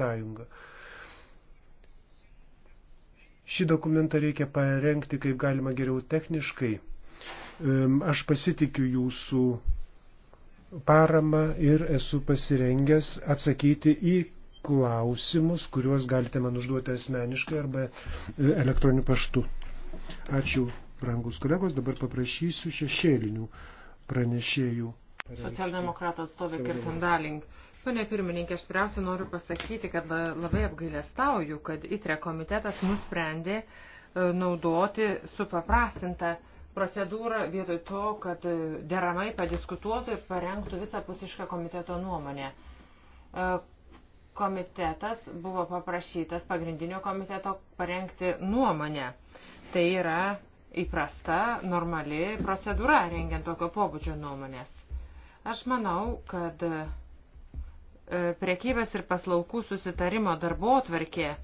Šį dokumentą reikia parengti kaip galima geriau techniškai. Aš pasitikiu jūsų paramą ir esu pasirengęs atsakyti į klausimus, kuriuos galite man užduoti asmeniškai arba e, elektroniniu paštu. Ačiū, brangus kolegos. Dabar paprašysiu šešėlinių pranešėjų. Socialdemokratų atstovė Kirtan Daling. Pane pirmininkė, aš pirmiausia noriu pasakyti, kad labai apgailestauju, kad ITRE komitetas nusprendė e, naudoti supaprastintą procedūrą vietoj to, kad e, deramai padiskutuotų ir parengtų visapusišką komiteto nuomonę e, komitetas buvo paprašytas pagrindinio komiteto parengti nuomonę. Tai yra įprasta, normali procedūra rengiant tokio pobūdžio nuomonės. Aš manau, kad e, priekybės ir paslaukų susitarimo darbo atvarkė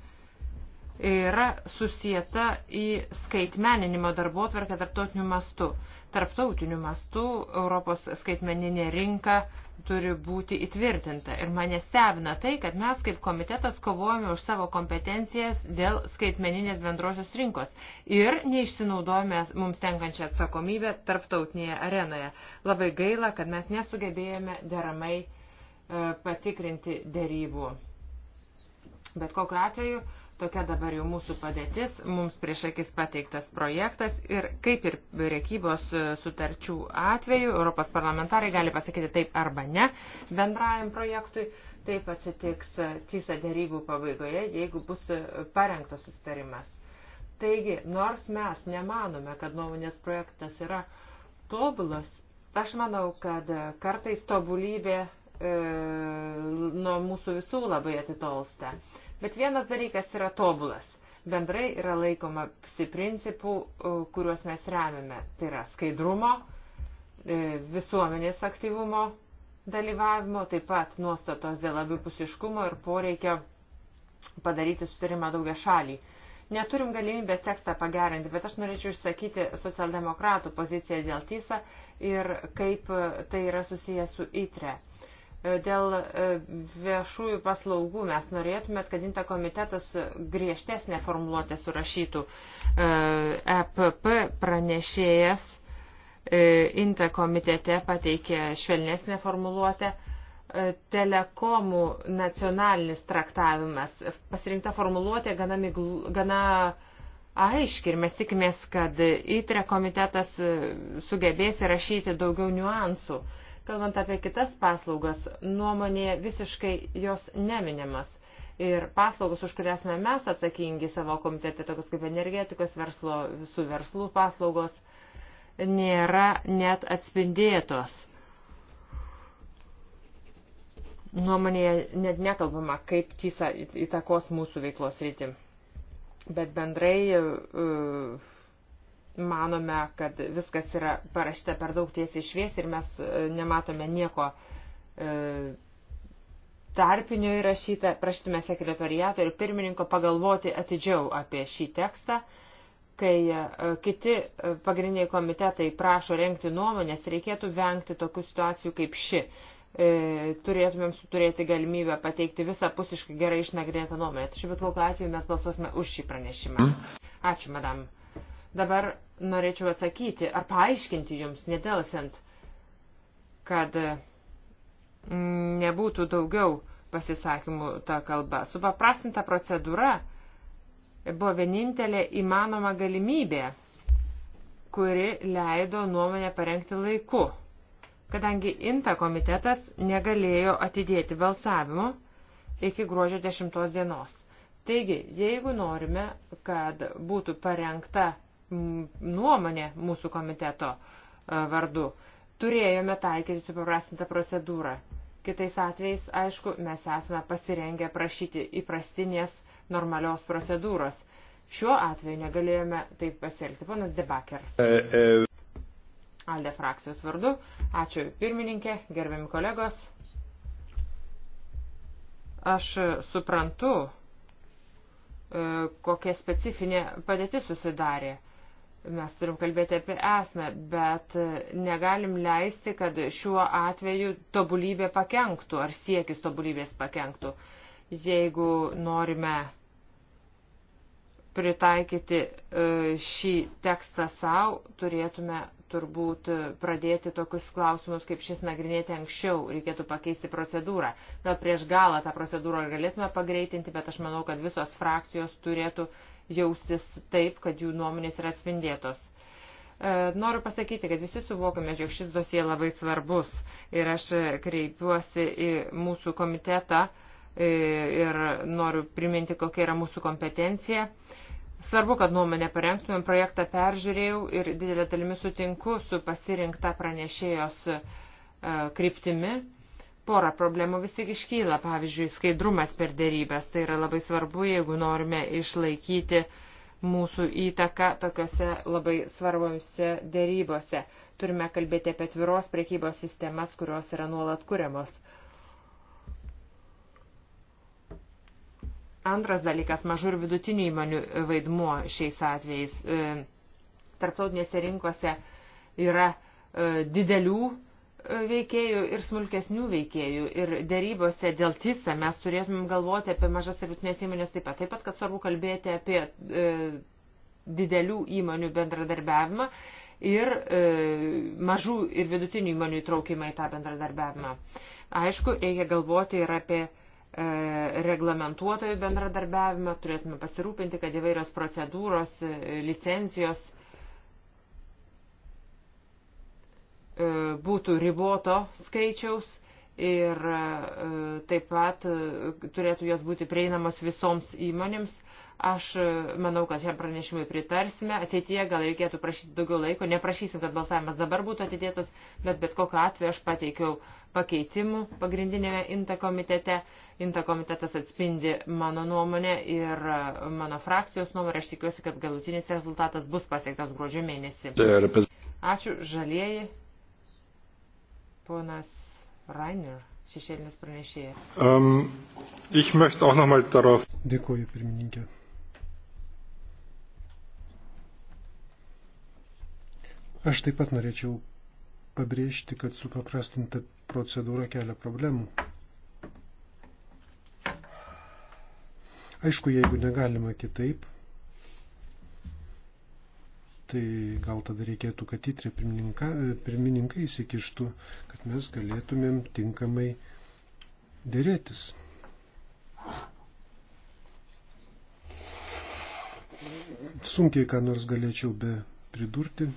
yra susieta į skaitmeninimo darbo atvarkę tarptautiniu mastu. Tarptautiniu mastu Europos skaitmeninė rinka turi būti įtvirtinta. Ir mane stebina tai, kad mes kaip komitetas kovojame už savo kompetencijas dėl skaitmeninės bendrosios rinkos ir neišsinaudojame mums tenkančią atsakomybę tarptautinėje arenoje. Labai gaila, kad mes nesugebėjome deramai e, patikrinti dėrybų. Bet kokiu atveju Tokia dabar jau mūsų padėtis, mums prieš akis pateiktas projektas ir kaip ir priekybos sutarčių atveju, Europos parlamentarai gali pasakyti taip arba ne bendrajam projektui. Taip atsitiks tysa dėrybų pabaigoje, jeigu bus parengtas sustarimas. Taigi, nors mes nemanome, kad nuomonės projektas yra tobulas, aš manau, kad kartais tobulybė e, nuo mūsų visų labai atitolsta. Bet vienas dalykas yra tobulas. Bendrai yra laikomasi principų, e, kuriuos mes remiame. Tai yra skaidrumo, e, visuomenės aktyvumo dalyvavimo, taip pat nuostatos dėl abipusiškumo ir poreikio padaryti sutarimą daugia šalį. Neturim galimybės tekstą pagerinti, bet aš norėčiau išsakyti socialdemokratų poziciją dėl TISA ir kaip e, tai yra susijęs su ITRE. Dėl e, viešųjų paslaugų mes norėtumėt, kad inta komitetas griežtesnė formuluotė surašytų. EPP e pranešėjas e, inta komitete pateikė švelnesnę formuluotę telekomų nacionalinis traktavimas. Pasirinkta formuluotė gana, miglu, gana aiški ir mes tikimės, kad įtre komitetas sugebės įrašyti daugiau niuansų. Uh, Kalbant apie kitas paslaugas, nuomonėje visiškai jos neminimas. Ir paslaugos, už kurias mes atsakingi savo komitete, tokios kaip energetikos verslo, visų verslų paslaugos, nėra net atspindėtos. Nuomonėje net nekalbama, kaip tysa įtakos mūsų veiklos rytim. Bet bendrai uh, manome, kad viskas yra parašyta per daug tiesiai švies ir mes e, nematome nieko e, tarpinio įrašyta. Prašytume sekretoriato ir pirmininko pagalvoti atidžiau apie šį tekstą. Kai e, kiti pagrindiniai komitetai prašo renkti nuomonės, reikėtų vengti tokių situacijų kaip ši turėtumėm turėti galimybę pateikti visą pusiškai gerai išnagrinėtą nuomonę. Tačiau bet kokiu atveju mes balsuosime už šį pranešimą. Mm. Ačiū, madam. Dabar norėčiau atsakyti ar paaiškinti jums, nedelsiant, kad e, nebūtų daugiau pasisakymų tą kalbą. Supaprastinta procedūra buvo vienintelė įmanoma galimybė, kuri leido nuomonę parengti laiku, kadangi INTA komitetas negalėjo atidėti balsavimo iki gruodžio 10 dienos. Taigi, jeigu norime, kad būtų parengta nuomonė mūsų komiteto e, vardu. Turėjome taikyti supaprastintą procedūrą. Kitais atvejais, aišku, mes esame pasirengę prašyti įprastinės normalios procedūros. Šiuo atveju negalėjome taip pasielgti. Ponas Debaker. E, e. Alde frakcijos vardu. Ačiū pirmininkė, gerbiami kolegos. Aš suprantu, kokia specifinė padėtis susidarė. Mes turim kalbėti apie esmę, bet negalim leisti, kad šiuo atveju tobulybė pakenktų ar siekis tobulybės pakenktų. Jeigu norime pritaikyti e, šį tekstą savo, turėtume turbūt pradėti tokius klausimus, kaip šis nagrinėti anksčiau, reikėtų pakeisti procedūrą. Gal prieš galą tą procedūrą galėtume pagreitinti, bet aš manau, kad visos frakcijos turėtų uh, jaustis taip, kad jų nuomonės yra atspindėtos. E, noriu pasakyti, kad visi suvokime, jog šis dosie labai svarbus ir aš kreipiuosi į mūsų komitetą e, ir noriu priminti, kokia yra mūsų kompetencija. Svarbu, kad nuomonę parengtumėm, projektą peržiūrėjau ir didelė dalimi sutinku su pasirinkta pranešėjos e, kryptimi Pora problemų vis tik iškyla, pavyzdžiui, skaidrumas per dėrybęs. Tai yra labai svarbu, jeigu norime išlaikyti mūsų įtaką tokiuose labai svarbiuose dėrybose. Turime kalbėti apie atviros prekybos sistemas, kurios yra nuolat kuriamos. Antras dalykas - mažų ir vidutinių įmonių vaidmuo šiais atvejais. E, tarptautinėse rinkose yra e, didelių veikėjų ir smulkesnių veikėjų. Ir dėrybose dėl TISA mes turėtumėm galvoti apie mažas ir vidutinės įmonės taip pat. Taip pat, kad svarbu kalbėti apie e, didelių įmonių bendradarbiavimą ir e, mažų ir vidutinių įmonių įtraukimą į tą bendradarbiavimą. Aišku, reikia galvoti ir apie e, reglamentuotojų bendradarbiavimą, turėtume pasirūpinti, kad įvairios procedūros, e, licencijos E, būtų riboto skaičiaus ir e, taip pat e, turėtų jos būti prieinamos visoms įmonėms. Aš manau, kad šiam pranešimui pritarsime. Ateityje gal reikėtų prašyti daugiau laiko. Neprašysim, kad balsavimas dabar būtų atidėtas, bet bet kokiu atveju aš pateikiau pakeitimų pagrindinėme INTA komitete. INTA komitetas atspindi mano nuomonę ir mano frakcijos nuomonę. Aš tikiuosi, kad galutinis rezultatas bus pasiektas gruodžio mėnesį. Ačiū, žalieji. Ponas Rainer, šešėlinis pranešėjas. Um, ich möchte auch nochmal darauf. Dėkuoju, pirmininkė. Aš taip pat norėčiau pabrėžti, kad supaprastinta procedūra kelia problemų. Aišku, jeigu negalima kitaip, Tai gal tada reikėtų, kad įtrė pirmininkai įsikištų, kad mes galėtumėm tinkamai dėrėtis. Sunkiai ką nors galėčiau be pridurti.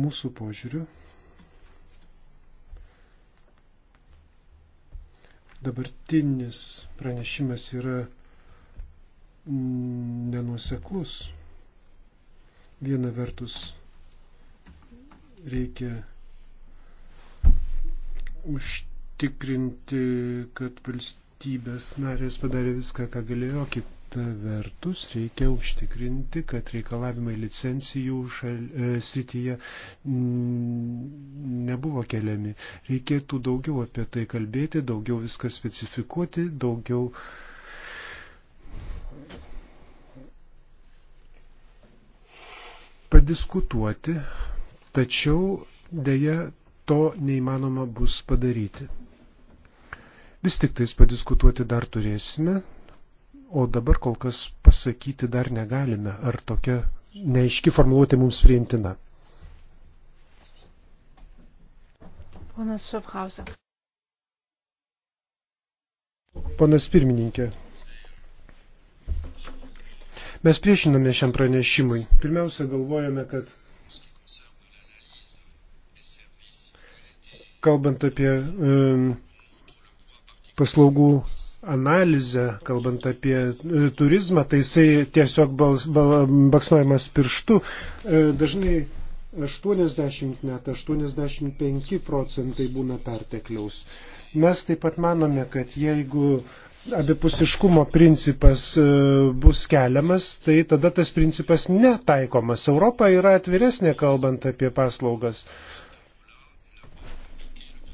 Mūsų požiūriu dabartinis pranešimas yra mm, nenuseklus. Viena vertus reikia užtikrinti, kad valstybės narės padarė viską, ką galėjo, kit, Kita vertus, reikia užtikrinti, kad reikalavimai licencijų šal, e, srityje m, mm, nebuvo keliami. Reikėtų daugiau apie tai kalbėti, daugiau viską specifikuoti, daugiau. Padiskutuoti, tačiau dėja to neįmanoma bus padaryti. Vis tik tais padiskutuoti dar turėsime, o dabar kol kas pasakyti dar negalime, ar tokia neaiški formuluotė mums priimtina. Ponas Šofhausa. Ponas pirmininkė. Mes priešiname šiam pranešimui. Pirmiausia, galvojame, kad kalbant apie um, paslaugų analizę, kalbant apie e, turizmą, tai jisai tiesiog bals, bal, baksnojamas pirštu. E, dažnai 80, net 85 procentai būna pertekliaus. Mes taip pat manome, kad jeigu abipusiškumo principas e, bus keliamas, tai tada tas principas netaikomas. Europa yra atviresnė kalbant apie paslaugas.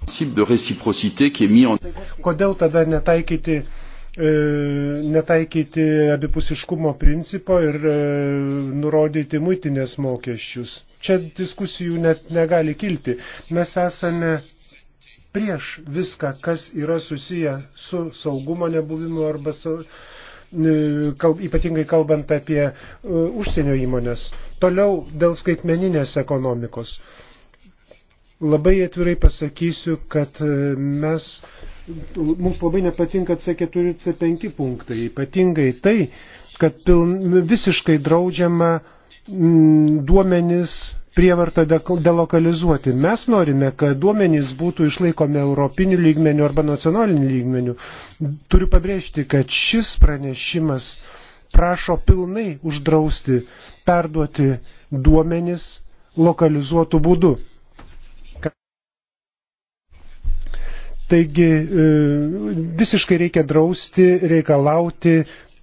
Kodėl tada netaikyti, e, netaikyti abipusiškumo principo ir e, nurodyti muitinės mokesčius? Čia diskusijų net negali kilti. Mes esame prieš viską, kas yra susiję su saugumo nebuvimu arba su, e, kalb, ypatingai kalbant apie užsienio įmonės. Toliau dėl skaitmeninės ekonomikos. Uh, Labai atvirai pasakysiu, kad e, mes, mums labai nepatinka C4 ir C5 punktai, ypatingai tai, kad piln, visiškai draudžiama m, duomenis prievartą delokalizuoti. Mes norime, kad duomenys būtų išlaikomi europinių lygmenių arba nacionalinių lygmenių. Turiu pabrėžti, kad šis pranešimas prašo pilnai uždrausti perduoti duomenis lokalizuotų būdų. Taigi e, visiškai reikia drausti, reikalauti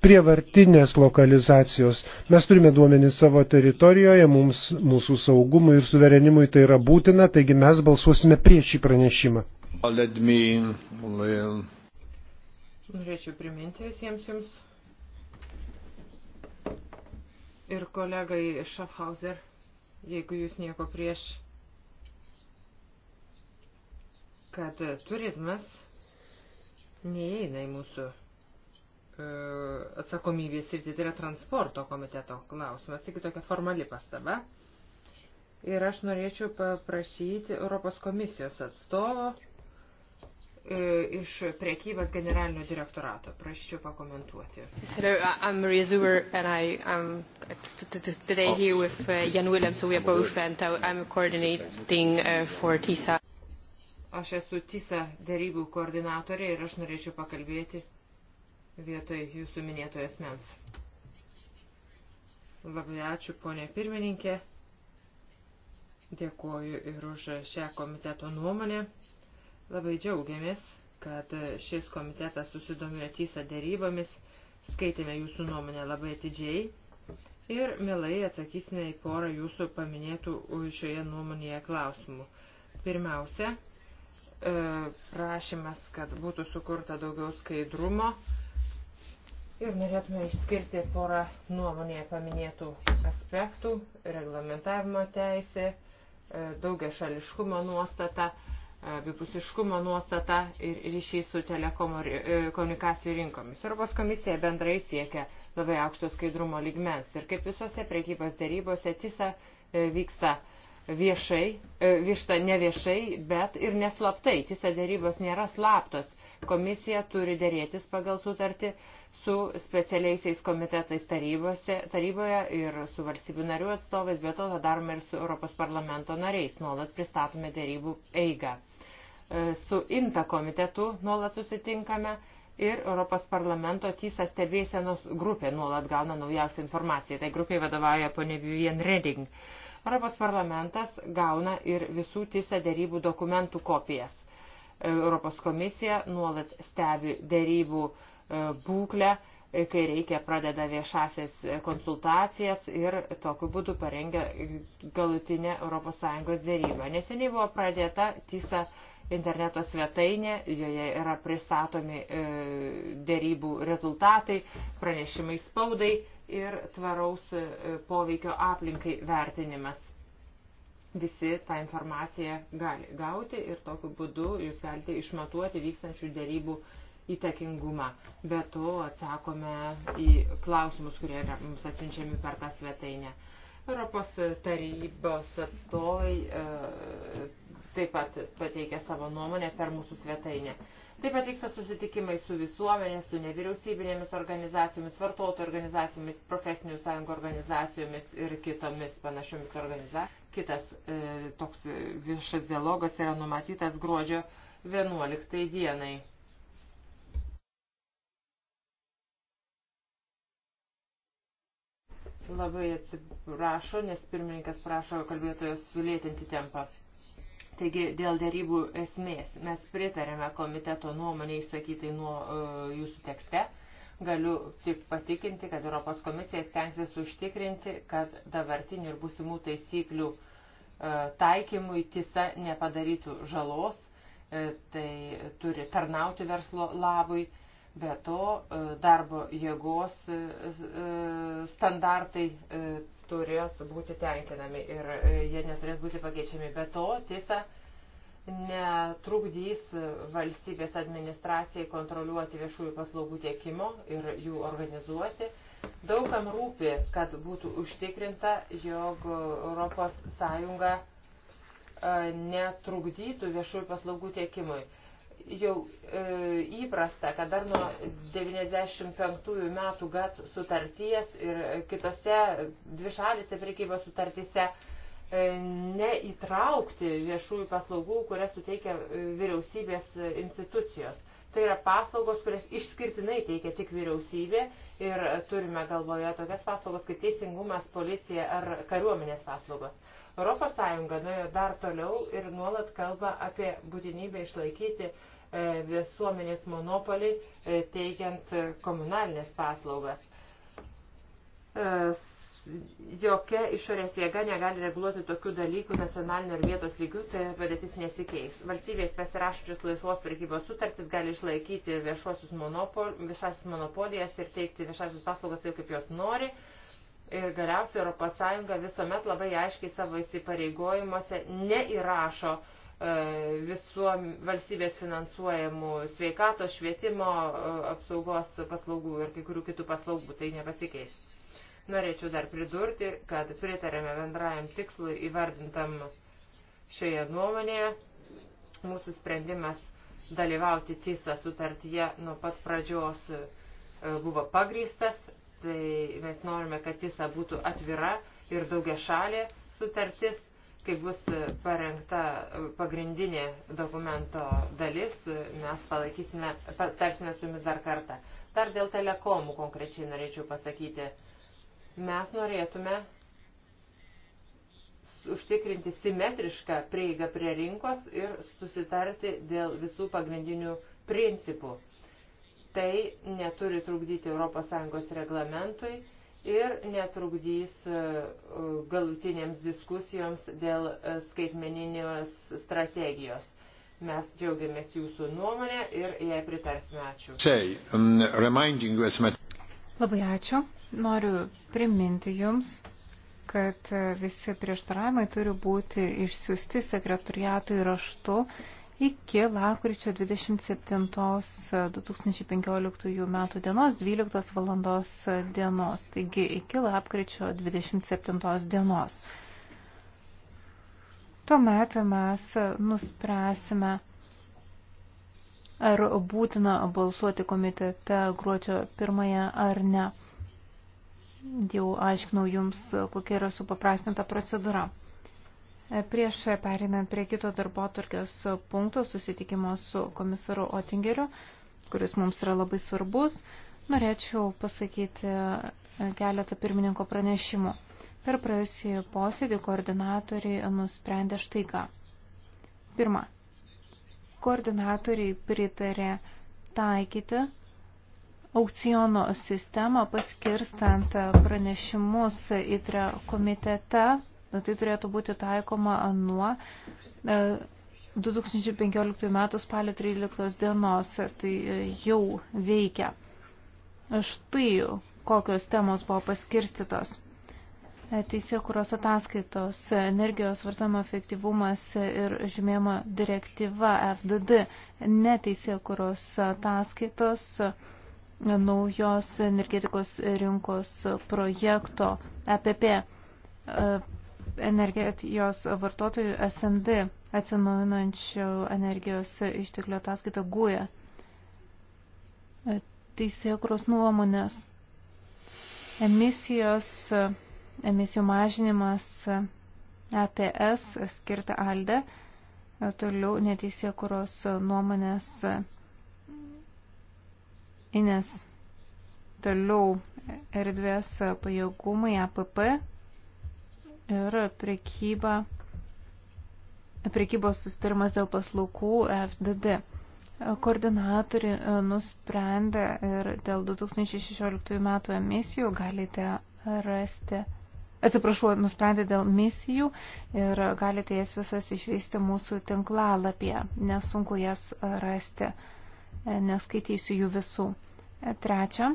prievartinės lokalizacijos. Mes turime duomenys savo teritorijoje, mums, mūsų saugumui ir suverenimui tai yra būtina, taigi mes balsuosime prieš šį pranešimą. Norėčiau priminti visiems jums ir kolegai Schaffhauser, jeigu jūs nieko prieš kad turizmas neįeina į mūsų e, atsakomybės ir tai yra transporto komiteto klausimas, tik tokia formali pastaba. Ir aš norėčiau paprašyti Europos komisijos atstovo e, iš priekybos generalinio direktorato. Prašyčiau pakomentuoti. Hello, I'm Maria Zuber and I am today here with uh, Jan Willem, so we are both and uh, I'm coordinating uh, for TISA. Aš esu TISA dėrybų koordinatorė ir aš norėčiau pakalbėti vietoj jūsų minėtojo asmens. Labai ačiū, ponė pirmininkė. Dėkuoju ir už šią komiteto nuomonę. Labai džiaugiamės, kad šis komitetas susidomėjo TISA dėrybomis. Skaitėme jūsų nuomonę labai atidžiai ir mielai atsakysime į porą jūsų paminėtų šioje nuomonėje klausimų. Pirmiausia, E, prašymas, kad būtų sukurta daugiau skaidrumo. Ir norėtume išskirti porą nuomonėje paminėtų aspektų - reglamentavimo teisė, e, daugia šališkumo nuostata, e, abipusiškumo nuostata ir ryšiai su telekomunikacijų rinkomis. Europos komisija bendrai siekia labai aukšto skaidrumo ligmens ir kaip visose prekybos dėrybose TISA vyksta uh, viešai, e, višta ne viešai, bet ir neslaptai. Tisa dėrybos nėra slaptos. Komisija turi dėrėtis pagal sutartį su specialiaisiais komitetais tarybose, taryboje ir su valstybių narių atstovais, bet to tą darome ir su Europos parlamento nariais. Nuolat pristatome dėrybų eigą. E, su INTA komitetu nuolat susitinkame ir Europos parlamento tysa stebėsenos grupė nuolat gauna naujausią informaciją. Tai grupiai vadovauja ponė Vivien Reding. Uh, Europos parlamentas gauna ir visų TISA dėrybų dokumentų kopijas. Europos komisija nuolat stebi dėrybų e, būklę, e, kai reikia pradeda viešasias konsultacijas ir tokiu būdu parengia galutinę ES dėrybą. Neseniai buvo pradėta TISA interneto svetainė, joje yra pristatomi e, dėrybų rezultatai, pranešimai spaudai ir tvaraus e, poveikio aplinkai vertinimas. Visi tą informaciją gali gauti ir tokiu būdu jūs galite išmatuoti vykstančių dėrybų įtakingumą. Be to atsakome į klausimus, kurie mums atsiunčiami per tą svetainę. Europos tarybos atstovai e, taip pat pateikia savo nuomonę per mūsų svetainę. E, Taip pat vyksta susitikimai su visuomenė, su nevyriausybinėmis organizacijomis, vartotojų organizacijomis, profesinių sąjungų organizacijomis ir kitomis panašiomis organizacijomis. Kitas e, toks viešas dialogas yra numatytas gruodžio 11 dienai. Labai atsiprašau, nes pirmininkas prašo kalbėtojos sulėtinti tempą. Taigi dėl dėrybų esmės mes pritarėme komiteto nuomonė išsakytai nuo e, jūsų tekste. Galiu tik patikinti, kad Europos komisija stengsis užtikrinti, kad dabartinių ir būsimų taisyklių e, taikymui tisa nepadarytų žalos, e, tai turi tarnauti verslo labui. Be to, e, darbo jėgos e, e, standartai turės būti tenkinami ir e, jie neturės būti pakeičiami. Be to, tiesa, netrukdys valstybės administracijai kontroliuoti viešųjų paslaugų tiekimo ir jų organizuoti. Daugam rūpi, kad būtų užtikrinta, jog ES e, netrukdytų viešųjų paslaugų tiekimui jau e, įprasta, kad dar nuo 95 metų GATS sutarties ir kitose dvišalėse prekybos sutartyse e, neįtraukti viešųjų paslaugų, kurias suteikia e, vyriausybės institucijos. Tai yra paslaugos, kurias išskirtinai teikia tik vyriausybė ir turime galvoje tokias paslaugos kaip teisingumas, policija ar kariuomenės paslaugos. ES nuėjo dar toliau ir nuolat kalba apie būtinybę išlaikyti uh, E, visuomenės monopolį e, teikiant komunalinės paslaugas. E, jokia išorės jėga negali reguliuoti tokių dalykų nacionalinio ir vietos lygių, tai padėtis nesikeis. Valstybės pasirašančios laisvos prekybos sutartis gali išlaikyti viešuosius monopol, viešasis monopolijas ir teikti viešasis paslaugas taip, kaip jos nori. Ir galiausiai ES visuomet labai aiškiai savo įsipareigojimuose neįrašo uh, E, visuom valstybės finansuojamų sveikatos, švietimo, e, apsaugos paslaugų ir kai kurių kitų paslaugų, tai nepasikeis. Norėčiau dar pridurti, kad pritarėme bendrajam tikslui įvardintam šioje nuomonėje. Mūsų sprendimas dalyvauti TISA sutartyje nuo pat pradžios e, buvo pagrystas, tai mes norime, kad TISA būtų atvira ir daugia šalė sutartis kai bus parengta pagrindinė dokumento dalis, mes palaikysime, tarsime su jumis dar kartą. Dar dėl telekomų konkrečiai norėčiau pasakyti. Mes norėtume užtikrinti simetrišką prieigą prie rinkos ir susitarti dėl visų pagrindinių principų. Tai neturi trukdyti ES reglamentui ir netrukdys e, e, galutinėms diskusijoms dėl e, skaitmeninės strategijos. Mes džiaugiamės jūsų nuomonę ir jai pritarsime. Ačiū. Um, Labai ačiū. Noriu priminti jums, kad visi prieštaravimai turi būti išsiųsti sekretoriatui raštu iki lakryčio 27.2015 metų dienos 12 valandos dienos, taigi iki lakryčio 27 dienos. Tuomet mes nuspręsime, ar būtina balsuoti komitete gruodžio pirmąją ar ne. Jau aiškinau jums, kokia yra supaprastinta procedūra. E, prieš perinant prie kito darbo turkės punkto susitikimo su komisaru Otingeriu, kuris mums yra labai svarbus, norėčiau pasakyti e, keletą pirmininko pranešimų. Per praėjusį posėdį koordinatoriai nusprendė štai ką. Pirma, koordinatoriai pritarė taikyti aukciono sistemą paskirstant pranešimus įtre komitete tai turėtų būti taikoma nuo 2015 e, m. spalio 13 dienos. Tai e, jau veikia. Štai kokios temos buvo paskirstytos. E, Teisė, kurios ataskaitos energijos vartojimo efektyvumas ir žymėjimo direktyva FDD, neteisė, kurios ataskaitos naujos energetikos rinkos projekto EPP energijos vartotojų SND atsinaujinančių energijos išteklių ataskaita guja teisėkros nuomonės. Emisijos, emisijų mažinimas ETS skirta ALDE, toliau neteisėkuros nuomonės Ines, toliau erdvės pajėgumai APP ir prekyba, prekybos sustarimas dėl paslaugų FDD. Koordinatorį e, nusprendė ir dėl 2016 metų emisijų galite rasti, atsiprašau, nusprendė dėl misijų ir galite jas visas išvysti mūsų tinklalapyje, nesunku jas rasti, e, neskaitysiu jų visų. E, trečia.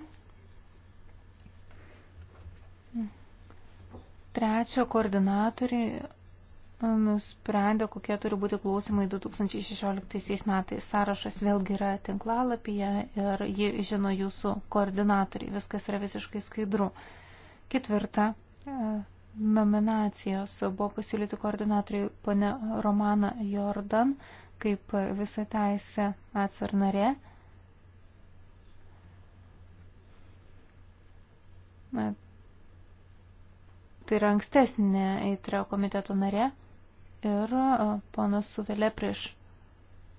Trečia, koordinatoriai e, nusprendė, kokie turi būti klausimai 2016 metais. Sąrašas vėlgi yra tinklalapyje ir jį žino jūsų koordinatoriai. Viskas yra visiškai skaidru. Ketvirta, e, nominacijos buvo pasiūlyti koordinatoriai pane Romana Jordan kaip visą teisę atsar narė. Na, e, Tai yra ankstesnė įtreo komiteto narė ir ponas Suvelė prieš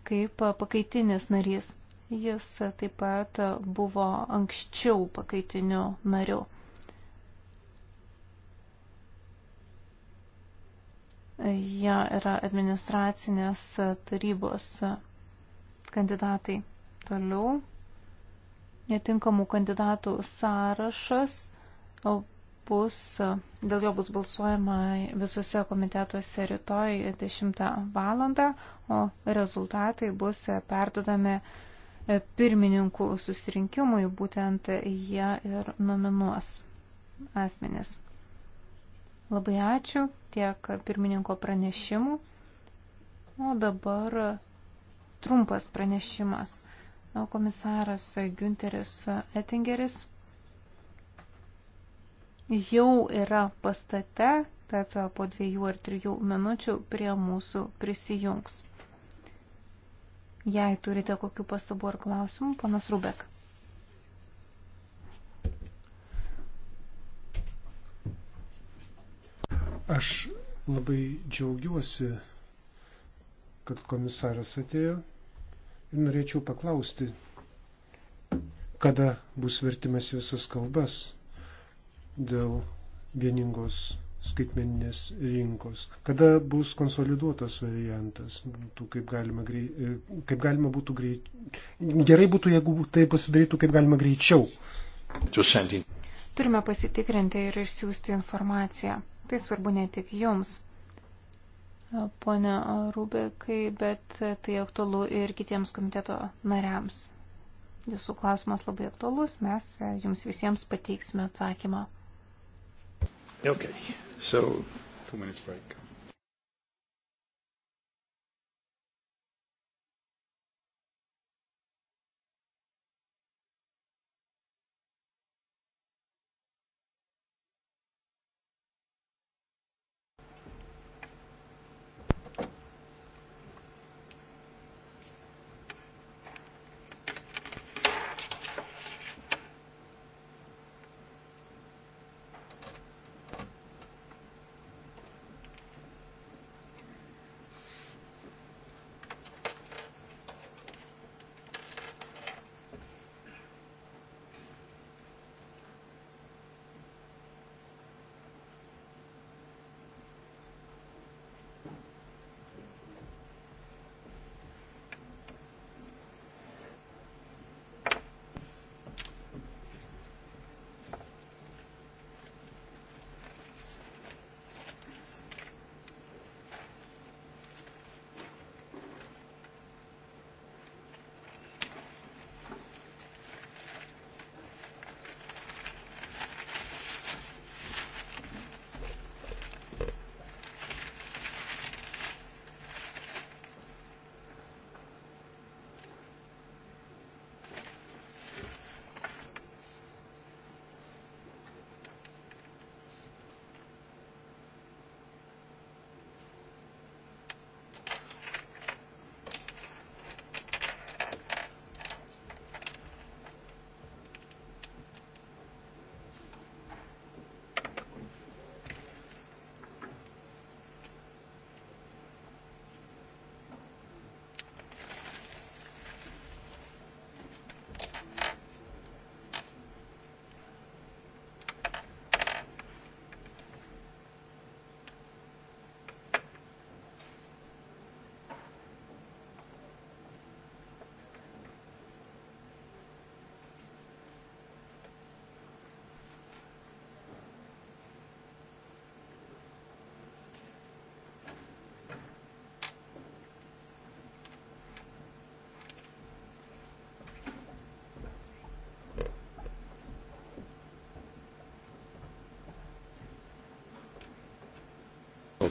kaip pakaitinis narys. Jis taip pat buvo anksčiau pakaitiniu nariu. Jie ja, yra administracinės tarybos kandidatai. Toliau netinkamų kandidatų sąrašas bus, dėl jo bus balsuojama visose komitetuose rytoj 10 val. o rezultatai bus perdodami pirmininkų susirinkimui, būtent jie ir nominuos asmenis. Labai ačiū tiek pirmininko pranešimų. O dabar trumpas pranešimas. Komisaras Günteris Ettingeris jau yra pastate, tad po dviejų ar trijų minučių prie mūsų prisijungs. Jei turite kokių pastabų ar klausimų, panas Rubek. Aš labai džiaugiuosi, kad komisaras atėjo ir norėčiau paklausti, kada bus vertimas visas kalbas dėl vieningos skaitmeninės rinkos. Kada bus konsoliduotas variantas, būtų kaip galima, grei, e, kaip galima būtų greit, gerai būtų, jeigu tai pasidarytų kaip galima greičiau. Turime pasitikrinti ir išsiųsti informaciją. Tai svarbu ne tik jums, pone Rubekai, bet tai aktualu ir kitiems komiteto nariams. Jūsų klausimas labai aktualus, mes jums visiems pateiksime atsakymą. Okay. So, two minutes break.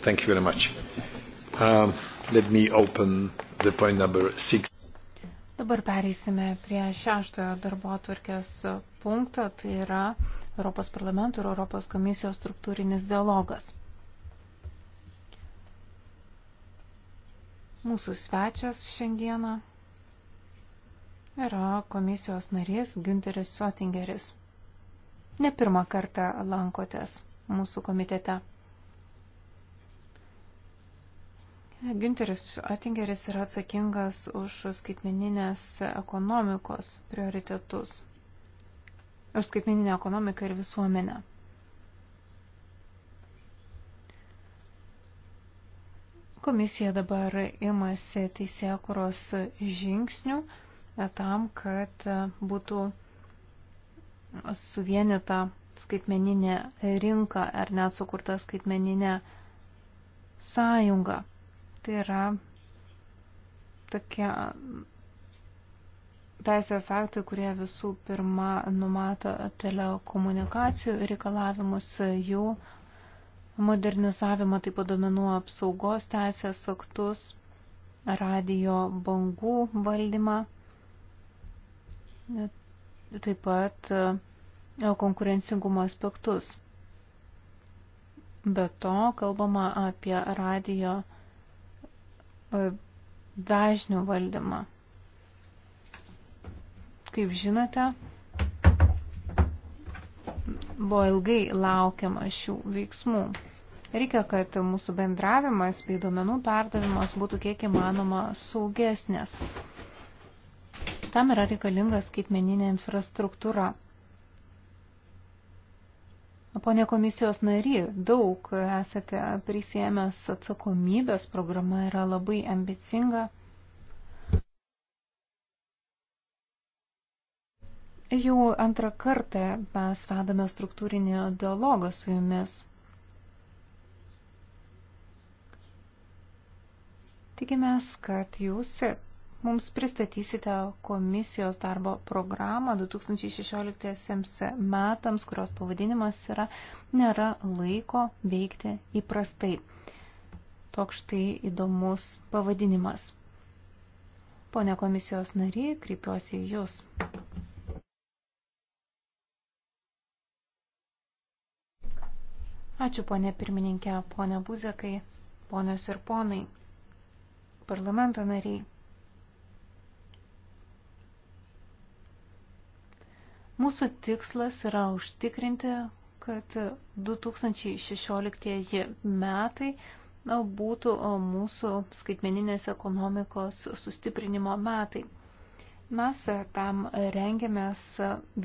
Thank you very much. Um, let me open the point number six. Dabar pereisime prie šeštojo darbo atvarkės punkto, tai yra Europos parlamento ir Europos komisijos struktūrinis dialogas. Mūsų svečias šiandieną yra komisijos narys Günteris Sotingeris. Ne pirmą kartą lankotės mūsų komitete. Günteris Atingeris yra atsakingas už skaitmeninės ekonomikos prioritetus, už skaitmeninę ekonomiką ir visuomenę. Komisija dabar imasi teisėkuros žingsnių e, tam, kad e, būtų suvienita skaitmeninė rinka ar net sukurta skaitmeninė sąjunga. Tai yra tokie teisės aktai, kurie visų pirma numato telekomunikacijų reikalavimus, jų modernizavimą, taip pat domenų apsaugos teisės aktus, radio bangų valdymą, taip pat e, konkurencingumo aspektus. Be to, kalbama apie radio bangų E, dažnių valdymą. Kaip žinote, buvo ilgai laukiama šių veiksmų. Reikia, kad mūsų bendravimas bei duomenų perdavimas būtų kiek įmanoma saugesnės. Tam yra reikalinga skaitmeninė infrastruktūra. Pone komisijos nary, daug esate prisėmęs atsakomybės, programa yra labai ambicinga. Jau antrą kartą mes vedame struktūrinį dialogą su jumis. Tikimės, kad jūs mums pristatysite komisijos darbo programą 2016 metams, kurios pavadinimas yra Nėra laiko veikti įprastai. Toks štai įdomus pavadinimas. Pone komisijos nariai, kreipiuosi į Jūs. Ačiū, ponė pirmininkė, ponė Buzekai, ponios ir ponai, parlamento nariai. Mūsų tikslas yra užtikrinti, kad 2016 metai būtų mūsų skaitmeninės ekonomikos sustiprinimo metai. Mes tam rengiamės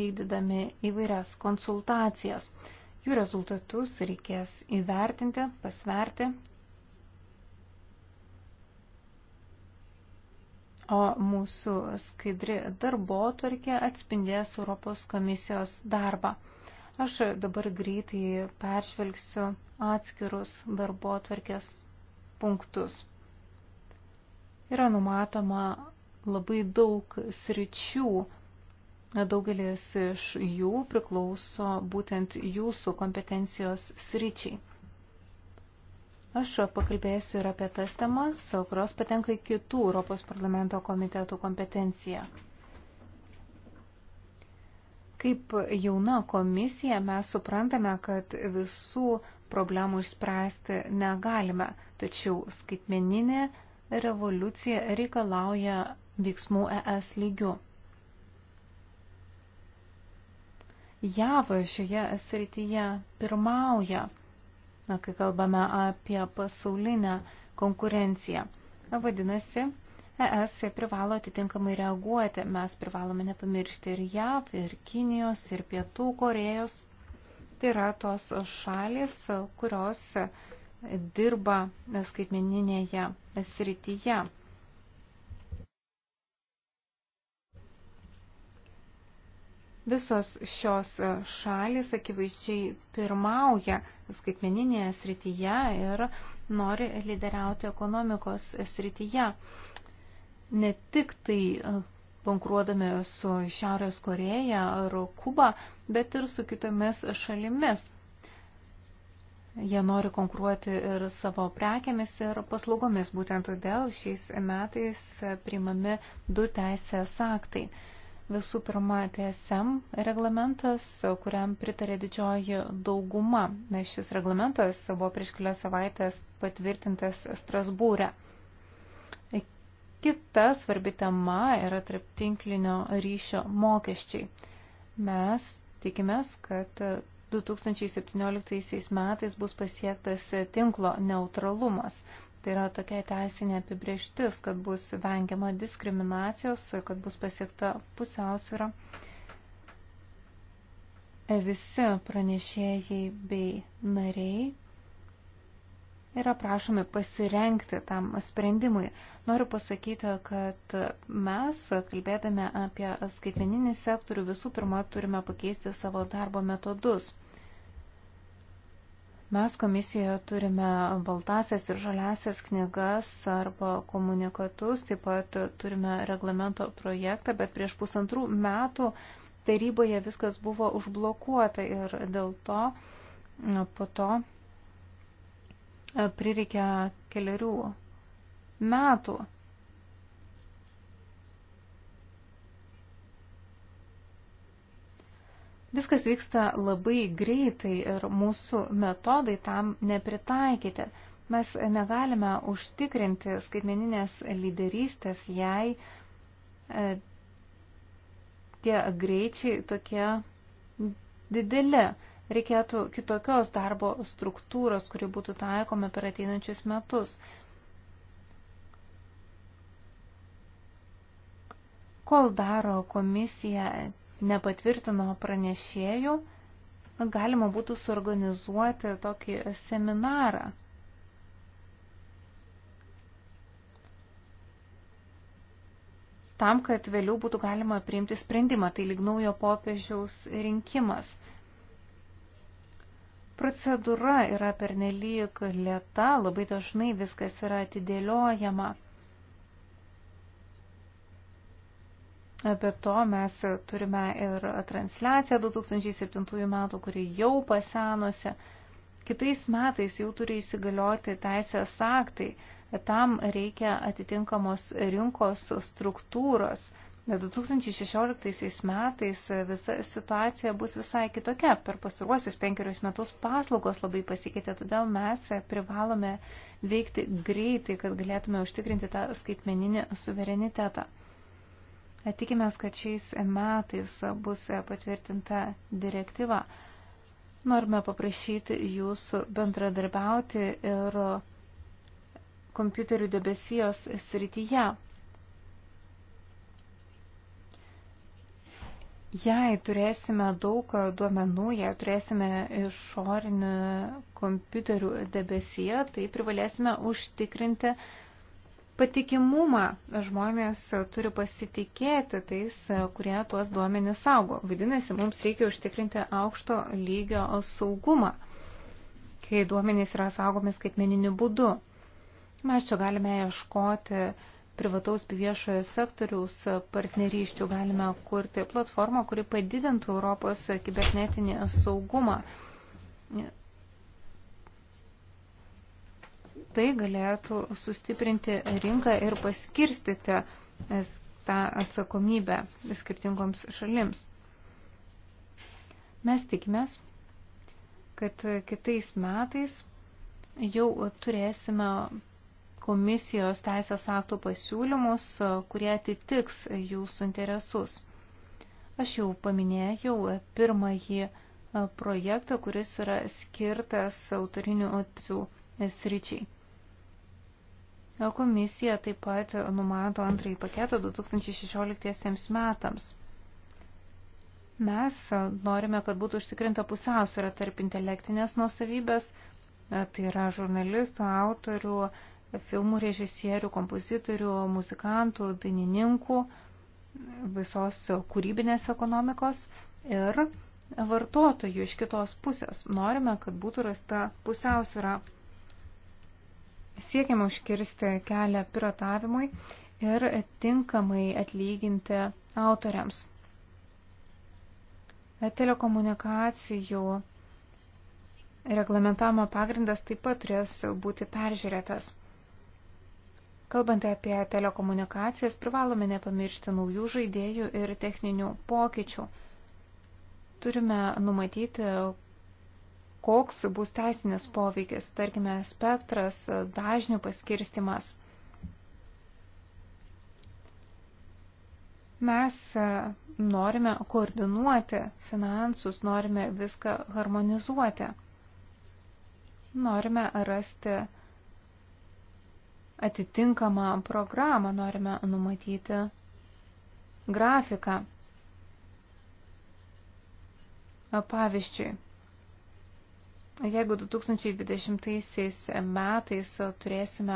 vykdydami įvairias konsultacijas. Jų rezultatus reikės įvertinti, pasverti O mūsų skaidri darbo tvarkė atspindės Europos komisijos darbą. Aš dabar greitai peržvelgsiu atskirus darbo tvarkės punktus. Yra numatoma labai daug sričių. Daugelis iš jų priklauso būtent jūsų kompetencijos sričiai. Aš pakalbėsiu ir apie tas temas, kurios patenka į kitų Europos parlamento komitetų kompetenciją. Kaip jauna komisija mes suprantame, kad visų problemų išspręsti negalime, tačiau skaitmeninė revoliucija reikalauja veiksmų ES lygių. JAV šioje srityje pirmauja na, kai kalbame apie pasaulinę konkurenciją. Vadinasi, ES privalo atitinkamai reaguoti. Mes privalome nepamiršti ir JAV, ir Kinijos, ir Pietų Korejos. Tai yra tos šalis, kurios dirba skaitmeninėje srityje. Visos šios e, šalis akivaizdžiai pirmauja skaitmeninėje srityje ir nori lyderiauti ekonomikos srityje. Ne tik tai e, konkuruodami su Šiaurės Koreja ar Kuba, bet ir su kitomis šalimis. Jie nori konkuruoti ir savo prekiamis ir paslaugomis. Būtent todėl šiais metais priimami du teisės aktai. Visų pirma, TSM reglamentas, kuriam pritarė didžioji dauguma. Na, šis reglamentas buvo prieš kelias savaitės patvirtintas Strasbūrė. Kita svarbi tema yra traptinklinio ryšio mokesčiai. Mes tikimės, kad 2017 metais bus pasiektas tinklo neutralumas. Tai yra tokia teisinė apibrieštis, kad bus vengiama diskriminacijos, kad bus pasiekta pusiausvyra. Visi pranešėjai bei nariai yra prašomi pasirenkti tam sprendimui. Noriu pasakyti, kad mes, kalbėdami apie skaitmeninį sektorių, visų pirma turime pakeisti savo darbo metodus. Mes komisijoje turime baltasias ir žaliasias knygas arba komunikatus, taip pat turime reglamento projektą, bet prieš pusantrų metų taryboje viskas buvo užblokuota ir dėl to po to e, prireikė keliarių metų Viskas vyksta labai greitai ir mūsų metodai tam nepritaikyti. Mes negalime užtikrinti skaitmeninės lyderystės, jei e, tie greičiai tokie dideli. Reikėtų kitokios darbo struktūros, kuri būtų taikoma per ateinančius metus. Kol daro komisija nepatvirtino pranešėjų, galima būtų suorganizuoti tokį seminarą. Tam, kad vėliau būtų galima priimti sprendimą, tai lyg naujo popiežiaus rinkimas. Procedūra yra pernelyg lėta, labai dažnai viskas yra atidėliojama. Be to mes turime ir transliaciją 2007 metų, kuri jau pasenusi. Kitais metais jau turi įsigalioti teisės aktai. Tam reikia atitinkamos rinkos struktūros. 2016 metais visa situacija bus visai kitokia. Per pastaruosius penkerius metus paslaugos labai pasikeitė, todėl mes privalome veikti greitai, kad galėtume užtikrinti tą skaitmeninį suverenitetą. E, tikimės, kad šiais metais bus e, patvirtinta direktyva. Norime paprašyti jūsų bendradarbiauti ir kompiuterių debesijos srityje. Jei turėsime daug duomenų, jei turėsime išorinį kompiuterių debesiją, tai privalėsime užtikrinti uh, patikimumą. Žmonės turi pasitikėti tais, kurie tuos duomenys saugo. Vadinasi, mums reikia užtikrinti aukšto lygio saugumą, kai duomenys yra saugomi skaitmeniniu būdu. Mes čia galime ieškoti privataus bei viešojo sektoriaus partnerysčių, galime kurti platformą, kuri padidintų Europos kibernetinį saugumą tai galėtų sustiprinti rinką ir paskirstyti tą atsakomybę skirtingoms šalims. Mes tikimės, kad kitais metais jau turėsime komisijos teisės aktų pasiūlymus, kurie atitiks jūsų interesus. Aš jau paminėjau pirmąjį projektą, kuris yra skirtas autorinių atsių sričiai. Komisija taip pat numato antrąjį paketą 2016 metams. Mes norime, kad būtų užtikrinta pusiausvėra tarp intelektinės nuosavybės, tai yra žurnalistų, autorių, filmų režisierių, kompozitorių, muzikantų, dainininkų, visos kūrybinės ekonomikos ir vartotojų iš kitos pusės. Norime, kad būtų rasta pusiausvėra Siekiama užkirsti kelią piratavimui ir tinkamai atlyginti autoriams. Telekomunikacijų reglamentavimo pagrindas taip pat turės būti peržiūrėtas. Kalbant apie telekomunikacijas, privalome nepamiršti naujų žaidėjų ir techninių pokyčių. Turime numatyti koks bus teisinis poveikis, tarkime, spektras, dažnių paskirstimas. Mes e, norime koordinuoti finansus, norime viską harmonizuoti. Norime rasti atitinkamą programą, norime numatyti grafiką. Pavyzdžiui, Jeigu 2020 metais turėsime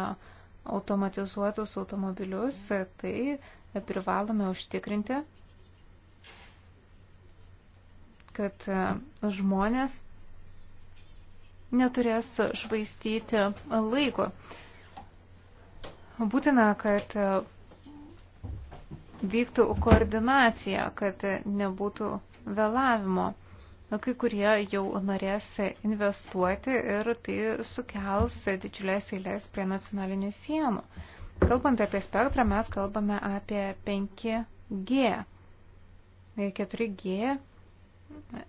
automatizuotus automobilius, tai privalome užtikrinti, kad žmonės neturės švaistyti laiko. Būtina, kad vyktų koordinacija, kad nebūtų vėlavimo kai kurie jau norės investuoti ir tai sukels didžiulės eilės prie nacionalinių sienų. Kalbant apie spektrą, mes kalbame apie 5G. 4G e,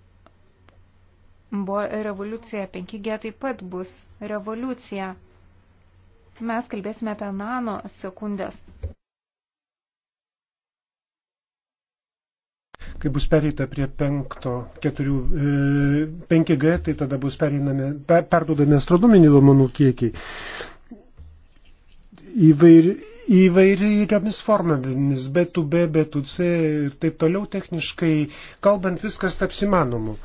buvo revoliucija, 5G taip pat bus revoliucija. Mes kalbėsime apie nano sekundės. Kai bus pereita prie 5G, e, tai tada bus perduodami astronominių duomenų kiekiai. Įvair, įvairiomis formomis, B2B, B2C ir taip toliau techniškai, kalbant, viskas taps įmanomu.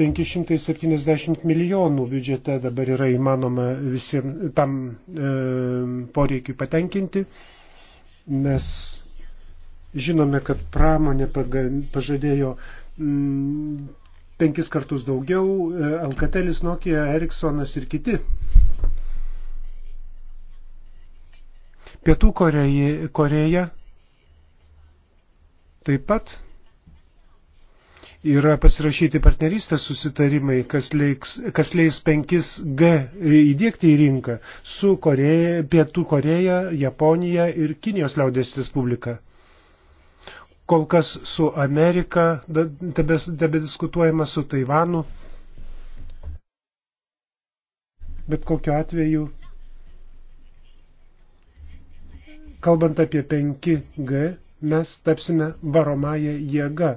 570 e, milijonų biudžete dabar yra įmanoma visiems tam e, poreikiu patenkinti. Mes Žinome, kad pramonė pažadėjo mm, penkis kartus daugiau, e, Alkatelis, Nokia, Ericssonas ir kiti. Pietų Koreja, Koreja taip pat yra pasirašyti partnerystės susitarimai, kas, leiks, kas leis 5G įdėkti į rinką su Koreja, Pietų Koreja, Japonija ir Kinijos liaudės Respublika kol kas su Amerika, tebe diskutuojama su Taivanu. Bet kokiu atveju, kalbant apie 5G, mes tapsime varomąją jėgą,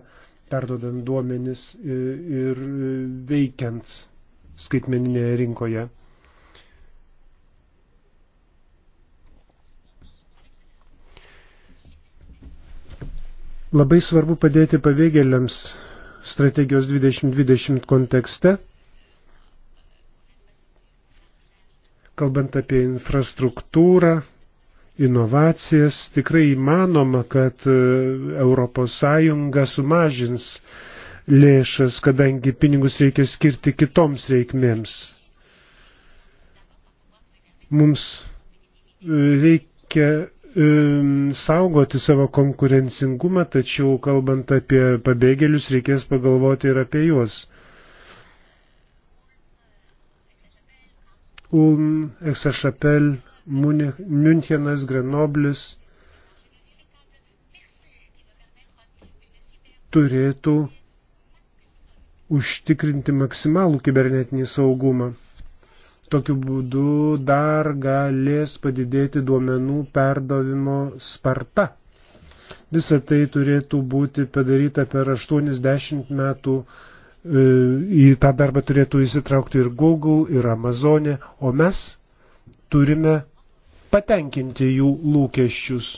perdodant duomenis ir veikiant skaitmeninėje rinkoje. Labai svarbu padėti pavėgėliams strategijos 2020 kontekste, kalbant apie infrastruktūrą, inovacijas, tikrai įmanoma, kad ES sumažins lėšas, kadangi pinigus reikia skirti kitoms reikmėms. Mums e, reikia saugoti savo konkurencingumą, tačiau kalbant apie pabėgėlius, reikės pagalvoti ir apie juos. Ulm, Exachapel, Münchenas, Grenoblis turėtų užtikrinti maksimalų kibernetinį saugumą. Tokiu būdu dar galės padidėti duomenų perdavimo sparta. Visa tai turėtų būti padaryta per 80 metų. E, į tą darbą turėtų įsitraukti ir Google, ir Amazonė, o mes turime patenkinti jų lūkesčius.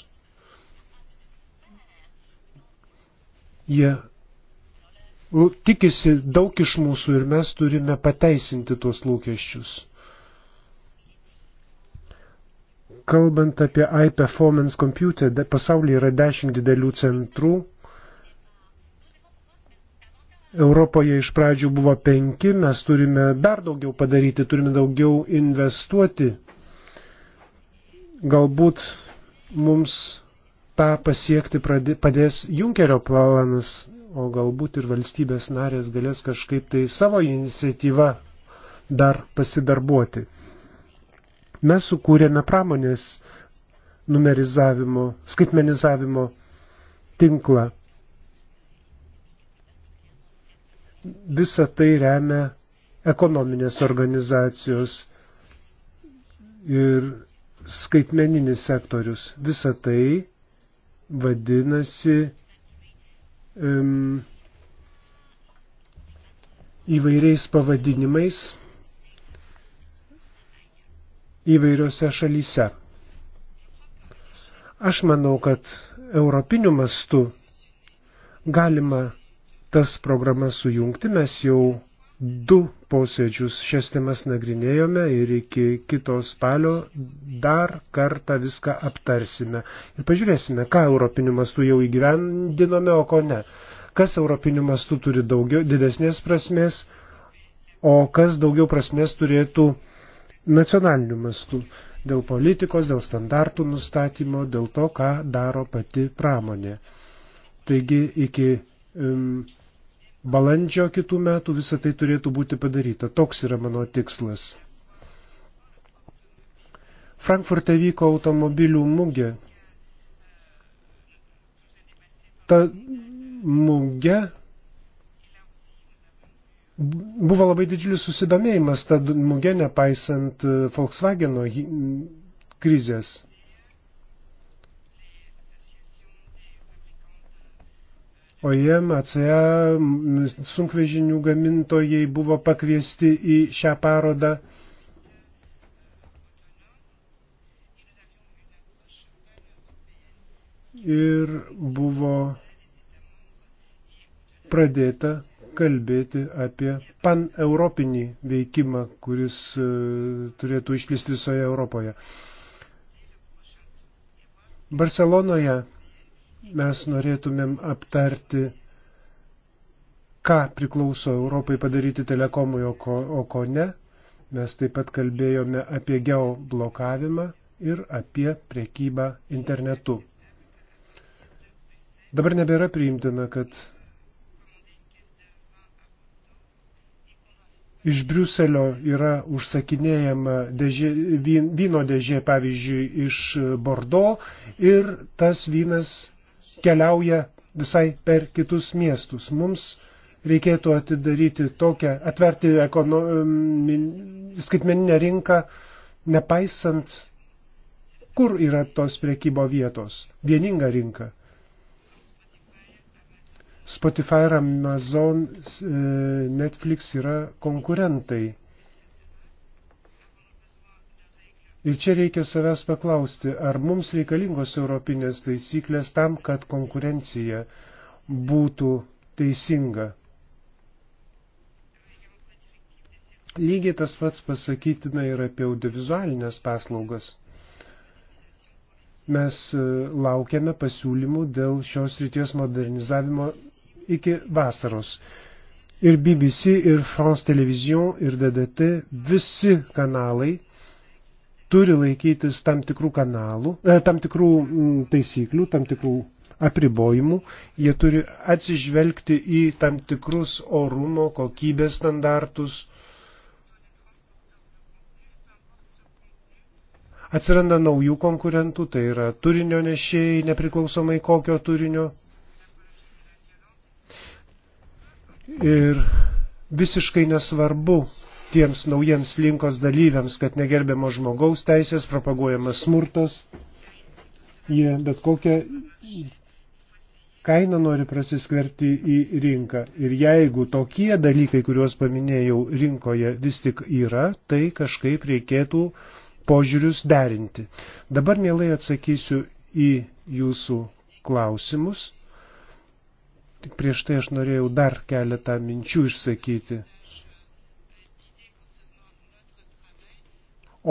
Jie tikisi daug iš mūsų ir mes turime pateisinti tuos lūkesčius. kalbant apie iPerformance Computer, pasaulyje yra dešimt didelių centrų. Europoje iš pradžių buvo penki, mes turime dar daugiau padaryti, turime daugiau investuoti. Galbūt mums tą pasiekti padės Junkerio planas, o galbūt ir valstybės narės galės kažkaip tai savo iniciatyvą dar pasidarbuoti. Mes sukūrėme pramonės numerizavimo, skaitmenizavimo tinklą. Visa tai remia ekonominės organizacijos ir skaitmeninis sektorius. Visa tai vadinasi um, įvairiais pavadinimais įvairiose šalyse. Aš manau, kad europiniu mastu galima tas programas sujungti, mes jau du posėdžius šias temas nagrinėjome ir iki kitos spalio dar kartą viską aptarsime ir pažiūrėsime, ką europiniu mastu jau įgyvendinome, o ko ne. Kas europiniu mastu turi daugiau, didesnės prasmės, o kas daugiau prasmės turėtų uh, nacionaliniu mastu dėl politikos, dėl standartų nustatymo, dėl to, ką daro pati pramonė. Taigi iki um, balandžio kitų metų visą tai turėtų būti padaryta. Toks yra mano tikslas. Frankfurte vyko automobilių mugė. Ta mugė Buvo labai didžiulis susidomėjimas tad mugė, nepaisant e, Volkswageno krizės. OEM, ACA, sunkvežinių gamintojai buvo pakviesti į šią parodą. Ir buvo pradėta kalbėti apie paneuropinį veikimą, kuris e, turėtų išplisti visoje Europoje. Barcelonoje mes norėtumėm aptarti, ką priklauso Europai padaryti telekomui, o ko, o ko ne. Mes taip pat kalbėjome apie geoblokavimą ir apie priekybą internetu. Dabar nebėra priimtina, kad iš Briuselio yra užsakinėjama dėžė, vyn, vyno dėžė, pavyzdžiui, iš Bordo ir tas vynas keliauja visai per kitus miestus. Mums reikėtų atidaryti tokią, atverti skaitmeninę rinką, nepaisant, kur yra tos priekybo vietos. Vieninga rinka. Spotify ir Amazon, e, Netflix yra konkurentai. Ir čia reikia savęs paklausti, ar mums reikalingos europinės taisyklės tam, kad konkurencija būtų teisinga. Lygiai tas pats pasakytina ir apie audiovizualinės paslaugas. Mes e, laukiame pasiūlymų dėl šios ryties modernizavimo iki vasaros. Ir BBC, ir France Television, ir DDT, visi kanalai turi laikytis tam tikrų kanalų, e, tam tikrų m, mm, taisyklių, tam tikrų apribojimų, jie turi atsižvelgti į tam tikrus orumo kokybės standartus. Atsiranda naujų konkurentų, tai yra turinio nešėjai, nepriklausomai kokio turinio, Ir visiškai nesvarbu tiems naujiems linkos dalyviams, kad negerbiamo žmogaus teisės, propaguojamas smurtas, jie bet kokią kainą nori prasiskverti į rinką. Ir jeigu tokie dalykai, kuriuos paminėjau, rinkoje vis tik yra, tai kažkaip reikėtų požiūrius derinti. Dabar mielai atsakysiu į jūsų klausimus. Tik prieš tai aš norėjau dar keletą minčių išsakyti.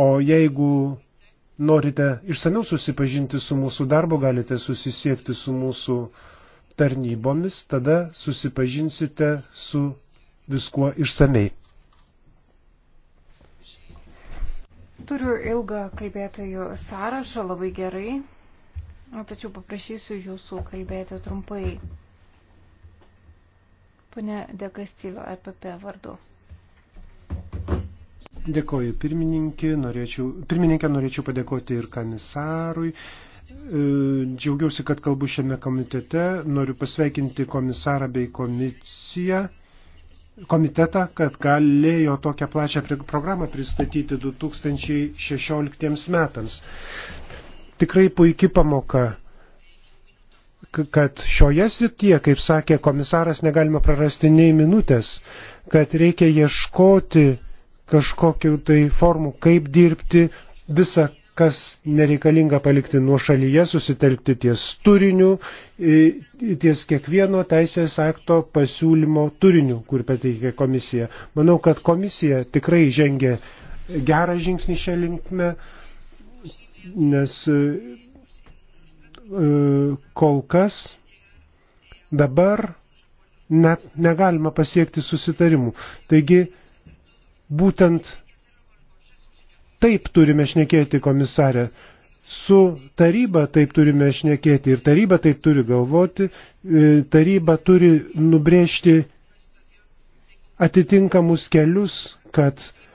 O jeigu norite išsamiau susipažinti su mūsų darbu, galite susisiekti su mūsų tarnybomis, tada susipažinsite su viskuo išsamei. Turiu ilgą kalbėtojų sąrašą, labai gerai, tačiau paprašysiu jūsų kalbėti trumpai. Pone Dekastilio, EPP vardu. Dėkoju pirmininkė, norėčiau, pirmininkė, norėčiau padėkoti ir komisarui. E, džiaugiausi, kad kalbu šiame komitete. Noriu pasveikinti komisarą bei komisiją, komitetą, kad galėjo tokią plačią programą pristatyti 2016 metams. Tikrai puikia pamoka kad šioje srityje, kaip sakė komisaras, negalima prarasti nei minutės, kad reikia ieškoti kažkokių tai formų, kaip dirbti, visą, kas nereikalinga palikti nuo šalyje, susitelkti ties turiniu, ties kiekvieno teisės akto pasiūlymo turiniu, kur pateikė komisija. Manau, kad komisija tikrai žengė gerą žingsnį šią linkmę, nes E, kol kas dabar net negalima pasiekti susitarimų. Taigi būtent taip turime šnekėti, komisarė. Su taryba taip turime šnekėti ir taryba taip turi galvoti, e, taryba turi nubrėžti atitinkamus kelius, kad uh,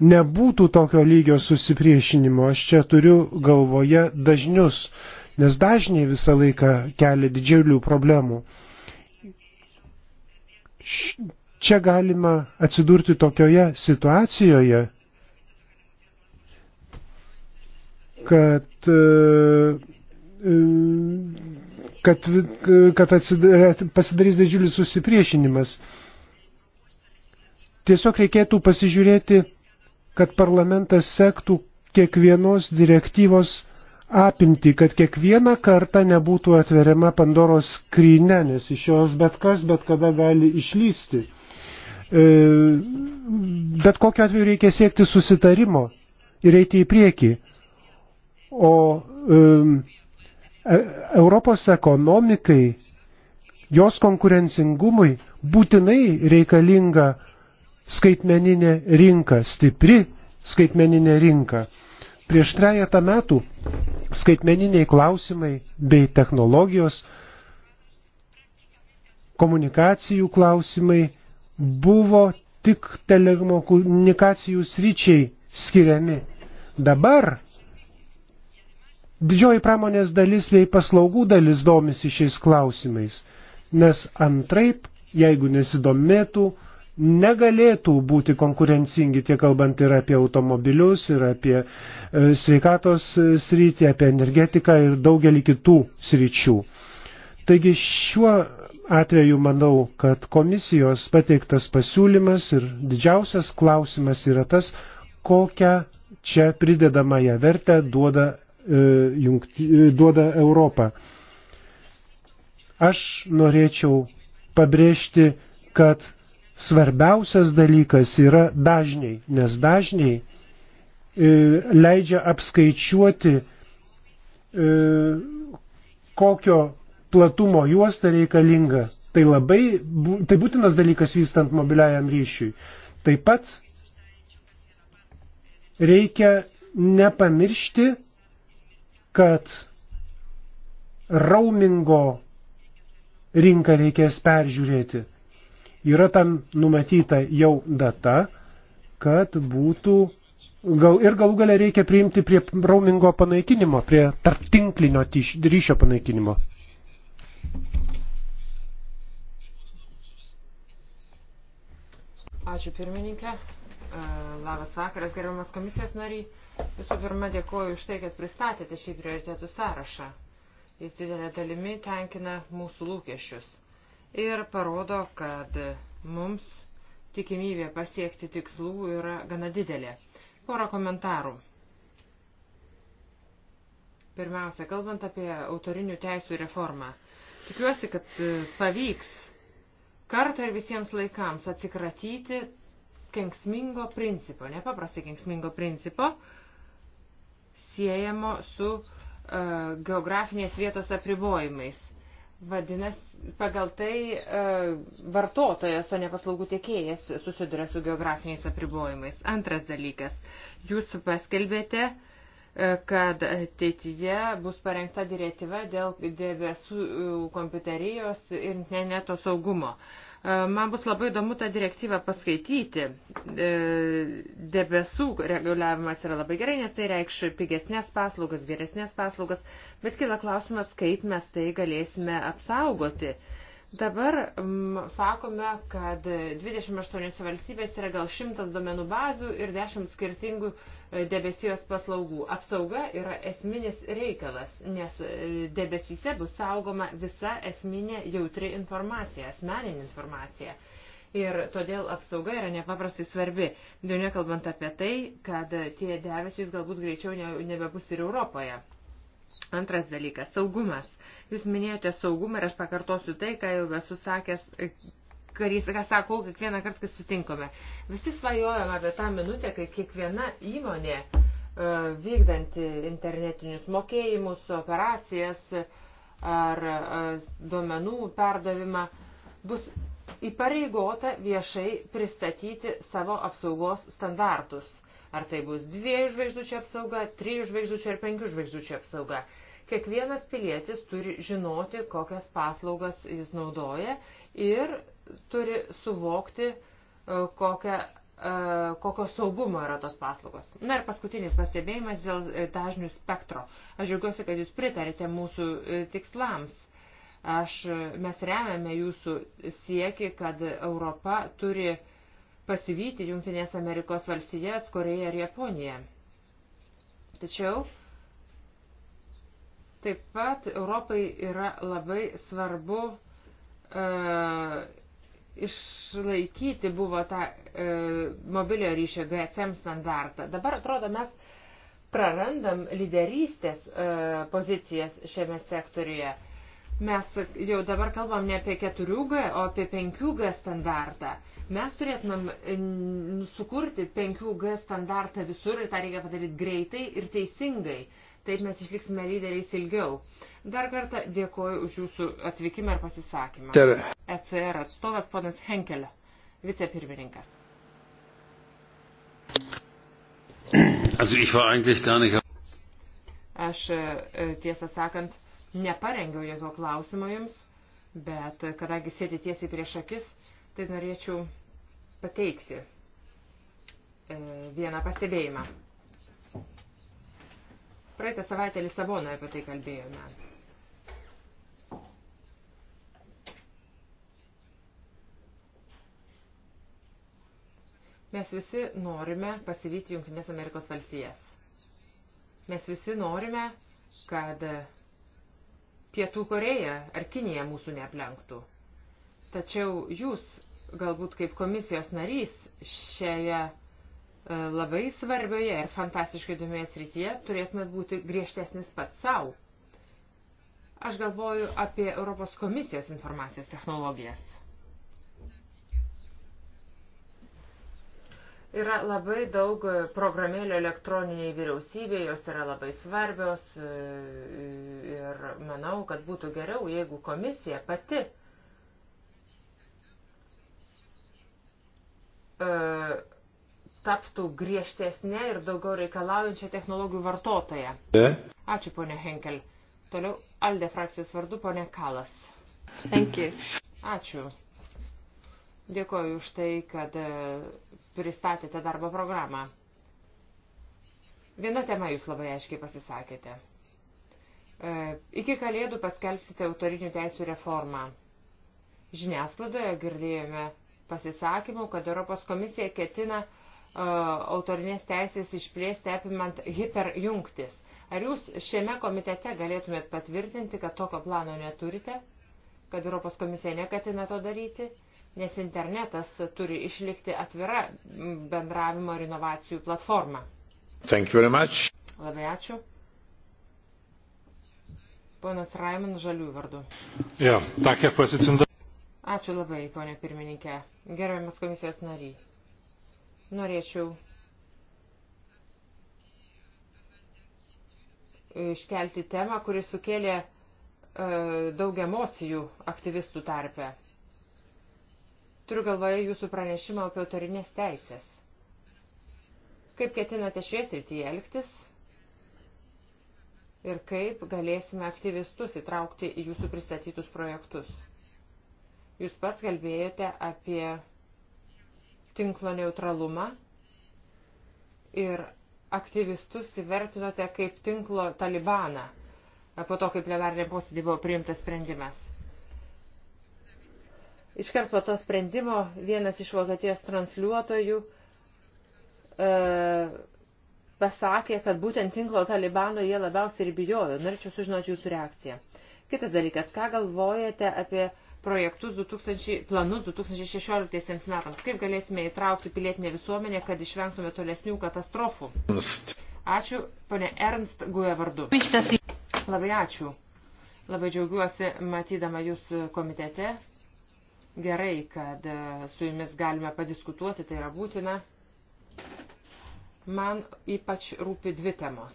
nebūtų tokio lygio susipriešinimo. Aš čia turiu galvoje dažnius, nes dažniai visą laiką kelia didžiulių problemų. Čia galima atsidurti tokioje situacijoje, kad, e, e, kad, kad atsidarė, pasidarys didžiulis susipriešinimas. Tiesiog reikėtų pasižiūrėti kad parlamentas sektų kiekvienos direktyvos apimti, kad kiekvieną kartą nebūtų atveriama Pandoros skryne, nes iš jos bet kas bet kada gali išlysti. E, bet kokiu atveju reikia siekti susitarimo ir eiti į priekį. O um, Europos ekonomikai, jos konkurencingumui būtinai reikalinga uh, skaitmeninė rinka, stipri skaitmeninė rinka. Prieš trejata metų skaitmeniniai klausimai bei technologijos, komunikacijų klausimai buvo tik telekomunikacijų sryčiai skiriami. Dabar didžioji pramonės dalis bei paslaugų dalis domisi šiais klausimais, nes antraip, jeigu nesidomėtų, negalėtų būti konkurencingi, tiek kalbant ir apie automobilius, ir apie e, sveikatos e, sritį, apie energetiką ir daugelį kitų sričių. Taigi šiuo atveju manau, kad komisijos pateiktas pasiūlymas ir didžiausias klausimas yra tas, kokią čia pridedamąją vertę duoda, e, jungti, e, duoda Europą. Aš norėčiau pabrėžti, kad svarbiausias dalykas yra dažniai, nes dažniai e, leidžia apskaičiuoti, e, kokio platumo juosta reikalinga. Tai labai, tai būtinas dalykas vystant mobiliajam ryšiui. Taip pat reikia nepamiršti, kad raumingo rinką reikės peržiūrėti. Yra tam numatyta jau data, kad būtų gal, ir galų galę reikia priimti prie roamingo panaikinimo, prie tarptinklinio tyš, ryšio panaikinimo. Ačiū pirmininkė. E, labas vakaras, gerbiamas komisijos nariai. Visų pirma, dėkuoju už tai, kad pristatėte šį prioritėtų sąrašą. Jis didelė dalimi tenkina mūsų lūkesčius ir parodo, kad mums tikimybė pasiekti tikslų yra gana didelė. Porą komentarų. Pirmiausia, kalbant apie autorinių teisų reformą. Tikiuosi, kad e, pavyks kartą ir visiems laikams atsikratyti kenksmingo principo, nepaprastai kenksmingo principo, siejamo su uh, geografinės vietos apribojimais. Vadinasi, pagal tai e, vartotojas, o ne paslaugų tiekėjas susiduria su geografiniais apribojimais. Antras dalykas. Jūs paskelbėte, e, kad ateityje bus parengta direktyva dėl debesų e, kompiuterijos ir interneto saugumo. E, Man bus labai įdomu tą direktyvą paskaityti. E, debesų reguliavimas yra labai gerai, nes tai reikš pigesnės paslaugas, geresnės paslaugas, bet kila klausimas, kaip mes tai galėsime apsaugoti. Dabar m, mm, sakome, kad 28 valstybės yra gal 100 domenų bazų ir 10 skirtingų e, debesijos paslaugų. Apsauga yra esminis reikalas, nes e, debesyse bus saugoma visa esminė jautri informacija, asmeninė informacija. Ir todėl apsauga yra nepaprastai svarbi. Jau nekalbant apie tai, kad tie debesys galbūt greičiau nebebus ir Europoje. Antras dalykas - saugumas Jūs minėjote saugumą ir aš pakartosiu tai, ką jau esu sakęs karys, ką sakau kiekvieną kartą, kai sutinkame. Visi svajojame apie tą minutę, kai kiekviena įmonė e, vykdanti internetinius mokėjimus, operacijas ar e, duomenų perdavimą bus įpareigota viešai pristatyti savo apsaugos standartus. Ar tai bus dviejų žvaigždučių apsauga, trijų žvaigždučių ar penkių žvaigždučių apsauga. Kiekvienas pilietis turi žinoti, kokias paslaugas jis naudoja ir turi suvokti, e, kokią e, kokio saugumo yra tos paslaugos. Na ir paskutinis pastebėjimas dėl e, dažnių spektro. Aš žiūrėsiu, kad jūs pritarėte mūsų tikslams. Aš, mes remiame jūsų sieki, kad Europa turi pasivyti Junktinės Amerikos valstijas, Koreją ir Japoniją. Tačiau Taip pat Europai yra labai svarbu e, išlaikyti buvo tą e, mobilio ryšio GSM standartą. Dabar atrodo mes prarandam lyderystės e, pozicijas šiame sektoriuje. Mes jau dabar kalbam ne apie 4G, o apie 5G standartą. Mes turėtumėm sukurti 5G standartą visur ir tą reikia padaryti greitai ir teisingai. E, Taip mes išliksime lyderiais ilgiau. Dar kartą dėkoju už jūsų atvykimą ir pasisakymą. Ter. ECR atstovas ponas Henkelė, vicepirmininkas. Also ich war eigentlich gar nicht. Aš e, tiesą sakant neparengiau jokio klausimo jums, bet e, kadangi sėdi tiesiai prieš akis, tai norėčiau pateikti e, vieną pastebėjimą. Praeitą savaitę Lisabonoje apie tai kalbėjome. Mes visi norime pasivyti Junktinės Amerikos valstijas. Mes visi norime, kad Pietų Koreja ar Kinija mūsų neaplenktų. Tačiau jūs, galbūt kaip komisijos narys, šioje E, labai svarbioje ir fantastiškai įdomioje srityje turėtume būti griežtesnis pats savo. Aš galvoju apie Europos komisijos informacijos technologijas. Yra labai daug programėlių elektroniniai vyriausybė, jos yra labai svarbios e, ir manau, kad būtų geriau, jeigu komisija pati uh, taptų griežtesnė ir daugiau reikalaujančia technologijų vartotoja. E? Ačiū, ponė Henkel. Toliau Alde frakcijos vardu, ponė Kalas. Thank you. Ačiū. Dėkoju už tai, kad e, pristatėte darbo programą. Viena tema jūs labai aiškiai pasisakėte. E, iki kalėdų paskelbsite autorinių teisų reformą. Žiniasklaidoje girdėjome pasisakymų, kad Europos komisija ketina e, autorinės teisės išplėsti apimant hiperjungtis. Ar jūs šiame komitete galėtumėt patvirtinti, kad tokio plano neturite, kad Europos komisija nekatina to daryti, nes internetas turi išlikti atvira bendravimo ir inovacijų platforma? Thank you very much. Labai ačiū. Ponas Raiman Žalių vardu. Yeah, Ačiū labai, ponė pirmininkė. Gerbiamas komisijos nariai. Norėčiau iškelti temą, kuri sukėlė e, daug emocijų aktyvistų tarpe. Turiu galvoje jūsų pranešimą apie autorinės teisės. Kaip ketinate šioje srityje elgtis ir kaip galėsime aktyvistus įtraukti į jūsų pristatytus projektus? Jūs pats kalbėjote apie tinklo neutralumą ir aktyvistus įvertinote kaip tinklo talibaną e, po to, kai plenarinė posėdė buvo priimtas sprendimas. Iškart po to sprendimo vienas iš Vokietijos transliuotojų e, pasakė, kad būtent tinklo talibano jie labiausiai ir bijojo. Norėčiau sužinoti jūsų reakciją. Kitas dalykas, ką galvojate apie e, projektus 2000, planus 2016 metams. Kaip galėsime įtraukti pilietinę visuomenę, kad išvengtume tolesnių katastrofų? Ačiū, ponė Ernst Guja vardu. Labai ačiū. Labai džiaugiuosi matydama jūs komitete. Gerai, kad e, su jumis galime padiskutuoti, tai yra būtina. Man ypač rūpi dvi temos.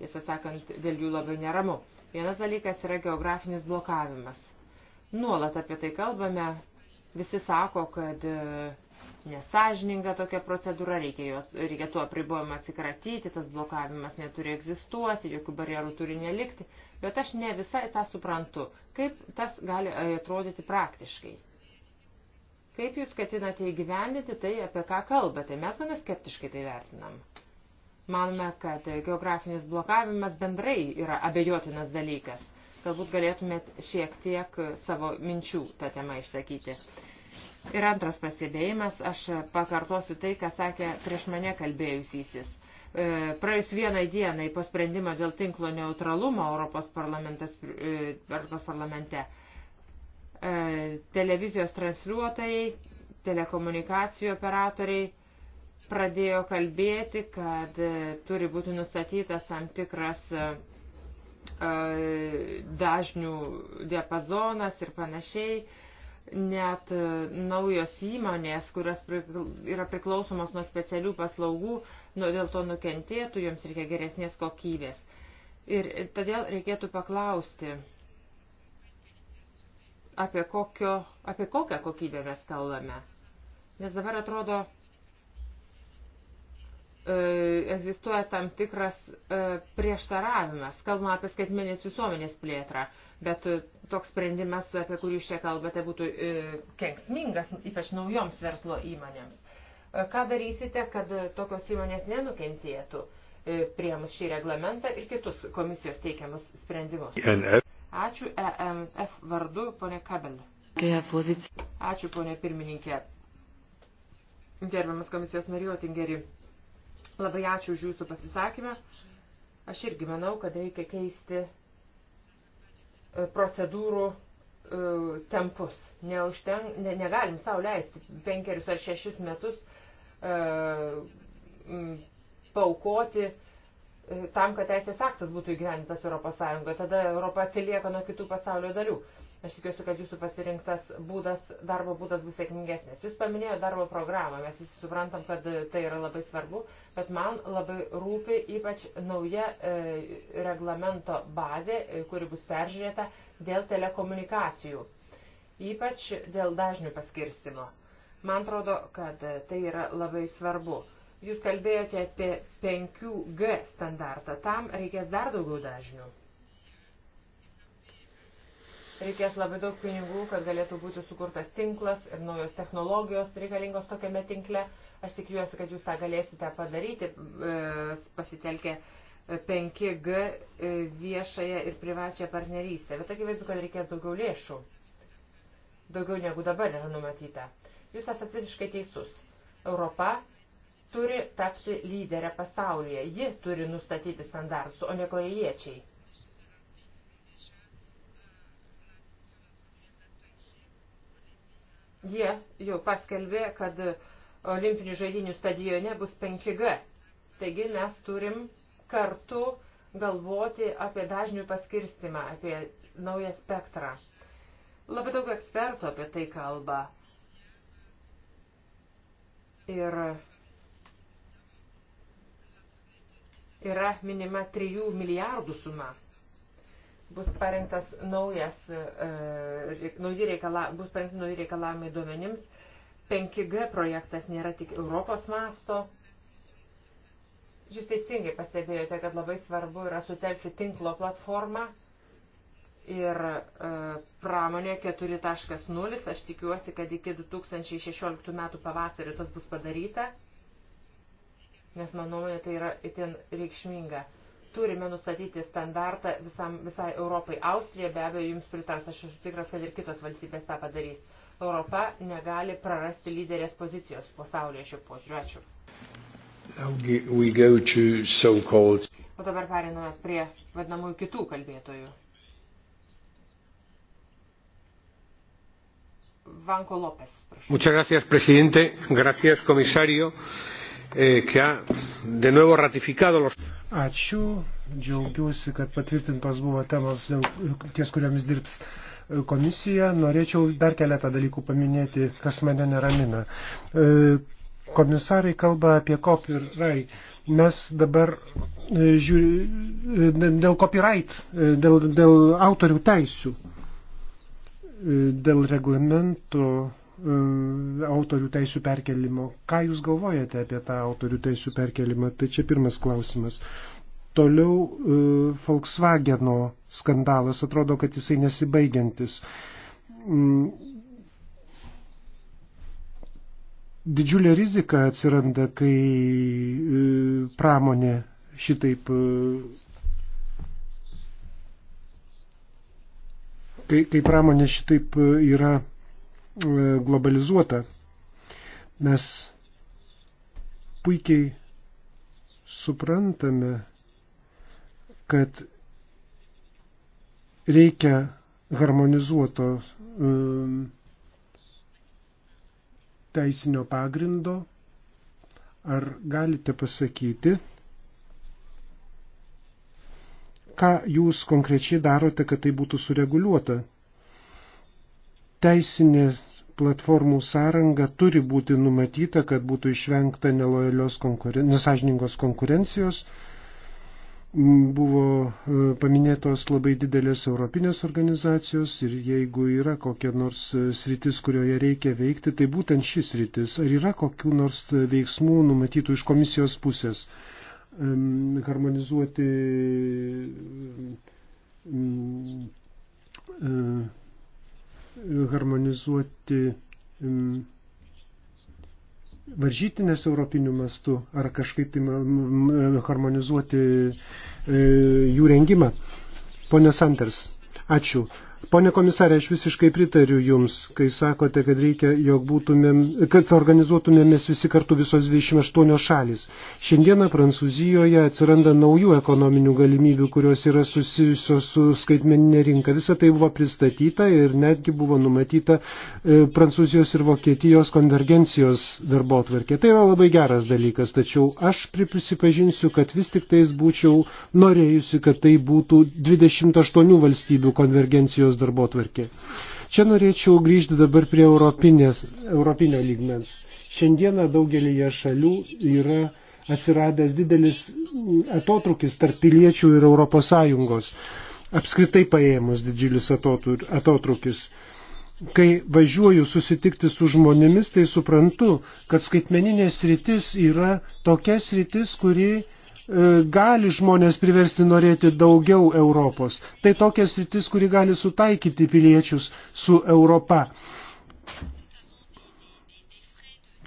Tiesą sakant, dėl jų labai neramu. Vienas dalykas yra geografinis blokavimas. Nuolat apie tai kalbame. Visi sako, kad e, nesažininga tokia procedūra, reikia, jos, reikia tuo apribojimu atsikratyti, tas blokavimas neturi egzistuoti, jokių barjerų turi nelikti, bet aš ne visai tą suprantu. Kaip tas gali e, atrodyti praktiškai? Kaip jūs ketinate įgyvendinti tai, apie ką kalbate? Mes gana skeptiškai tai vertinam. Manome, kad e, geografinis blokavimas bendrai yra abejotinas dalykas. Galbūt galėtumėt šiek tiek savo minčių tą temą išsakyti. Ir antras pasibėjimas, aš pakartosiu tai, ką sakė prieš mane kalbėjusysis. E, praėjus vienai dienai po sprendimo dėl tinklo neutralumo Europos, e, Europos parlamente e, televizijos transliuotojai, telekomunikacijų operatoriai pradėjo kalbėti, kad turi būti nustatytas tam tikras dažnių diapazonas ir panašiai. Net naujos įmonės, kurios yra priklausomos nuo specialių paslaugų, nu, dėl to nukentėtų, joms reikia geresnės kokybės. Ir todėl reikėtų paklausti, apie, kokio, apie kokią kokybę mes kalbame. Nes dabar atrodo, E, egzistuoja tam tikras e, prieštaravimas. Kalbama apie skaitmenės visuomenės plėtrą, bet e, toks sprendimas, apie kurį jūs čia kalbate, būtų kenksmingas, ypač naujoms verslo įmonėms. Ką darysite, kad tokios įmonės nenukentėtų priemus šį reglamentą ir kitus komisijos teikiamus sprendimus? Ačiū EMF vardu, ponė Kabel. Ačiū, ponė pirmininkė. Gerbiamas komisijos narijo Tingeri. Labai ačiū už jūsų pasisakymą. Aš irgi manau, kad reikia keisti e, procedūrų e, tempus. Neužten, ne, negalim savo leisti penkerius ar šešis metus e, paukoti tam, kad teisės aktas būtų įgyvendintas Europos Sąjungoje. Tada Europa atsilieka nuo kitų pasaulio dalių. Aš tikiuosi, kad jūsų pasirinktas būdas, darbo būdas bus sėkmingesnis. Jūs paminėjote darbo programą, mes visi suprantam, kad tai yra labai svarbu, bet man labai rūpi ypač nauja e, reglamento bazė, e, kuri bus peržiūrėta dėl telekomunikacijų, ypač dėl dažnių paskirstimo. Man atrodo, kad tai yra labai svarbu. Jūs kalbėjote apie 5G standartą, tam reikės dar daugiau dažnių. Reikės labai daug pinigų, kad galėtų būti sukurtas tinklas ir naujos technologijos reikalingos tokiame tinkle. Aš tikiuosi, kad jūs tą galėsite padaryti e, pasitelkę 5G e, e, viešąją ir privačią partnerystę. Bet akivaizdu, kad reikės daugiau lėšų. Daugiau negu dabar yra numatyta. Jūs esate visiškai teisus. Europa turi tapti lyderę pasaulyje. Ji turi nustatyti standartus, o ne korejiečiai. Jie jau paskelbė, kad olimpinių žaidinių stadione bus 5G. Taigi mes turim kartu galvoti apie dažnių paskirstimą, apie naują spektrą. Labai daug ekspertų apie tai kalba. Ir yra minima 3 milijardų suma bus parengtas naujas, e, nauji reikala, bus parengti nauji reikalavimai duomenims. 5G projektas nėra tik Europos masto. Jūs teisingai pastebėjote, kad labai svarbu yra sutelkti tinklo platformą ir e, pramonė 4.0. Aš tikiuosi, kad iki 2016 metų pavasario tas bus padaryta, nes mano nuomonė tai yra itin reikšminga. Turime nustatyti standartą visam, visai Europai. Austrija be abejo jums pritars, aš esu tikras, kad ir kitos valstybės tą padarys. Europa negali prarasti lyderės pozicijos pasaulyje šiuo požiūriu. Ačiū. So o dabar periname prie vadinamųjų kitų kalbėtojų. Vanko López, prašau. Muchas gracias, presidente. Gracias, comisario. Uh, Eh, que ha de nuevo ratificado los. Ačiū, džiaugiuosi, kad patvirtintos buvo temos, ties kuriomis dirbs e, komisija. Norėčiau dar keletą dalykų paminėti, kas mane neramina. E, komisarai kalba apie COP ir RAI. Mes dabar e, žiūri, dėl copyright, dėl, dėl autorių teisių, dėl reglamento E, autorių teisų perkelimo. Ką Jūs galvojate apie tą autorių teisų perkelimą? Tai čia pirmas klausimas. Toliau e, Volkswageno skandalas atrodo, kad jisai nesibaigiantis. Mm. Didžiulė rizika atsiranda, kai e, pramonė šitaip. E, kai, kai pramonė šitaip e, yra globalizuota. Mes puikiai suprantame, kad reikia harmonizuoto um, teisinio pagrindo. Ar galite pasakyti, ką jūs konkrečiai darote, kad tai būtų sureguliuota? Teisinė platformų sąranga turi būti numatyta, kad būtų išvengta nelojalios konkuren... nesažiningos konkurencijos. Mm, Buvo e, paminėtos labai didelės europinės organizacijos ir jeigu yra kokia nors e, sritis, kurioje reikia veikti, tai būtent šis sritis. Ar yra kokių nors e, veiksmų numatytų iš komisijos pusės? Harmonizuoti harmonizuoti varžytinės europinių mastų ar kažkaip tai harmonizuoti e, jų rengimą. Pone Sanders, ačiū. Pone komisarė, aš visiškai pritariu Jums, kai sakote, kad reikia, jog būtumėm, kad organizuotumėmės visi kartu visos 28 šalis. Šiandieną Prancūzijoje atsiranda naujų ekonominių galimybių, kurios yra susijusios su skaitmeninė rinka. Visa tai buvo pristatyta ir netgi buvo numatyta e, Prancūzijos ir Vokietijos konvergencijos darbo tvarkė. Tai yra labai geras dalykas, tačiau aš prisipažinsiu, kad vis tik tais būčiau norėjusi, kad tai būtų 28 valstybių konvergencijos sąjungos darbo tvarkė. Čia norėčiau grįžti dabar prie europinės, europinio lygmens. Šiandieną daugelįje šalių yra atsiradęs didelis atotrukis tarp piliečių ir Europos Sąjungos. Apskritai paėmus didžiulis atotrukis. Kai važiuoju susitikti su žmonėmis, tai suprantu, kad skaitmeninės rytis yra tokia rytis, kuri E, gali žmonės priversti norėti daugiau Europos. Tai tokia sritis, kuri gali sutaikyti piliečius su Europa.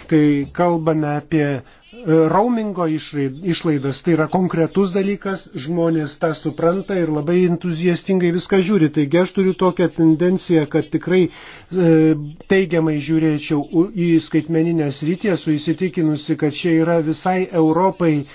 Kai kalbame apie e, raumingo išlaidas, tai yra konkretus dalykas, žmonės tą supranta ir labai entuziastingai viską žiūri. Taigi aš turiu tokią tendenciją, kad tikrai e, teigiamai žiūrėčiau į skaitmeninę sritį, esu įsitikinusi, kad čia yra visai Europai e,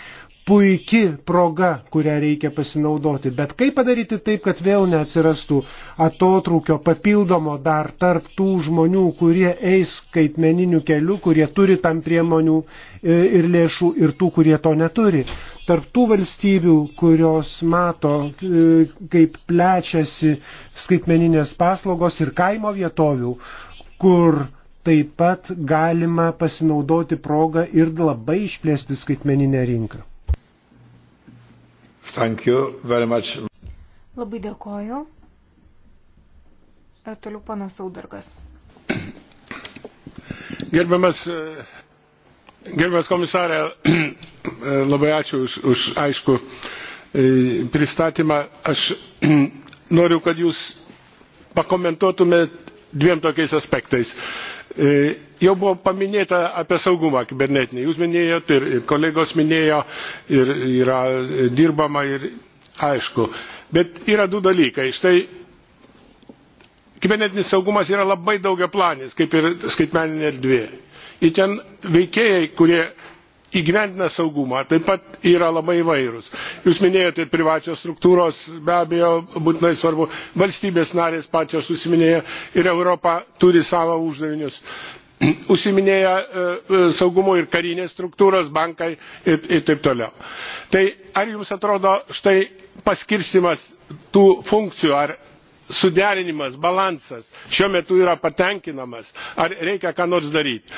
puiki proga, kurią reikia pasinaudoti. Bet kaip padaryti taip, kad vėl neatsirastų atotrūkio papildomo dar tarp tų žmonių, kurie eis skaitmeniniu keliu, kurie turi tam priemonių e, ir lėšų ir tų, kurie to neturi. Tarp tų valstybių, kurios mato, e, kaip plečiasi skaitmeninės paslaugos ir kaimo vietovių, kur taip pat galima pasinaudoti progą ir labai išplėsti skaitmeninę rinką. Thank you very much. Labai dėkoju. Ir e, toliau panas Saudargas. Gerbiamas, e, gerbiamas komisarė, e, labai ačiū už, už aišku pristatymą. Aš noriu, kad jūs pakomentuotumėt dviem tokiais aspektais E, jau buvo paminėta apie saugumą kibernetinį. Jūs minėjot ir kolegos minėjo, ir yra dirbama ir aišku. Bet yra du dalykai. Štai kibernetinis saugumas yra labai daugiaplanis, kaip ir skaitmeninė erdvė. Ir ten veikėjai, kurie įgyvendina saugumą taip pat yra labai įvairūs. Jūs minėjote ir privačios struktūros, be abejo, būtinai svarbu, valstybės narės pačios užsiminėja ir Europa turi savo uždavinius. (clears throat) Užsiminėja e, e, saugumo ir karinės struktūros, bankai ir, ir taip toliau. Tai ar jums atrodo štai paskirstimas tų funkcijų ar suderinimas, balansas šiuo metu yra patenkinamas, ar reikia ką nors daryti?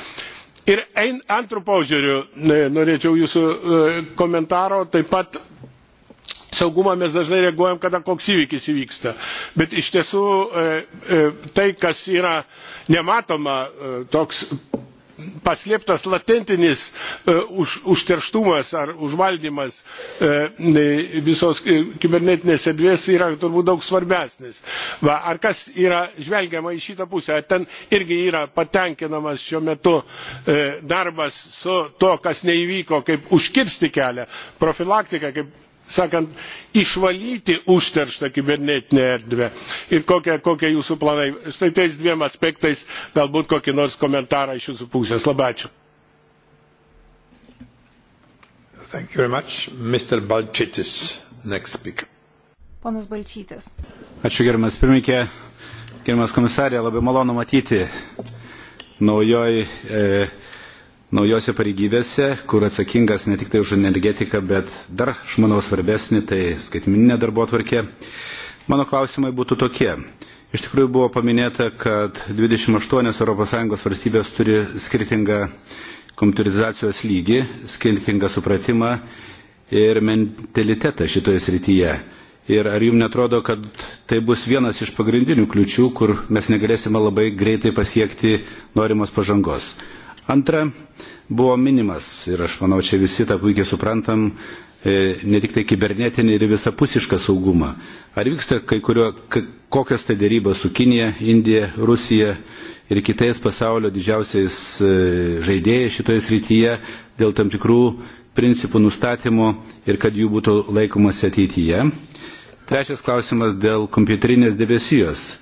Ir ein, antrų požiūrių e, norėčiau jūsų e, komentaro, taip pat saugumą mes dažnai reaguojam, kada koks įvykis įvyksta. Bet iš tiesų e, tai, kas yra nematoma, toks paslėptas latentinis e, už, užterštumas ar užvaldymas e, e, visos kibernetinės erdvės yra turbūt daug svarbesnis. Va, ar kas yra žvelgiama į šitą pusę, ar ten irgi yra patenkinamas šiuo metu darbas su to, kas neįvyko, kaip užkirsti kelią, profilaktika, kaip sakant išvalyti užterštą kibernetinę erdvę ir kokie, kokie jūsų planai. Štai tais dviem aspektais galbūt kokį nors komentarą iš jūsų pusės. Labai ačiū. Thank you very much. Mr. Balčytis, next speaker. Ponas Balčytis. Ačiū gerbiamas pirmininkė, gerbiamas komisarė, labai malonu matyti naujoj e, naujose pareigybėse, kur atsakingas ne tik tai už energetiką, bet dar, aš manau, svarbesnį, tai skaitmininė darbo atvarkė. Mano klausimai būtų tokie. Iš tikrųjų buvo paminėta, kad 28 ES valstybės turi skirtingą kompiuterizacijos lygį, skirtingą supratimą ir mentalitetą šitoje srityje. Ir ar jums netrodo, kad tai bus vienas iš pagrindinių kliučių, kur mes negalėsime labai greitai pasiekti norimos pažangos? Antra, buvo minimas ir aš manau, čia visi tą puikiai suprantam, e, ne tik tai kibernetinį ir visapusišką saugumą. Ar vyksta kai kurio, kokios tai dėrybos su Kinija, Indija, Rusija ir kitais pasaulio didžiausiais e, žaidėjais šitoje srityje dėl tam tikrų principų nustatymo ir kad jų būtų laikomasi ateityje. Trečias klausimas dėl kompiuterinės debesijos.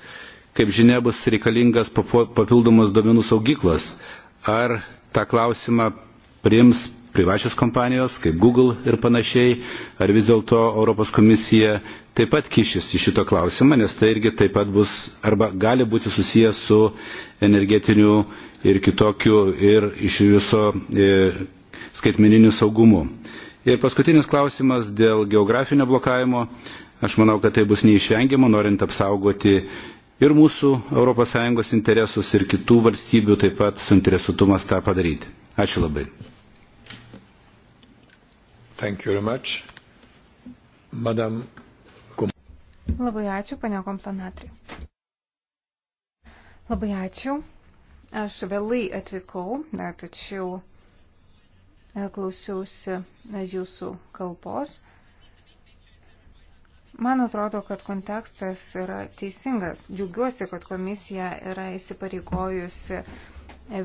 Kaip žinia, bus reikalingas papildomas duomenų saugyklas ar tą klausimą priims privačios kompanijos kaip Google ir panašiai, ar vis dėlto Europos komisija taip pat kišis į šito klausimą, nes tai irgi taip pat bus arba gali būti susijęs su energetiniu ir kitokiu ir iš viso e, skaitmeniniu saugumu. Ir paskutinis klausimas dėl geografinio blokavimo. Aš manau, kad tai bus neišvengiama, norint apsaugoti ir mūsų ES interesus ir kitų valstybių taip pat suinteresuotumas tą padaryti. Ačiū labai. Thank you very much. Madam Kum. Labai ačiū, panė Kompanatri. Labai ačiū. Aš vėlai atvykau, tačiau e, klausiausi e, jūsų kalbos. Man atrodo, kad kontekstas yra teisingas. Džiaugiuosi, kad komisija yra įsipareigojusi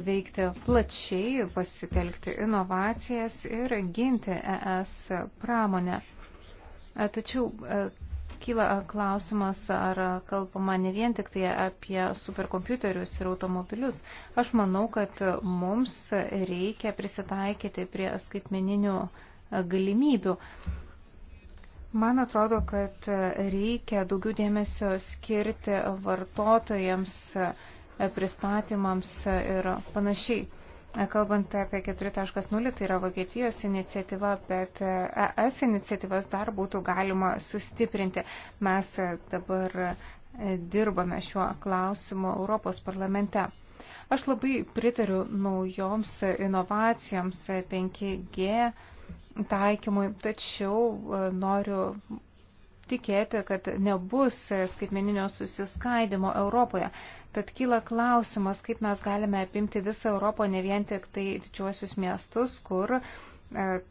veikti plačiai, pasitelkti inovacijas ir ginti ES pramonę. E, tačiau e, kyla klausimas, ar kalbama ne vien tik tai apie superkompiuterius ir automobilius. Aš manau, kad mums reikia prisitaikyti prie skaitmeninių e, galimybių. Man atrodo, kad reikia daugiau dėmesio skirti vartotojams, pristatymams ir panašiai. Kalbant apie 4.0, tai yra Vokietijos iniciatyva, bet ES iniciatyvas dar būtų galima sustiprinti. Mes dabar dirbame šiuo klausimu Europos parlamente. Aš labai pritariu naujoms inovacijoms 5G taikymui, tačiau e, noriu tikėti, kad nebus skaitmeninio susiskaidimo Europoje. Tad kyla klausimas, kaip mes galime apimti visą Europą, ne vien tik tai didžiuosius miestus, kur e,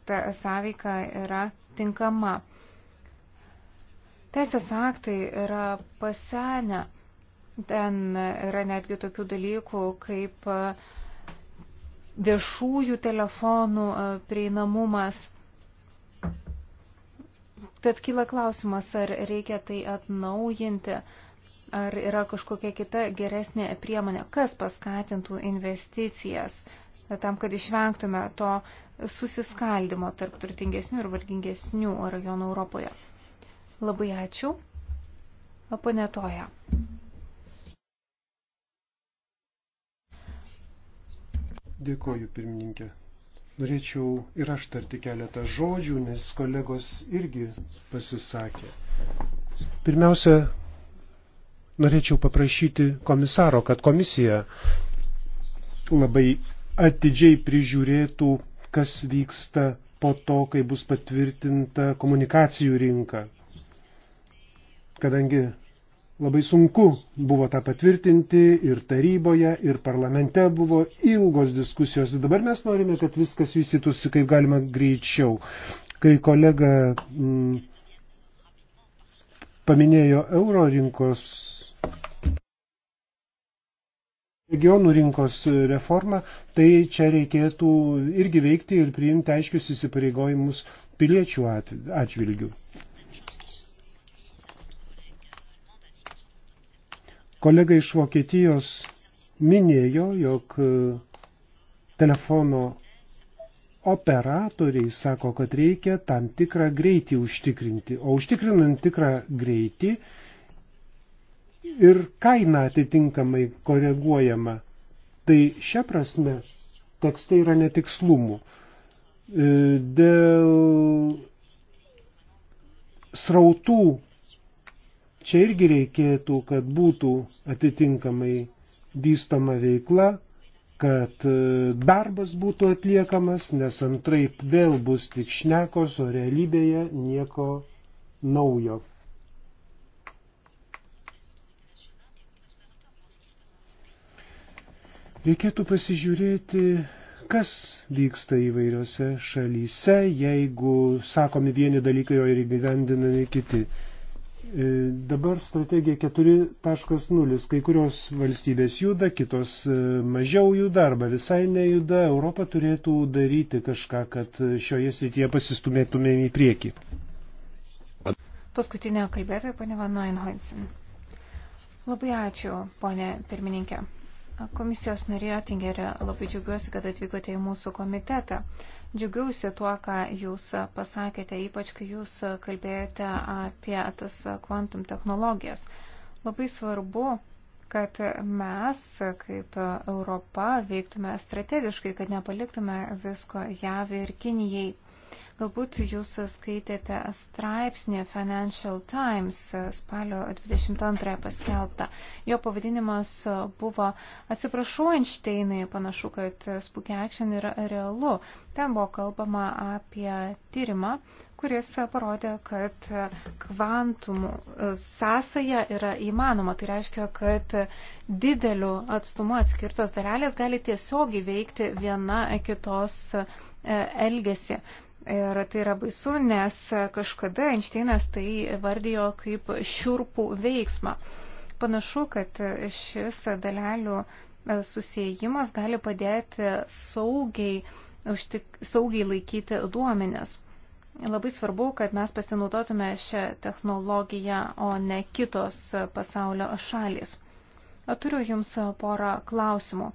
ta sąveika yra tinkama. Teisės aktai yra pasenę. Ten yra netgi tokių dalykų kaip e, viešųjų telefonų prieinamumas Tad kyla klausimas, ar reikia tai atnaujinti, ar yra kažkokia kita geresnė priemonė, kas paskatintų investicijas, tam, kad išvengtume to susiskaldimo tarp turtingesnių ir vargingesnių rajonų Europoje. Labai ačiū. Pane Toja. Dėkoju, pirmininkė. Norėčiau ir aš tarti keletą žodžių, nes kolegos irgi pasisakė. Pirmiausia, norėčiau paprašyti komisaro, kad komisija labai atidžiai prižiūrėtų, kas vyksta po to, kai bus patvirtinta komunikacijų rinka. Kadangi Labai sunku buvo tą patvirtinti ir taryboje, ir parlamente buvo ilgos diskusijos. Dabar mes norime, kad viskas vystytųsi kaip galima greičiau. Kai kolega m, mm, paminėjo euro rinkos, regionų rinkos reformą, tai čia reikėtų irgi veikti ir priimti aiškius įsipareigojimus piliečių atžvilgių. Kolega iš Vokietijos minėjo, jog e, telefono operatoriai sako, kad reikia tam tikrą greitį užtikrinti, o užtikrinant tikrą greitį ir kaina atitinkamai koreguojama. Tai šia prasme tekste yra netikslumų. E, dėl srautų Čia irgi reikėtų, kad būtų atitinkamai vystoma veikla, kad e, darbas būtų atliekamas, nes antraip vėl bus tik šnekos, o realybėje nieko naujo. Reikėtų pasižiūrėti, kas vyksta įvairiose šalyse, jeigu sakomi vieni dalykai, o ir įgyvendinami kiti. E, dabar strategija 4.0. Kai kurios valstybės juda, kitos e, mažiau juda arba visai nejuda. Europa turėtų daryti kažką, kad šioje srityje pasistumėtumėm į priekį. Paskutinė kalbėtoja, ponė Van Einhoinsen. Labai ačiū, ponė pirmininkė. Komisijos narė Tingerė, labai džiaugiuosi, kad atvykote į mūsų komitetą. Džiugiausi tuo, ką jūs pasakėte, ypač kai jūs kalbėjote apie tas kvantum technologijas. Labai svarbu, kad mes kaip Europa veiktume strategiškai, kad nepaliktume visko JAV ir Kinijai. Galbūt jūs skaitėte straipsnį Financial Times spalio 22 paskelbtą. Jo pavadinimas buvo Atsiprašau, Einšteinai, panašu, kad Spook Action yra realu. Ten buvo kalbama apie tyrimą, kuris parodė, kad kvantumų sąsaja yra įmanoma. Tai reiškia, kad dideliu atstumu atskirtos dalelės gali tiesiogiai veikti viena kitos e, elgesį. Ir tai yra baisu, nes kažkada Einšteinas tai vardijo kaip šiurpų veiksmą. Panašu, kad šis dalelių e, susijimas gali padėti saugiai, užtik, saugiai laikyti duomenis. Labai svarbu, kad mes pasinaudotume šią technologiją, o ne kitos pasaulio šalis. Turiu Jums porą klausimų.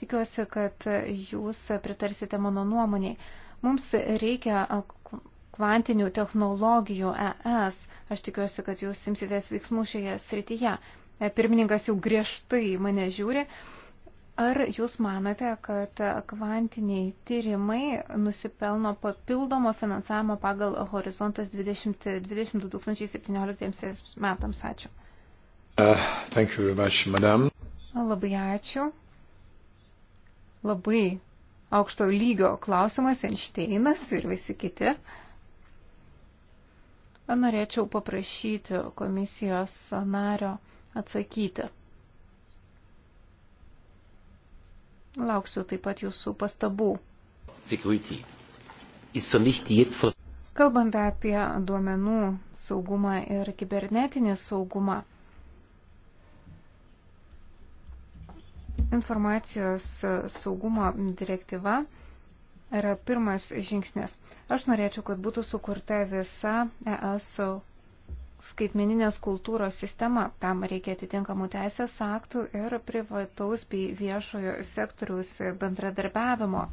Tikiuosi, kad Jūs pritarsite mano nuomonėje. Mums reikia kvantinių technologijų ES. Aš tikiuosi, kad jūs simsitės veiksmų šioje srityje. E, pirmininkas jau griežtai mane žiūri. Ar jūs manote, kad kvantiniai tyrimai nusipelno papildomo finansavimo pagal Horizontas 2020 2017 metams? Ačiū. Uh, much, madam. Labai ačiū. Labai aukšto lygio klausimas, Einšteinas ir visi kiti. Norėčiau paprašyti komisijos nario atsakyti. Lauksiu taip pat jūsų pastabų. Security. Ist für mich die jetzt Kalbant apie duomenų saugumą ir kibernetinį saugumą, informacijos saugumo direktyva yra pirmas žingsnis. Aš norėčiau, kad būtų sukurta visa ES skaitmeninės kultūros sistema. Tam reikia atitinkamų teisės aktų ir privataus bei viešojo sektoriaus bendradarbiavimo.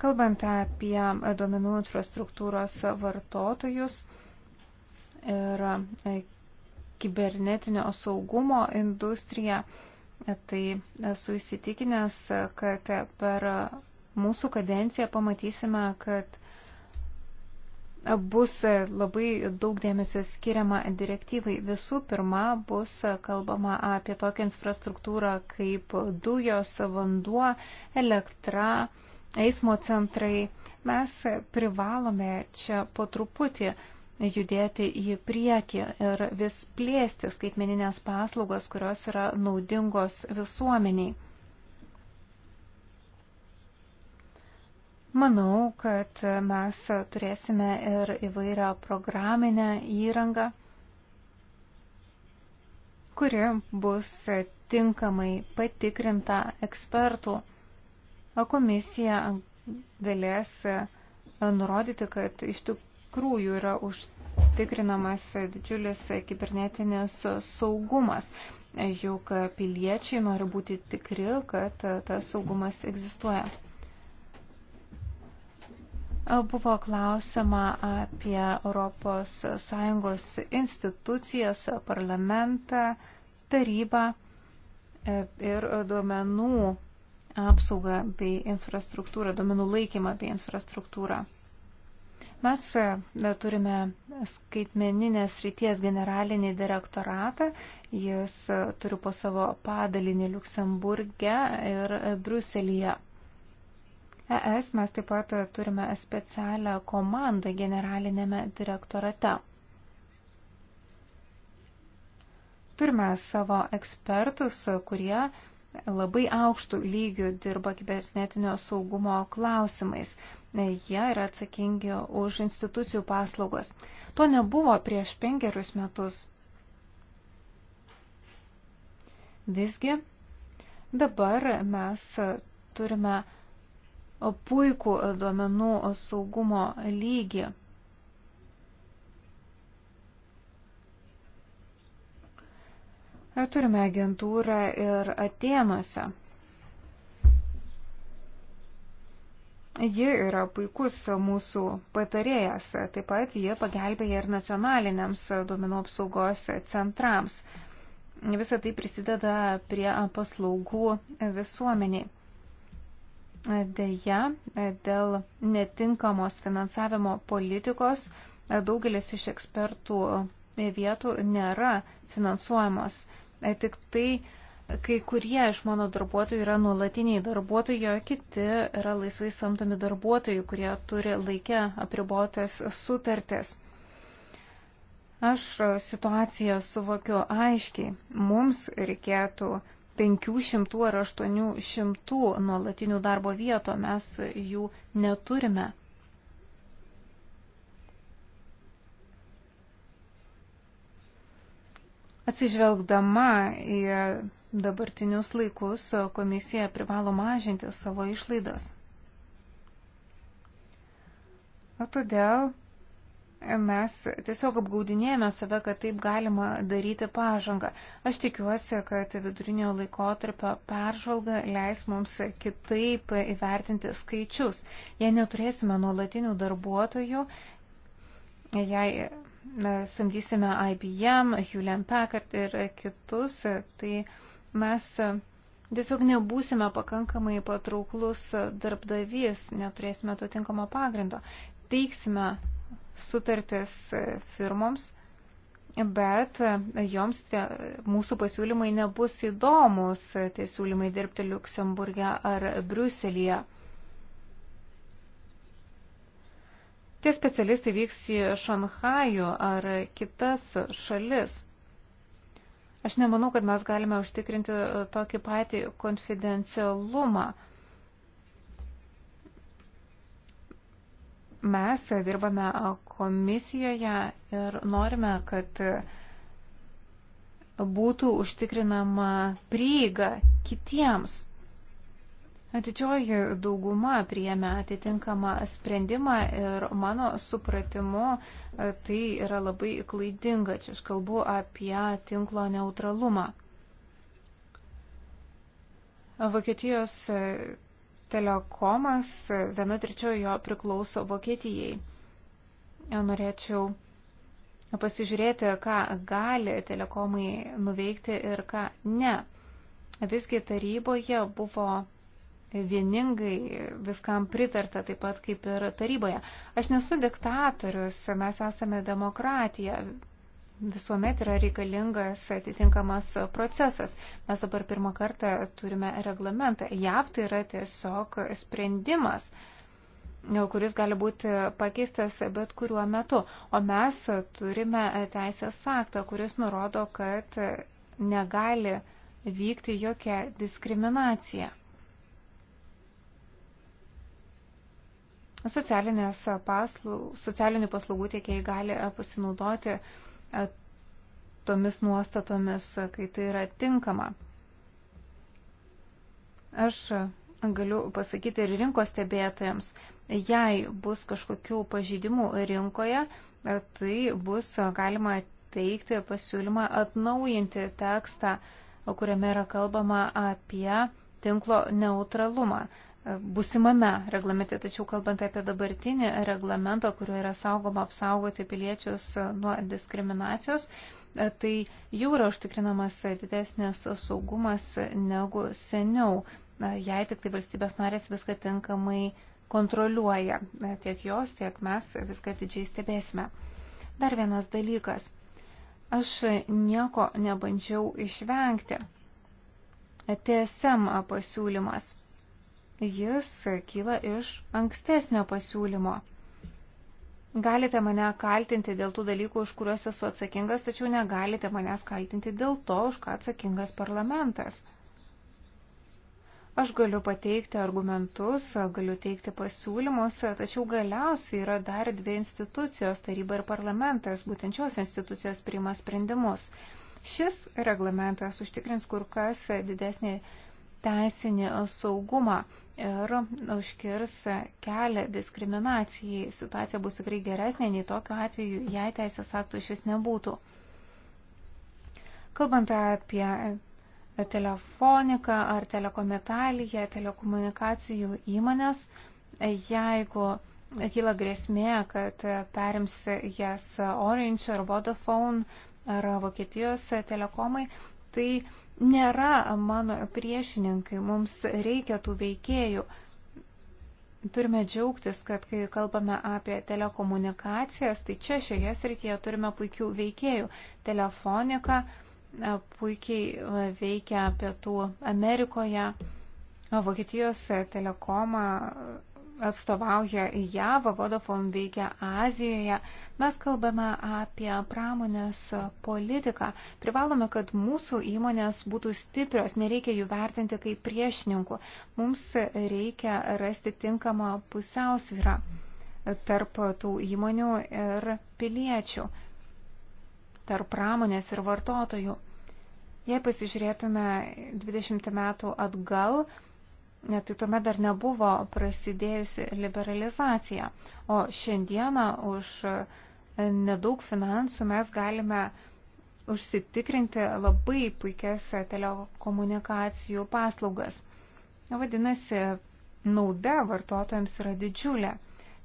Kalbant apie duomenų infrastruktūros vartotojus ir kibernetinio saugumo industriją, tai esu įsitikinęs, kad per mūsų kadenciją pamatysime, kad bus labai daug dėmesio skiriama direktyvai. Visų pirma, bus kalbama apie tokią infrastruktūrą kaip dujos, vanduo, elektra, eismo centrai. Mes privalome čia po truputį judėti į priekį ir vis plėsti skaitmeninės paslaugos, kurios yra naudingos visuomeniai. Manau, kad mes turėsime ir įvairią programinę įrangą, kuri bus tinkamai patikrinta ekspertų. O komisija galės nurodyti, kad iš tikrųjų tikrųjų yra užtikrinamas didžiulis kibernetinis saugumas, juk piliečiai nori būti tikri, kad tas saugumas egzistuoja. Buvo klausima apie ES institucijas, parlamentą, tarybą ir duomenų apsaugą bei infrastruktūrą, duomenų laikymą bei infrastruktūrą. Mes e, turime skaitmeninės ryties generalinį direktoratą, jis e, turi po savo padalinį Luksemburge ir e, Bruselėje. ES mes taip pat turime specialią komandą generalinėme direktorate. Turime savo ekspertus, kurie labai aukštų lygių dirba kibernetinio saugumo klausimais. Jie yra atsakingi už institucijų paslaugas. To nebuvo prieš penkerius metus. Visgi dabar mes turime puikų duomenų saugumo lygį. E, turime agentūrą ir Atenuose. Ji yra puikus mūsų patarėjas, taip pat ji pagelbėja ir nacionaliniams duomenų apsaugos centrams. Visą tai prisideda prie paslaugų visuomeniai. Deja, dėl netinkamos finansavimo politikos daugelis iš ekspertų vietų nėra finansuojamos. E, tik tai kai kurie iš mano darbuotojų yra nuolatiniai darbuotojai, o kiti yra laisvai samdomi darbuotojai, kurie turi laikę apribotas sutartis. Aš situaciją suvokiu aiškiai. Mums reikėtų 500 ar 800 nuolatinių darbo vietų, mes jų neturime. Atsižvelgdama į dabartinius laikus, komisija privalo mažinti savo išlaidas. O todėl mes tiesiog apgaudinėjame save, kad taip galima daryti pažangą. Aš tikiuosi, kad vidurinio laikotarpio peržvalga leis mums kitaip įvertinti skaičius. Jei neturėsime nuolatinių darbuotojų, jei samdysime IBM, Hewlett Packard ir kitus, tai mes e, tiesiog nebūsime pakankamai patrauklus darbdavys, neturėsime to tinkamo pagrindo. Teiksime sutartis e, firmoms, bet e, joms tie, mūsų pasiūlymai nebus įdomus, tie siūlymai dirbti Luksemburgė ar Briuselėje. Tie specialistai vyks į Šanhajų ar kitas šalis. Aš nemanau, kad mes galime užtikrinti e, tokį patį konfidencialumą. Mes dirbame komisijoje ir norime, kad būtų užtikrinama prieiga kitiems Didžioji dauguma priėmė atitinkamą sprendimą ir mano supratimu e, tai yra labai klaidinga. Čia aš kalbu apie tinklo neutralumą. Vokietijos e, telekomas e, viena trečioji jo priklauso Vokietijai. Norėčiau pasižiūrėti, ką gali telekomai nuveikti ir ką ne. Visgi taryboje buvo vieningai viskam pritarta, taip pat kaip ir taryboje. Aš nesu diktatorius, mes esame demokratija. Visuomet yra reikalingas atitinkamas procesas. Mes dabar pirmą kartą turime reglamentą. JAV tai yra tiesiog sprendimas kuris gali būti pakeistas bet kuriuo metu. O mes turime teisės aktą, kuris nurodo, kad negali vykti jokia diskriminacija. Socialinės paslu, socialinių paslaugų tiekėjai gali e, pasinaudoti e, tomis nuostatomis, kai tai yra tinkama. Aš galiu pasakyti ir rinkos stebėtojams, jei bus kažkokių pažydimų rinkoje, e, tai bus galima teikti pasiūlymą atnaujinti tekstą, kuriame yra kalbama apie tinklo neutralumą busimame reglamente, tačiau kalbant apie dabartinį reglamentą, kuriuo yra saugoma apsaugoti piliečius nuo diskriminacijos, tai jau yra užtikrinamas didesnis saugumas negu seniau, jei tik tai valstybės narės viską tinkamai kontroliuoja. Tiek jos, tiek mes viską didžiai stebėsime. Dar vienas dalykas. Aš nieko nebandžiau išvengti. TSM pasiūlymas jis kyla iš ankstesnio pasiūlymo. Galite mane kaltinti dėl tų dalykų, už kuriuos esu atsakingas, tačiau negalite manęs kaltinti dėl to, už ką atsakingas parlamentas. Aš galiu pateikti argumentus, galiu teikti pasiūlymus, tačiau galiausiai yra dar dvi institucijos - taryba ir parlamentas, būtent šios institucijos priima sprendimus. Šis reglamentas užtikrins kur kas didesnį teisinį saugumą ir užkirs kelią diskriminacijai. Situacija bus tikrai geresnė nei tokiu atveju, jei teisės aktų iš vis nebūtų. Kalbant apie telefoniką ar telekometaliją, telekomunikacijų įmonės, jeigu kyla grėsmė, kad perims jas Orange ar Vodafone ar Vokietijos telekomai, tai nėra mano priešininkai, mums reikia tų veikėjų. Turime džiaugtis, kad kai kalbame apie telekomunikacijas, tai čia šioje srityje turime puikių veikėjų. Telefonika e, puikiai e, veikia pietų Amerikoje, Vokietijos e, telekomą atstovauja JAV, Vodafone veikia Azijoje. Mes kalbame apie pramonės politiką. Privalome, kad mūsų įmonės būtų stiprios, nereikia jų vertinti kaip priešininkų. Mums reikia rasti tinkamą pusiausvyrą tarp tų įmonių ir piliečių, tarp pramonės ir vartotojų. Jei pasižiūrėtume 20 metų atgal, Net tai tuomet dar nebuvo prasidėjusi liberalizacija, o šiandieną už e, nedaug finansų mes galime užsitikrinti labai puikias telekomunikacijų paslaugas. Vadinasi, nauda vartotojams yra didžiulė.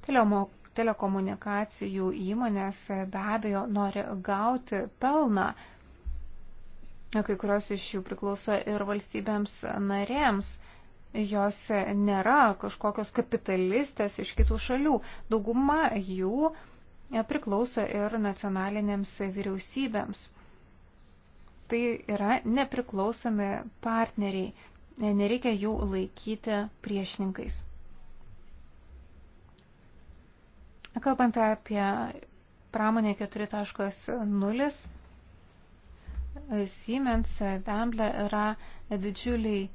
Telemo, telekomunikacijų įmonės e, be abejo nori gauti pelną. Kai kurios iš jų priklauso ir valstybėms narėms jos nėra kažkokios kapitalistės iš kitų šalių. Dauguma jų priklauso ir nacionalinėms vyriausybėms. Tai yra nepriklausomi partneriai, nereikia jų laikyti priešininkais. Kalbant apie pramonę 4.0, Siemens, Daimler yra didžiuliai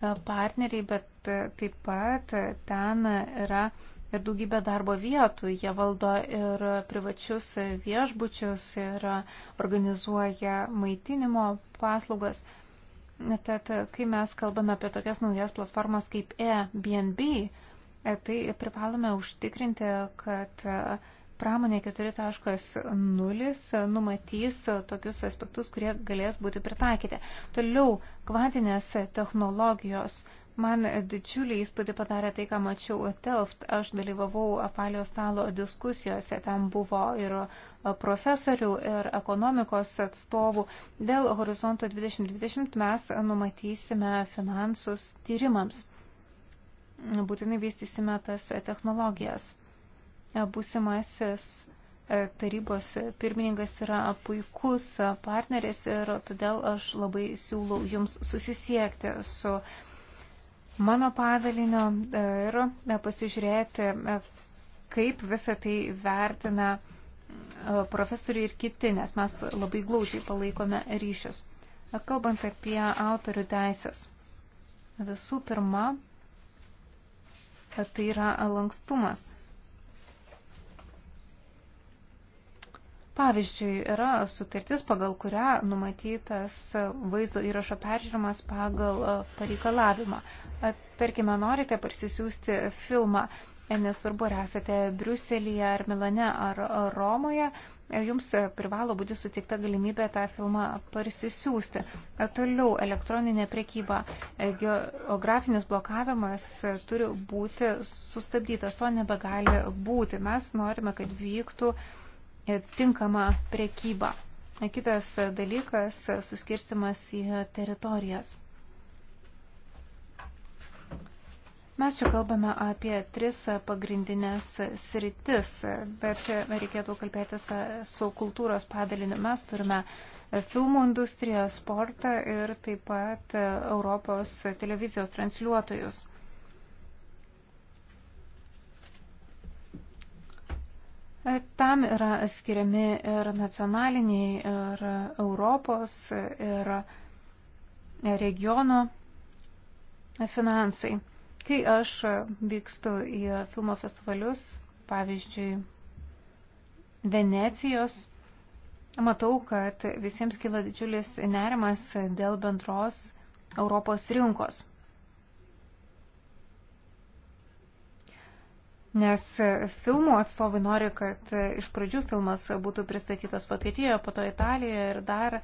partneriai, bet e, taip pat e, ten yra ir daugybė darbo vietų. Jie valdo ir privačius viešbučius ir organizuoja maitinimo paslaugas. Tad, e, kai mes kalbame apie tokias naujas platformas kaip Airbnb, tai privalome užtikrinti, kad pramonė 4.0 numatys tokius aspektus, kurie galės būti pritaikyti. Toliau, kvantinės technologijos. Man didžiulį įspūdį padarė tai, ką mačiau Telft. Aš dalyvavau apalio stalo diskusijose, ten buvo ir profesorių, ir ekonomikos atstovų. Dėl horizonto 2020 mes numatysime finansus tyrimams. Būtinai vystysime tas technologijas būsimasis e, tarybos pirmininkas yra puikus partneris ir todėl aš labai siūlau jums susisiekti su mano padalinio e, ir e, pasižiūrėti, kaip visą tai vertina profesoriai ir kiti, nes mes labai glaužiai palaikome ryšius. Kalbant apie autorių teisės. Visų pirma, tai yra lankstumas Pavyzdžiui, yra sutartis, pagal kurią numatytas vaizdo įrašo peržiūrimas pagal e, pareikalavimą. Tarkime, norite parsisiųsti filmą, e, nesvarbu, ar esate Briuselėje, ar Milane, ar e, Romoje, jums privalo būti sutikta galimybė tą filmą parsisiųsti. Toliau elektroninė prekyba, geografinis blokavimas turi būti sustabdytas, to nebegali būti. Mes norime, kad vyktų uh, E, tinkamą prekybą. E, kitas dalykas - suskirstimas į teritorijas. Mes čia kalbame apie tris pagrindinės sritis, bet čia reikėtų kalbėtis su kultūros padaliniu. Mes turime filmų industriją, sportą ir taip pat Europos televizijos transliuotojus. Tam yra skiriami ir nacionaliniai, ir Europos, ir regionų finansai. Kai aš vykstu į filmo festivalius, pavyzdžiui, Venecijos, matau, kad visiems kyla didžiulis nerimas dėl bendros Europos rinkos. Nes e, filmų atstovai nori, kad e, iš pradžių filmas būtų pristatytas Vokietijoje, po to Italijoje ir dar e,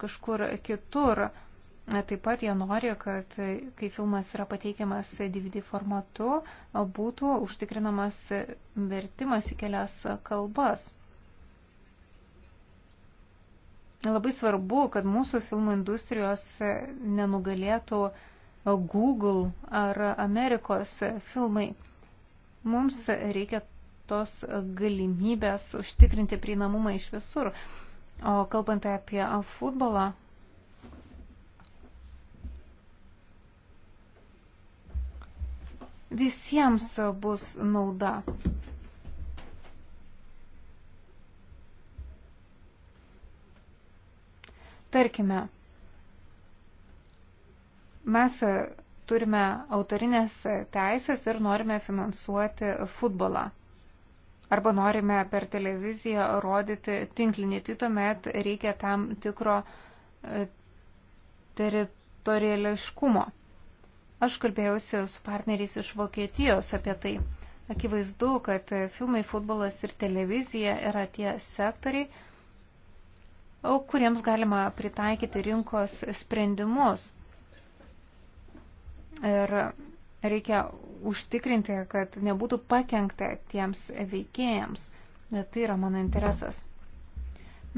kažkur kitur. Taip pat jie nori, kad kai filmas yra pateikiamas DVD formatu, būtų užtikrinamas vertimas į kelias kalbas. Labai svarbu, kad mūsų filmų industrijos nenugalėtų Google ar Amerikos filmai Mums reikia tos galimybės užtikrinti prieinamumą iš visur. O kalbant apie futbolą, visiems bus nauda. Tarkime, mes turime autorinės teisės ir norime finansuoti futbolą. Arba norime per televiziją rodyti tinklinį, tai tuomet reikia tam tikro e, teritoriališkumo. Aš kalbėjausi su partneriais iš Vokietijos apie tai. Akivaizdu, kad filmai, futbolas ir televizija yra tie sektoriai, kuriems galima pritaikyti rinkos sprendimus. Ir reikia užtikrinti, kad nebūtų pakengta tiems veikėjams. Tai yra mano interesas.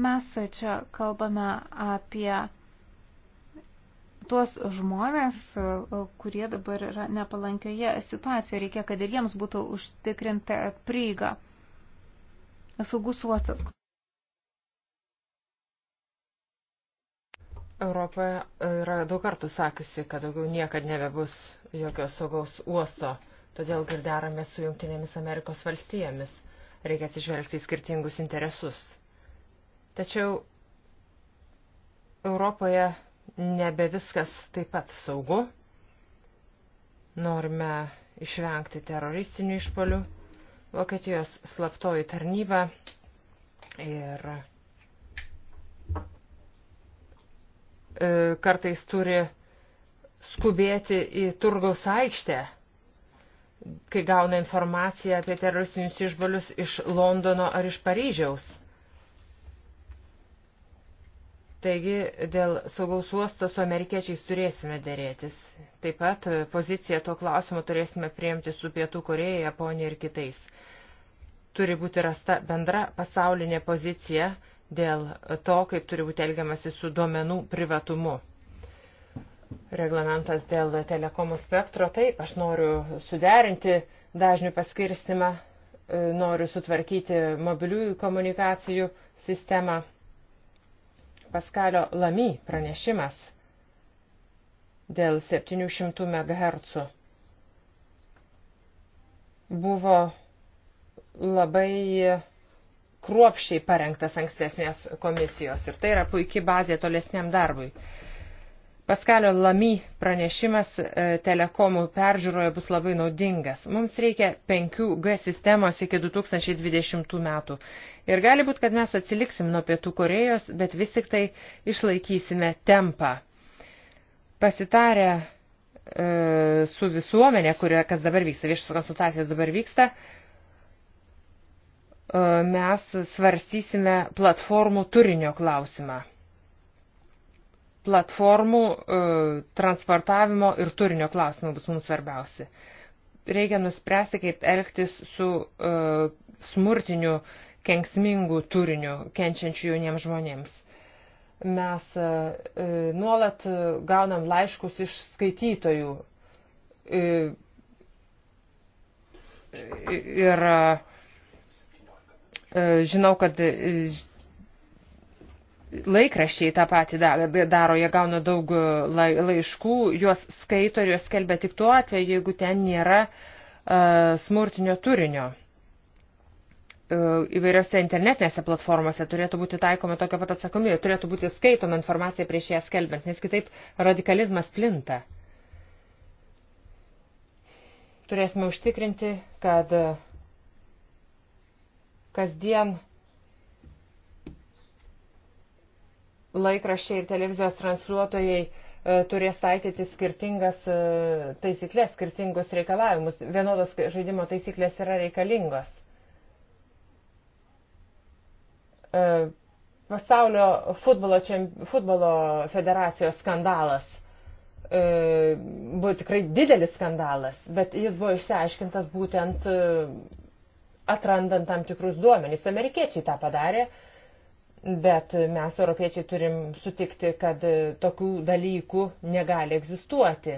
Mes čia kalbame apie tuos žmonės, kurie dabar yra nepalankioje situacijoje. Reikia, kad ir jiems būtų užtikrinta prieiga. Saugus uostas. Europa yra daug kartų sakiusi, kad daugiau niekad nebebus jokio saugaus uosto, todėl ir darome su Junktinėmis Amerikos valstijomis. Reikia atsižvelgti į skirtingus interesus. Tačiau Europoje nebe viskas taip pat saugu. Norime išvengti teroristinių išpolių. Vokietijos slaptoji tarnyba ir E, kartais turi skubėti į turgaus aikštę, kai gauna informaciją apie teroristinius išbalius iš Londono ar iš Paryžiaus. Taigi dėl saugaus uosto su amerikiečiais turėsime dėrėtis. Taip pat e, poziciją tuo klausimu turėsime priimti su Pietų Koreja, Japonija ir kitais. Turi būti rasta bendra pasaulinė pozicija dėl to, kaip turi būti elgiamasi su duomenų privatumu. Reglamentas dėl telekomų spektro, taip, aš noriu suderinti dažnių paskirstimą, e, noriu sutvarkyti mobiliųjų komunikacijų sistemą. Paskalio Lamy pranešimas dėl 700 MHz buvo labai kruopščiai parengtas ankstesnės komisijos ir tai yra puikiai bazė tolesniam darbui. Paskalio Lamy pranešimas e, telekomų peržiūroje bus labai naudingas. Mums reikia 5G sistemos iki 2020 metų. Ir gali būt, kad mes atsiliksim nuo Pietų Korejos, bet vis tik tai išlaikysime tempą. Pasitarę e, su visuomenė, kuria, kas dabar vyksta, viešas konsultacijas dabar vyksta, E, mes svarstysime platformų turinio klausimą. Platformų e, transportavimo ir turinio klausimai bus mums svarbiausi. Reikia nuspręsti, kaip elgtis su e, smurtiniu, kenksmingu turiniu kenčiančiu jauniems žmonėms. Mes nuolat gaunam laiškus iš skaitytojų ir, ir E, žinau, kad e, laikraščiai tą patį daro, jie gauna daug e, laiškų, juos skaito ir juos skelbia tik tuo atveju, jeigu ten nėra smurtinio turinio. Įvairiose internetinėse platformose turėtų būti taikoma tokia pat atsakomybė, turėtų būti skaitoma informacija prieš ją skelbiant, nes kitaip radikalizmas plinta. Turėsime užtikrinti, kad uh, kasdien laikraščiai ir televizijos transliuotojai e, turės taikyti skirtingas e, taisyklės, skirtingus reikalavimus. Vienodos žaidimo taisyklės yra reikalingos. E, pasaulio futbolo, futbolo federacijos skandalas buvo tikrai didelis skandalas, bet jis buvo išsiaiškintas būtent atrandant tam tikrus duomenys. Amerikiečiai tą padarė, bet mes, europiečiai, turim sutikti, kad tokių dalykų negali egzistuoti.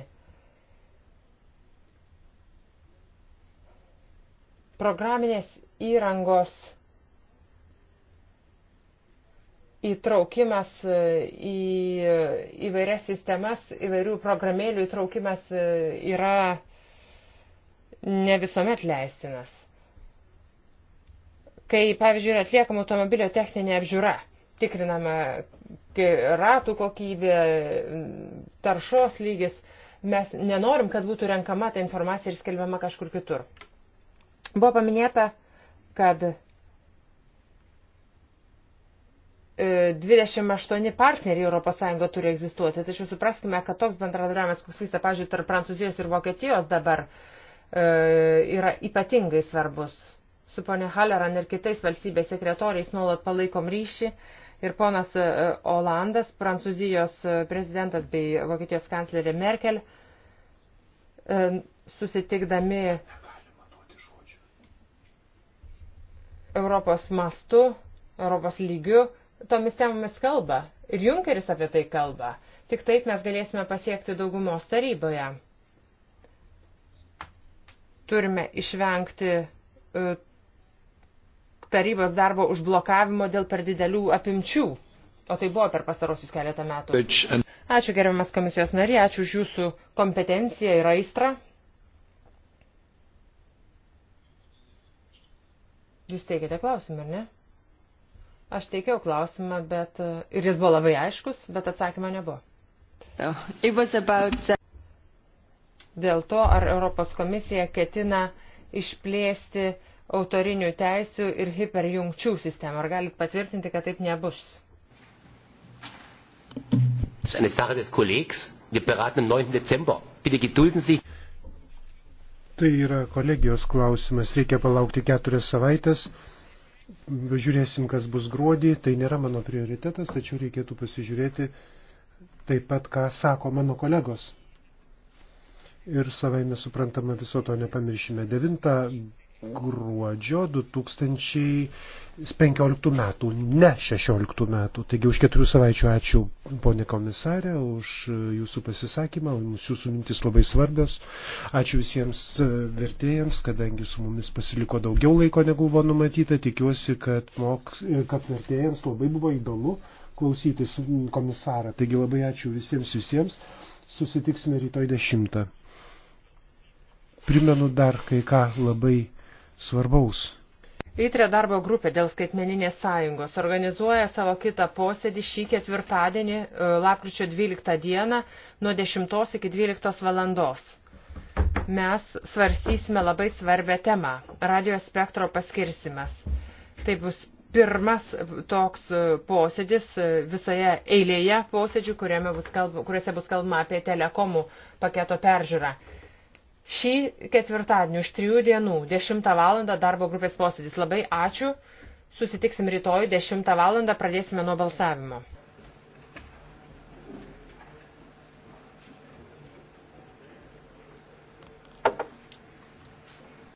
Programinės įrangos įtraukimas į įvairias sistemas, įvairių programėlių įtraukimas yra ne visuomet leistinas kai, pavyzdžiui, yra atliekama automobilio techninė apžiūra, tikrinama ratų kokybė, taršos lygis, mes nenorim, kad būtų renkama ta informacija ir skelbiama kažkur kitur. Buvo paminėta, kad 28 e, partneriai ES turi egzistuoti. Tačiau supraskime, kad toks bendradarbiavimas, koks vyksta, pažiūrėjau, tarp Prancūzijos ir Vokietijos dabar e, yra ypatingai svarbus su ponė Haleran ir kitais valstybės sekretoriais nuolat palaikom ryšį. Ir ponas e, Olandas, Prancūzijos e, prezidentas bei Vokietijos kanclerė Merkel, e, susitikdami Europos mastu, Europos lygiu, tomis temomis kalba. Ir Junkeris apie tai kalba. Tik taip mes galėsime pasiekti daugumos taryboje. Turime išvengti tarybos darbo užblokavimo dėl per didelių apimčių. O tai buvo per pasarosius keletą metų. Ačiū gerbiamas komisijos nariai, ačiū už jūsų kompetenciją ir aistrą. Jūs teikėte klausimą, ar ne? Aš teikiau klausimą, bet ir jis buvo labai aiškus, bet atsakymą nebuvo. No, about... Dėl to, ar Europos komisija ketina išplėsti uh, autorinių teisių ir hiperjungčių sistemą. Ar galit patvirtinti, kad taip nebus? Tai yra kolegijos klausimas, reikia palaukti keturias savaitės, žiūrėsim, kas bus gruodį, tai nėra mano prioritetas, tačiau reikėtų pasižiūrėti taip pat, ką sako mano kolegos. Ir savai mes suprantama viso to nepamiršime. Devinta gruodžio 2015 metų, ne 16 metų. Taigi už keturių savaičių ačiū ponė komisarė už jūsų pasisakymą, jūsų mintis labai svarbios. Ačiū visiems e, vertėjams, kadangi su mumis pasiliko daugiau laiko negu buvo numatyta. Tikiuosi, kad, moks, e, kad vertėjams labai buvo įdomu klausytis komisarą. Taigi labai ačiū visiems visiems. Susitiksime rytoj 10 primenu dar kai ką labai svarbaus. Įtrė darbo grupė dėl skaitmeninės sąjungos organizuoja savo kitą posėdį šį ketvirtadienį, e, lapkričio 12 dieną, nuo 10 iki 12 valandos. Mes svarsysime labai svarbę temą - radio spektro paskirsimas. Tai bus pirmas toks e, posėdis e, visoje eilėje posėdžių, bus kalb, kuriuose bus kalbama apie telekomų paketo peržiūrą. Šį ketvirtadienį už trijų dienų 10 val. darbo grupės posėdis. Labai ačiū. Susitiksim rytoj 10 val. pradėsime nuo balsavimo.